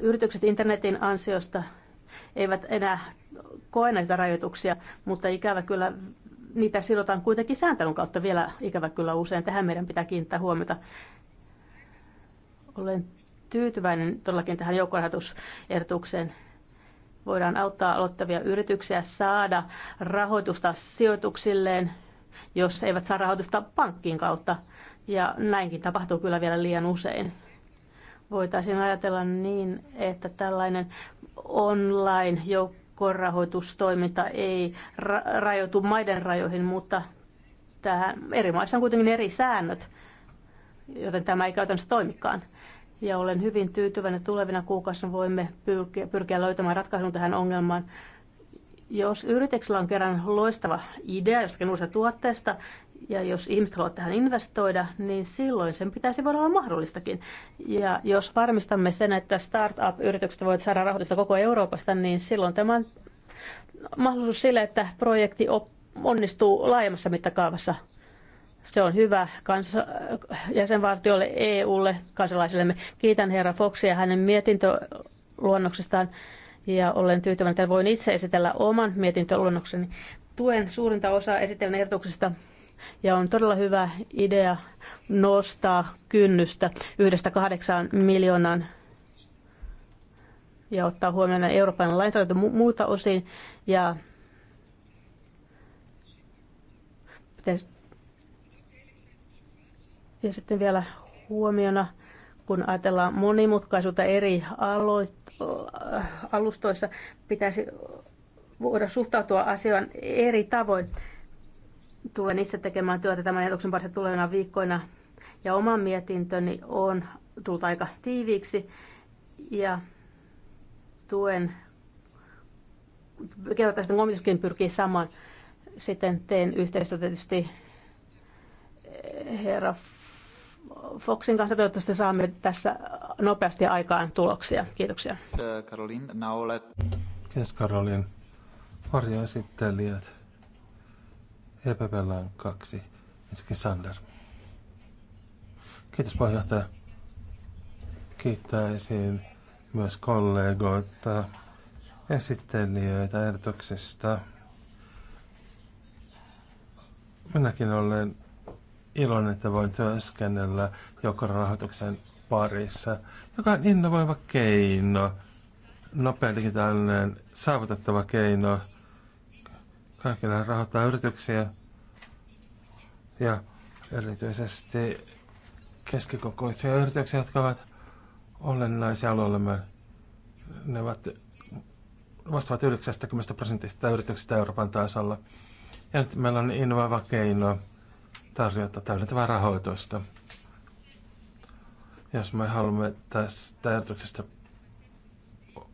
Speaker 2: yritykset internetin ansiosta eivät enää koe näitä rajoituksia, mutta ikävä kyllä niitä sidotaan kuitenkin sääntelyn kautta vielä ikävä kyllä usein. Tähän meidän pitää kiinnittää huomiota. Olen tyytyväinen todellakin tähän joukkorahoitusehdotukseen voidaan auttaa aloittavia yrityksiä saada rahoitusta sijoituksilleen, jos eivät saa rahoitusta pankkiin kautta. Ja näinkin tapahtuu kyllä vielä liian usein. Voitaisiin ajatella niin, että tällainen online-joukkorahoitustoiminta ei ra- rajoitu maiden rajoihin, mutta tähän, eri maissa on kuitenkin eri säännöt, joten tämä ei käytännössä toimikaan ja olen hyvin tyytyväinen. Tulevina kuukausina voimme pyrkiä löytämään ratkaisun tähän ongelmaan. Jos yrityksellä on kerran loistava idea jostakin uudesta tuotteesta, ja jos ihmiset haluavat tähän investoida, niin silloin sen pitäisi voida olla mahdollistakin. Ja jos varmistamme sen, että startup-yritykset voivat saada rahoitusta koko Euroopasta, niin silloin tämä on mahdollisuus sille, että projekti onnistuu laajemmassa mittakaavassa se on hyvä kans- jäsenvaltiolle, EUlle, kansalaisillemme. Kiitän herra Foxia hänen mietintöluonnoksestaan ja olen tyytyväinen, että voin itse esitellä oman mietintöluonnokseni. Tuen suurinta osaa esitellen ehdotuksesta ja on todella hyvä idea nostaa kynnystä yhdestä kahdeksaan miljoonan ja ottaa huomioon Euroopan lainsäädäntö mu- osin ja ja sitten vielä huomiona, kun ajatellaan monimutkaisuutta eri aloit- alustoissa, pitäisi voida suhtautua asiaan eri tavoin. Tulen itse tekemään työtä tämän ajatuksen parissa tulevina viikkoina ja oma mietintöni on tullut aika tiiviiksi ja tuen kertaisten komissioskin pyrkii samaan. Sitten teen yhteistyötä tietysti herra Foxin kanssa toivottavasti saamme tässä nopeasti aikaan tuloksia. Kiitoksia.
Speaker 3: Karolin, naulet.
Speaker 1: Kiitos Karolin. Varjoesittelijät. EPPllä on kaksi. Ensinnäkin Sander. Kiitos puheenjohtaja. Kiittäisin myös kollegoita, esittelijöitä ehdotuksista. Minäkin olen iloinen, että voin työskennellä joukkorahoituksen parissa, joka on innovoiva keino, nopea digitaalinen saavutettava keino. Kaikilla rahoittaa yrityksiä ja erityisesti keskikokoisia yrityksiä, jotka ovat olennaisia alueellemme. Ne ovat vastaavat 90 prosentista yrityksistä Euroopan tasolla. Ja nyt meillä on innovaava keino – tarjota täydentävää rahoitusta. Jos me haluamme tästä ajatuksesta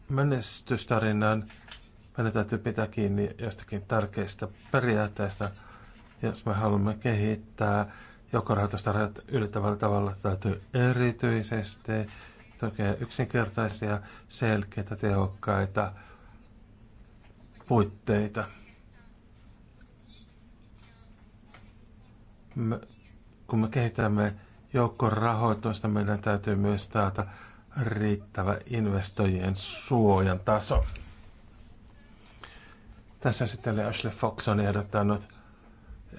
Speaker 1: menestystarinaan, meidän täytyy pitää kiinni jostakin tärkeistä periaatteista. Jos me haluamme kehittää joukkorahoitusta yllättävällä ylittävällä tavalla, täytyy erityisesti tukea yksinkertaisia, selkeitä, tehokkaita puitteita. me, kun me kehitämme joukkorahoitusta, meidän täytyy myös taata riittävä investoijien suojan taso. Tässä sitten Ashley Fox on ehdottanut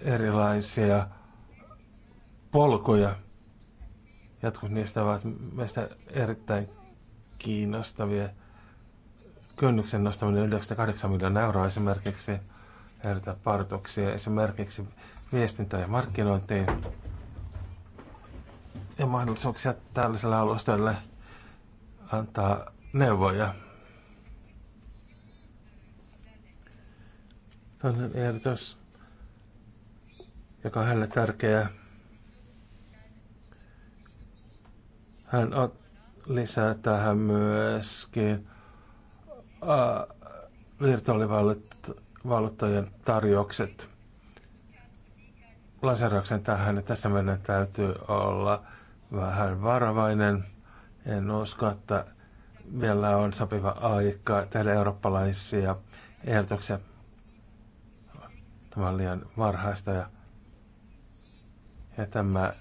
Speaker 1: erilaisia polkuja. Jotkut niistä ovat meistä erittäin kiinnostavia. Kynnyksen nostaminen 98 miljoonaa euroa esimerkiksi erittäin partuksia. Esimerkiksi viestintään ja markkinointiin ja mahdollisuuksia tällaiselle alustalle antaa neuvoja. Toinen ehdotus, joka on hänelle tärkeä. Hän ot, lisää tähän myöskin äh, virtuaalivaluuttojen tarjoukset lanseerauksen tähän, että tässä meidän täytyy olla vähän varovainen. En usko, että vielä on sopiva aika tehdä eurooppalaisia ehdotuksia. Tämä on liian varhaista ja, ja tämä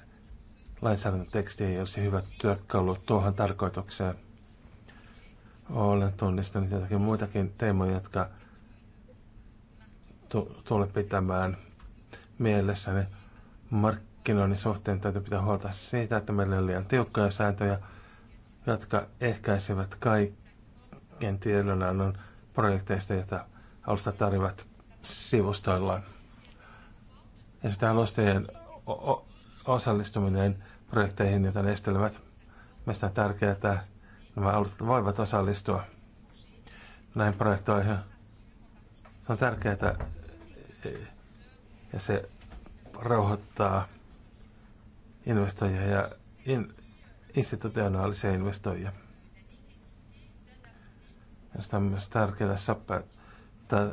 Speaker 1: lainsäädäntöteksti ei olisi hyvä työkalu tuohon tarkoitukseen. Olen tunnistanut jotakin muitakin teemoja, jotka tulee pitämään – mielessäni markkinoinnin suhteen täytyy pitää huolta siitä, että meillä on liian tiukkoja sääntöjä, jotka ehkäisevät kaiken tiedonannon projekteista, joita alustat tarjoavat sivustoillaan. Ja sitä alustajien osallistuminen projekteihin, joita ne estelevät. Meistä on tärkeää, että nämä alustat voivat osallistua näihin projektoihin. Se on tärkeää, että ja se rauhoittaa investoijia ja in, institutionaalisia investoijia. Minusta on myös tärkeää sopeuttaa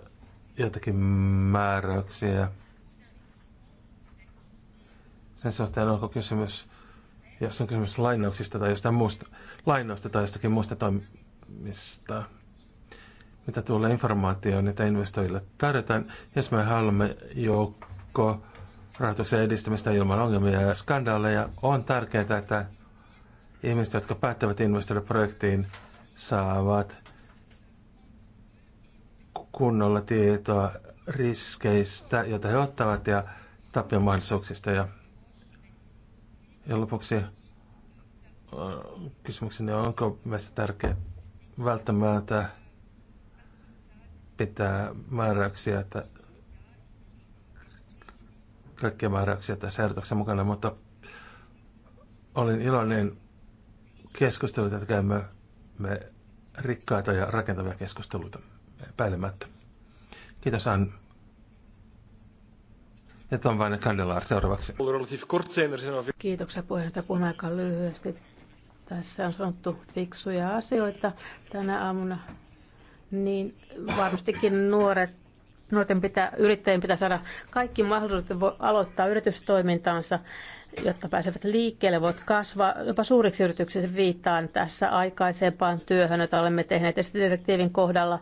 Speaker 1: jotakin määräyksiä sen suhteen, onko kysymys, jos on kysymys lainauksista tai jostain muusta, lainausta tai jostakin muusta toimista mitä tulee informaatioon, että investoijille tarjotaan. Jos me haluamme joukko rahoituksen edistämistä ilman ongelmia ja skandaaleja, on tärkeää, että ihmiset, jotka päättävät investoida projektiin, saavat kunnolla tietoa riskeistä, joita he ottavat ja tappion mahdollisuuksista. Ja, ja lopuksi kysymykseni on, onko meistä tärkeää välttämättä pitää määräyksiä, että kaikkia määräyksiä tässä ehdotuksen mukana, mutta olin iloinen keskusteluita, että käymme me rikkaita ja rakentavia keskusteluita päällemättä. Kiitos Ann. Ja Tom Vainen Kandelaar seuraavaksi.
Speaker 2: Kiitoksia puheenjohtaja. Puhun aika lyhyesti. Tässä on sanottu fiksuja asioita tänä aamuna niin varmastikin nuoret nuorten pitää, yrittäjien pitää saada kaikki mahdollisuudet aloittaa yritystoimintaansa, jotta pääsevät liikkeelle, voit kasvaa jopa suuriksi yrityksiksi viittaan tässä aikaisempaan työhön, jota olemme tehneet. Ja direktiivin kohdalla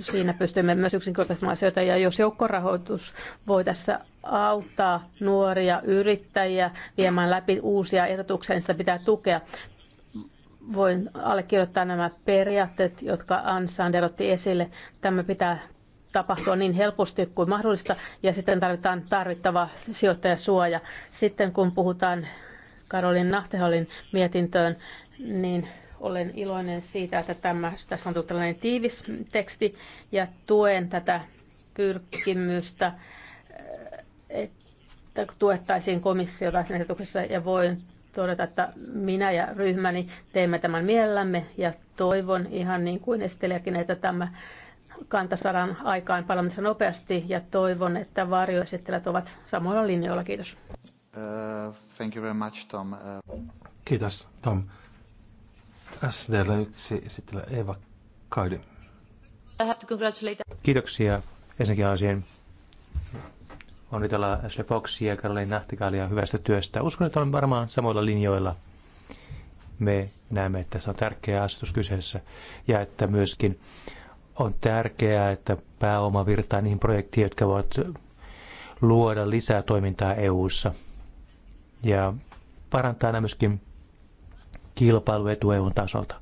Speaker 2: siinä pystymme myös yksinkertaisemaan asioita. Ja jos joukkorahoitus voi tässä auttaa nuoria yrittäjiä viemään läpi uusia ehdotuksia, niin sitä pitää tukea voin allekirjoittaa nämä periaatteet, jotka Ansander otti esille. Tämä pitää tapahtua niin helposti kuin mahdollista ja sitten tarvitaan tarvittava sijoittajasuoja. Sitten kun puhutaan Karolin Nahtehallin mietintöön, niin olen iloinen siitä, että tämä, tässä on tullut tällainen tiivis teksti ja tuen tätä pyrkimystä, että tuettaisiin komissiota ja voin todeta, että minä ja ryhmäni teemme tämän mielellämme ja toivon ihan niin kuin Esteliäkin, että tämä kanta saadaan aikaan parlamentissa nopeasti ja toivon, että varjoesittelijät ovat samoilla linjoilla. Kiitos.
Speaker 1: Uh, thank you very much, Tom. Uh... Kiitos, Tom.
Speaker 3: SDL yksi esittelee Eva Kaidi. Kiitoksia. Ensinnäkin haluaisin onnitella Ashley Foxia ja Caroline Nahtikalia hyvästä työstä. Uskon, että on varmaan samoilla linjoilla. Me näemme, että se on tärkeä asetus kyseessä ja että myöskin on tärkeää, että pääoma virtaa niihin projekteihin, jotka voivat luoda lisää toimintaa EU-ssa ja parantaa nämä myöskin kilpailuetu EUn tasolta.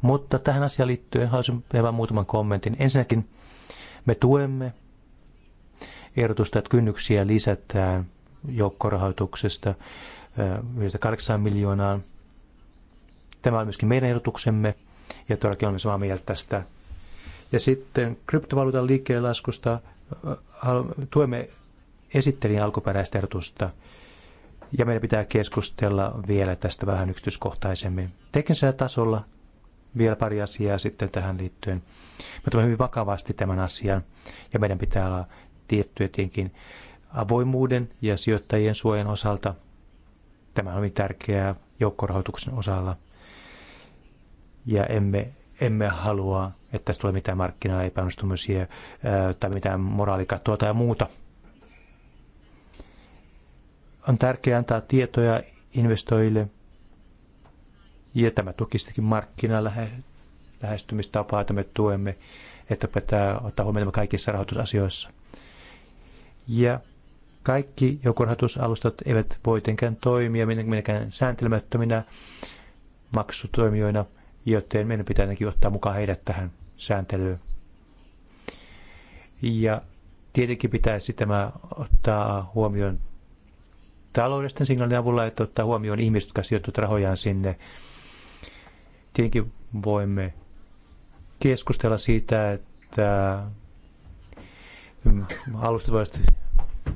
Speaker 3: Mutta tähän asiaan liittyen haluaisin vain muutaman kommentin. Ensinnäkin me tuemme ehdotusta, että kynnyksiä lisätään joukkorahoituksesta 8 miljoonaan. Tämä on myöskin meidän ehdotuksemme ja todellakin olemme samaa mieltä tästä. Ja sitten kryptovaluutan liikkeen laskusta tuemme esittelijän alkuperäistä ehdotusta ja meidän pitää keskustella vielä tästä vähän yksityiskohtaisemmin. Teknisellä tasolla vielä pari asiaa sitten tähän liittyen. Me tulemme hyvin vakavasti tämän asian ja meidän pitää olla tietty etenkin avoimuuden ja sijoittajien suojan osalta. Tämä on hyvin tärkeää joukkorahoituksen osalla. Ja emme, emme halua, että tässä tulee mitään markkinaa epäonnistumisia tai mitään moraalikattoa tai muuta. On tärkeää antaa tietoja investoijille ja tämä tukisikin lähestymistapaa, että me tuemme, että pitää ottaa huomioon kaikissa rahoitusasioissa. Ja kaikki joukkorahoitusalustat eivät voi tietenkään toimia minnekään sääntelemättöminä maksutoimijoina, joten meidän pitää ainakin ottaa mukaan heidät tähän sääntelyyn. Ja tietenkin pitäisi tämä ottaa huomioon taloudellisten signaalien avulla, että ottaa huomioon ihmiset, jotka sijoittavat rahojaan sinne. Tietenkin voimme keskustella siitä, että Alustavasti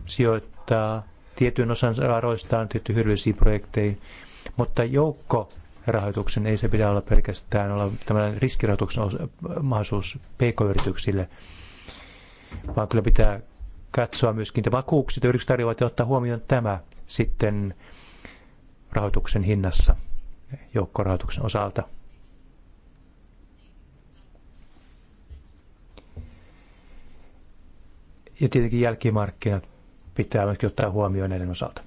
Speaker 3: sijoittaa tietyn osan varoistaan tietty hyödyllisiin projekteihin, mutta joukko rahoituksen ei se pidä olla pelkästään olla tämmöinen riskirahoituksen mahdollisuus pk-yrityksille, vaan kyllä pitää katsoa myöskin te vakuukset, yritykset tarjoavat ja ottaa huomioon tämä sitten rahoituksen hinnassa joukkorahoituksen osalta. Ja tietenkin jälkimarkkinat pitää myöskin ottaa huomioon näiden osalta.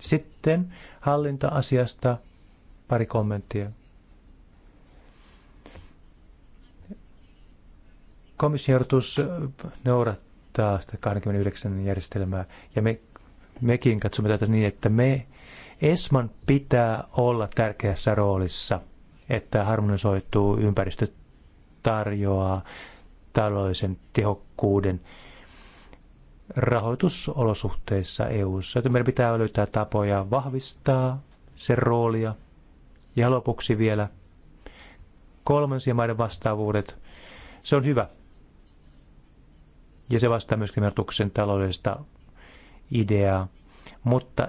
Speaker 3: Sitten hallinta-asiasta pari kommenttia. Komissiortus noudattaa sitä 29 järjestelmää ja me, mekin katsomme tätä niin, että me ESMAN pitää olla tärkeässä roolissa, että harmonisoituu ympäristö tarjoaa taloudellisen tehokkuuden rahoitusolosuhteissa EU:ssa, että meidän pitää löytää tapoja vahvistaa sen roolia. Ja lopuksi vielä kolmansien maiden vastaavuudet. Se on hyvä. Ja se vastaa myöskin merkityksen taloudellista ideaa. Mutta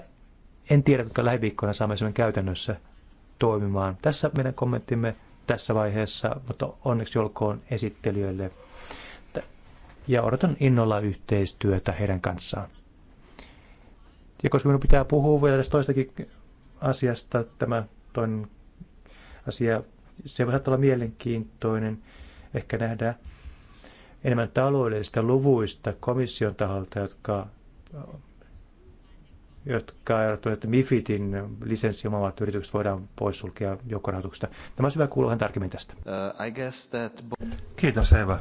Speaker 3: en tiedä, kuinka lähiviikkoina saamme sen käytännössä toimimaan. Tässä meidän kommenttimme tässä vaiheessa, mutta onneksi olkoon esittelijöille ja odotan innolla yhteistyötä heidän kanssaan. Ja koska minun pitää puhua vielä tästä toistakin asiasta, tämä toinen asia, se voi olla mielenkiintoinen, ehkä nähdään enemmän taloudellisista luvuista komission taholta, jotka, jotka ehdottavat, että MIFIDin omavat yritykset voidaan poissulkea joukkorahoituksesta. Tämä olisi hyvä kuulla vähän tarkemmin tästä.
Speaker 1: Uh, I guess that...
Speaker 3: Kiitos Eva.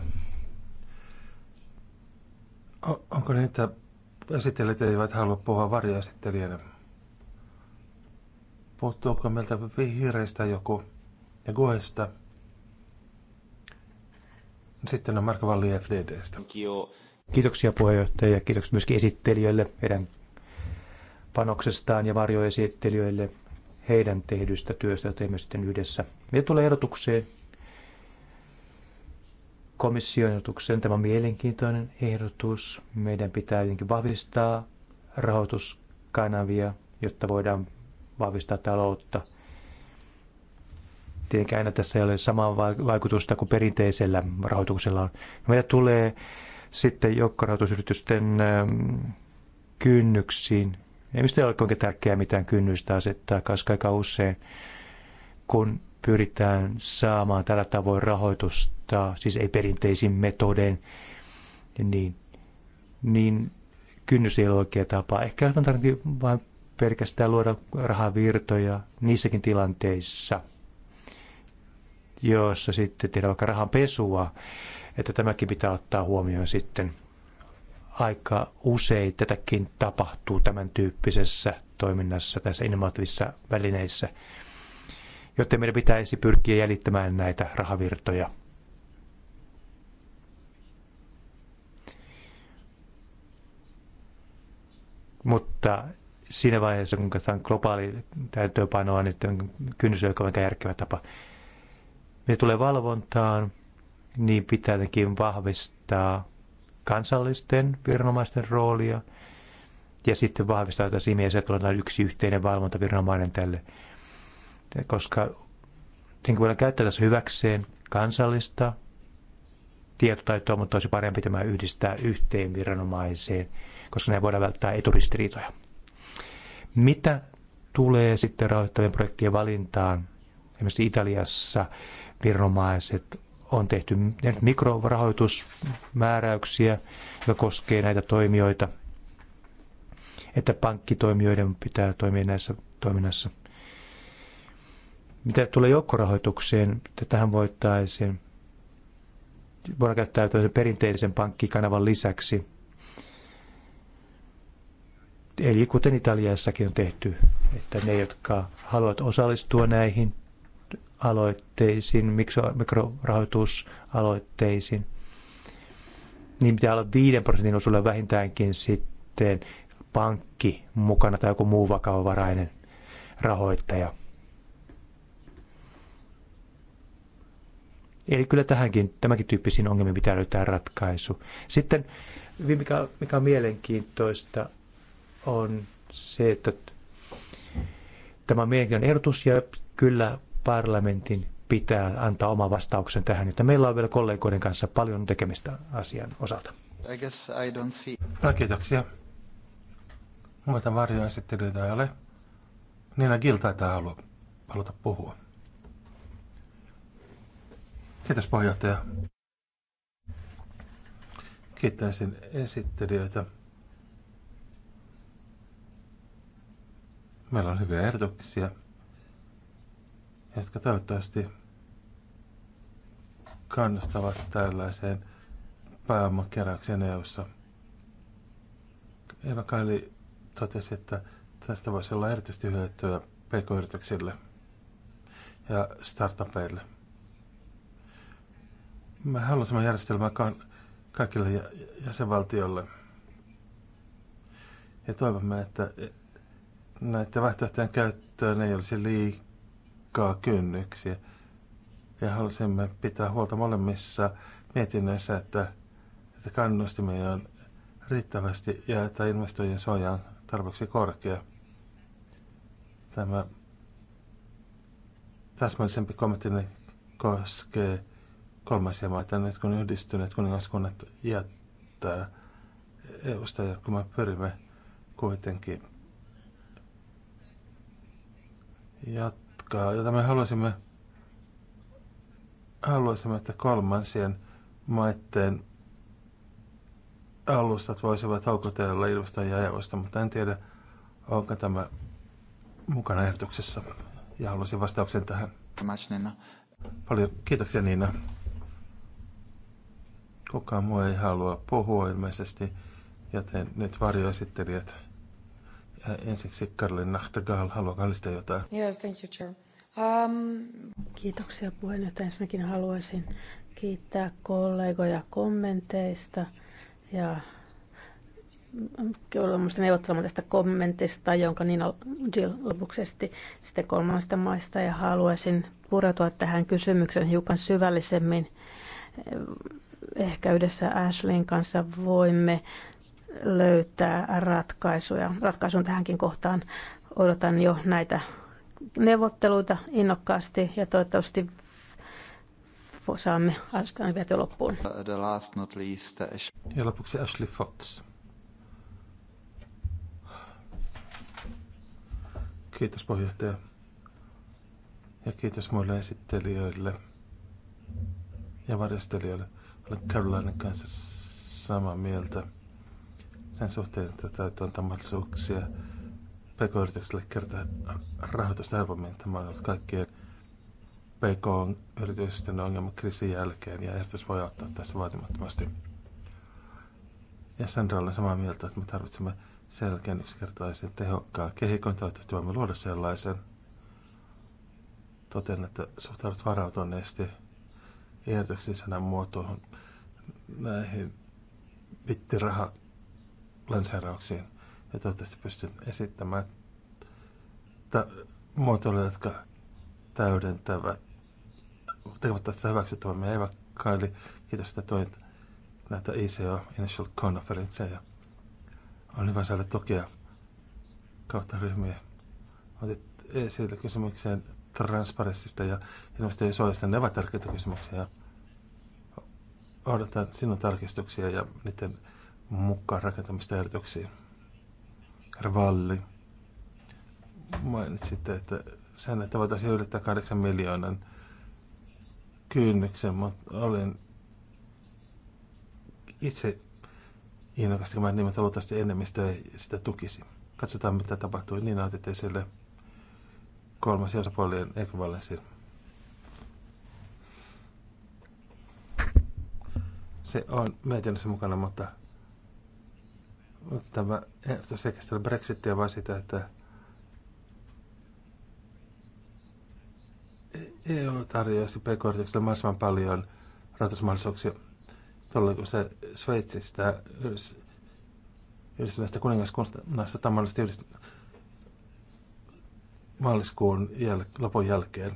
Speaker 1: Onko niin, että esittelijät eivät halua puhua varjoesittelijänä? Puuttuuko meiltä vihreistä joku ja Guesta?
Speaker 3: Sitten on Marko Valli
Speaker 1: FDDstä.
Speaker 3: Kiitoksia puheenjohtaja ja kiitoksia myöskin esittelijöille heidän panoksestaan ja varjoesittelijöille heidän tehdystä työstä, jota teemme sitten yhdessä. Mitä tulee ehdotukseen, komission ehdotuksen. Tämä on mielenkiintoinen ehdotus. Meidän pitää jotenkin vahvistaa rahoituskanavia, jotta voidaan vahvistaa taloutta. Tietenkään aina tässä ei ole samaa vaikutusta kuin perinteisellä rahoituksella on. Meitä tulee sitten joukkorahoitusyritysten ähm, kynnyksiin. Ei mistä ole kuinka tärkeää mitään kynnystä asettaa, koska aika usein, kun pyritään saamaan tällä tavoin rahoitusta, hoitaa, siis ei perinteisin metodein, niin, niin kynnys ei ole oikea tapa. Ehkä on tarvitse vain pelkästään luoda rahavirtoja niissäkin tilanteissa, joissa sitten tehdään vaikka rahan pesua, että tämäkin pitää ottaa huomioon sitten. Aika usein tätäkin tapahtuu tämän tyyppisessä toiminnassa, tässä innovatiivisissa välineissä, joten meidän pitäisi pyrkiä jäljittämään näitä rahavirtoja – Mutta siinä vaiheessa, kun katsotaan globaali täytöpanoa, niin kynnys on aika järkevä tapa. Mitä tulee valvontaan, niin pitää jotenkin vahvistaa kansallisten viranomaisten roolia ja sitten vahvistaa tätä mielessä että on yksi yhteinen valvontaviranomainen tälle. Koska niin voidaan käyttää tässä hyväkseen kansallista tietotaitoa, mutta olisi parempi tämä yhdistää yhteen viranomaiseen – koska ne voidaan välttää eturistiriitoja. Mitä tulee sitten rahoittavien projektien valintaan? Esimerkiksi Italiassa viranomaiset on tehty mikrorahoitusmääräyksiä, jotka koskee näitä toimijoita, että pankkitoimijoiden pitää toimia näissä toiminnassa. Mitä tulee joukkorahoitukseen, että tähän voitaisiin voidaan käyttää perinteisen pankkikanavan lisäksi Eli kuten Italiassakin on tehty, että ne, jotka haluavat osallistua näihin aloitteisiin, mikrorahoitusaloitteisiin, niin pitää olla 5 prosentin osuudella vähintäänkin sitten pankki mukana tai joku muu vakavarainen rahoittaja. Eli kyllä tähänkin, tämänkin tyyppisiin ongelmiin pitää löytää ratkaisu. Sitten mikä, mikä on mielenkiintoista on se, että tämä on ehdotus ja kyllä parlamentin pitää antaa oma vastauksen tähän, jotta meillä on vielä kollegoiden kanssa paljon tekemistä asian osalta.
Speaker 1: I guess I don't see. No, kiitoksia.
Speaker 3: Muita varjoesittelyitä
Speaker 1: ei ole. Niina Gil taitaa halua haluta puhua. Kiitos puheenjohtaja. Kiittäisin esittelijöitä. Meillä on hyviä ehdotuksia, jotka toivottavasti kannustavat tällaiseen pääomakeräykseen EU-ssa. Eva Kaili totesi, että tästä voisi olla erityisesti hyötyä pk-yrityksille ja startupeille. haluan saman järjestelmän kaikille jäsenvaltioille. Ja toivomme, että näiden vaihtoehtojen käyttöön ei olisi liikaa kynnyksiä. Ja halusimme pitää huolta molemmissa mietinnöissä, että, että kannustimia on riittävästi ja että investoijien suoja on tarpeeksi korkea. Tämä täsmällisempi kommentti koskee kolmasia maita, nyt kun yhdistyneet kuningaskunnat jättää EUsta ja kun me pyrimme kuitenkin jatkaa, jota me haluaisimme, haluaisimme että kolmansien maitteen alustat voisivat houkutella ja EUsta, mutta en tiedä, onko tämä mukana ehdotuksessa. Ja haluaisin vastauksen tähän. Paljon kiitoksia Niina. Kukaan muu ei halua puhua ilmeisesti, joten nyt varjoesittelijät. Ensiksi Karli Nachtegaal, haluaa lisätä jotain?
Speaker 2: Yes, thank you, Chair. Um... Kiitoksia puheenjohtaja. Ensinnäkin haluaisin kiittää kollegoja kommenteista ja joudumme neuvottelemaan tästä kommentista, jonka Nina Jill lopuksesti sitten kolmannesta maista ja haluaisin pureutua tähän kysymykseen hiukan syvällisemmin. Ehkä yhdessä Ashleyn kanssa voimme löytää ratkaisuja. Ratkaisun tähänkin kohtaan odotan jo näitä neuvotteluita innokkaasti ja toivottavasti saamme asian vietyä loppuun.
Speaker 3: Uh, the last not least, uh,
Speaker 1: ja lopuksi Ashley Fox. Kiitos puheenjohtaja ja kiitos muille esittelijöille ja varjostelijoille. Olen Carolinen kanssa samaa mieltä sen suhteen, että täytyy antaa mahdollisuuksia PK-yritykselle kertaa rahoitusta helpommin. Tämä on ollut kaikkien PK-yritysten ongelma kriisin jälkeen ja ehdotus voi auttaa tässä vaatimattomasti. Ja Sandra olen samaa mieltä, että me tarvitsemme selkeän yksinkertaisen tehokkaan kehikon. Toivottavasti voimme luoda sellaisen. Toten, että suhtaudut varautuneesti ehdotuksen sanan muotoon näihin bittiraha lanseerauksiin. Ja toivottavasti pystyn esittämään ta- muotoiluja, jotka täydentävät, tekevät tästä hyväksyttävän meidän Eva Kaili. Kiitos, että toit näitä ICO Initial Conferenceja. On hyvä saada tukea kautta ryhmiä. Otit esille kysymykseen transparenssista ja ilmeisesti suojasta. Ne ovat tärkeitä kysymyksiä. Odotan sinun tarkistuksia ja niiden mukaan rakentamista ehdotuksiin. Rvalli, mainitsitte, että sen, että voitaisiin ylittää 8 miljoonan kynnyksen, mutta olin itse innokas tekemään niin, nimeltä luultavasti enemmistö sitä tukisi. Katsotaan, mitä tapahtui. Niin otit esille kolmas osapuolien ekvivalenssin. Se on mietinnössä mukana, mutta mutta tämä ehdotus ei käsittele Brexitia, vai sitä, että EU tarjoaisi pk yritykselle mahdollisimman paljon rahoitusmahdollisuuksia, tuolla kun se Sveitsistä, yhdistyneestä kuningaskunnasta tammallisesta yhdist- maaliskuun jäl- lopun jälkeen.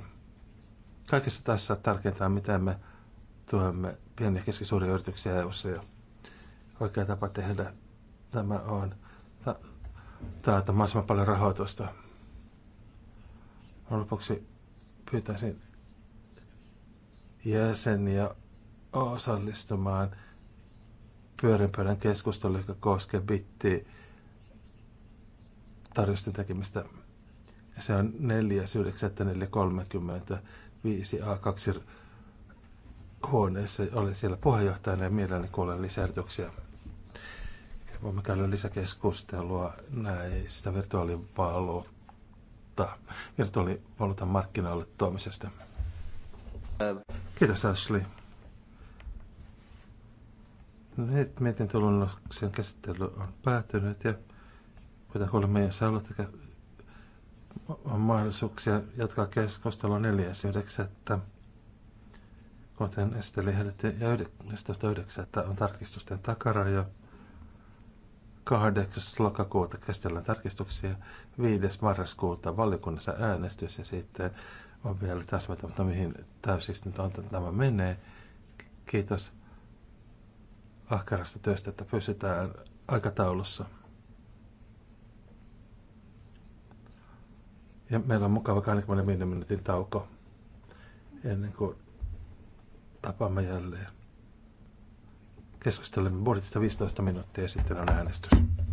Speaker 1: Kaikessa tässä tärkeintä on, miten me tuemme pieniä ja keskisuuria yrityksiä EU-ssa ja oikea tapa tehdä tämä on tämä on mahdollisimman paljon rahoitusta. Lopuksi pyytäisin jäseniä osallistumaan pyörinpöydän keskustelu, joka koskee bitti tarjosten tekemistä. Se on 4.9.4.35 A2 huoneessa. Olen siellä puheenjohtajana ja mielelläni kuulen lisäärityksiä. Ehkä voimme käydä lisäkeskustelua näistä virtuaalivaluutta, virtuaalivaluutan markkinoille tuomisesta. Kiitos Ashley. Nyt mietintöluonnoksen käsittely on päättynyt ja pitää kuulemme, meidän haluatte on mahdollisuuksia jatkaa keskustelua 4.9. Kuten Esteli ehdotti, ja 11.9. on tarkistusten takaraja. 8. lokakuuta käsitellään tarkistuksia, 5. marraskuuta valiokunnassa äänestys ja sitten on vielä täsmätämättä, mihin täysistuntoon tämä menee. Kiitos ahkerasta työstä, että pysytään aikataulussa. Ja meillä on mukava 25 minuutin tauko ennen kuin tapaamme jälleen. Keskustelemme budjetista 15 minuuttia ja sitten on äänestys.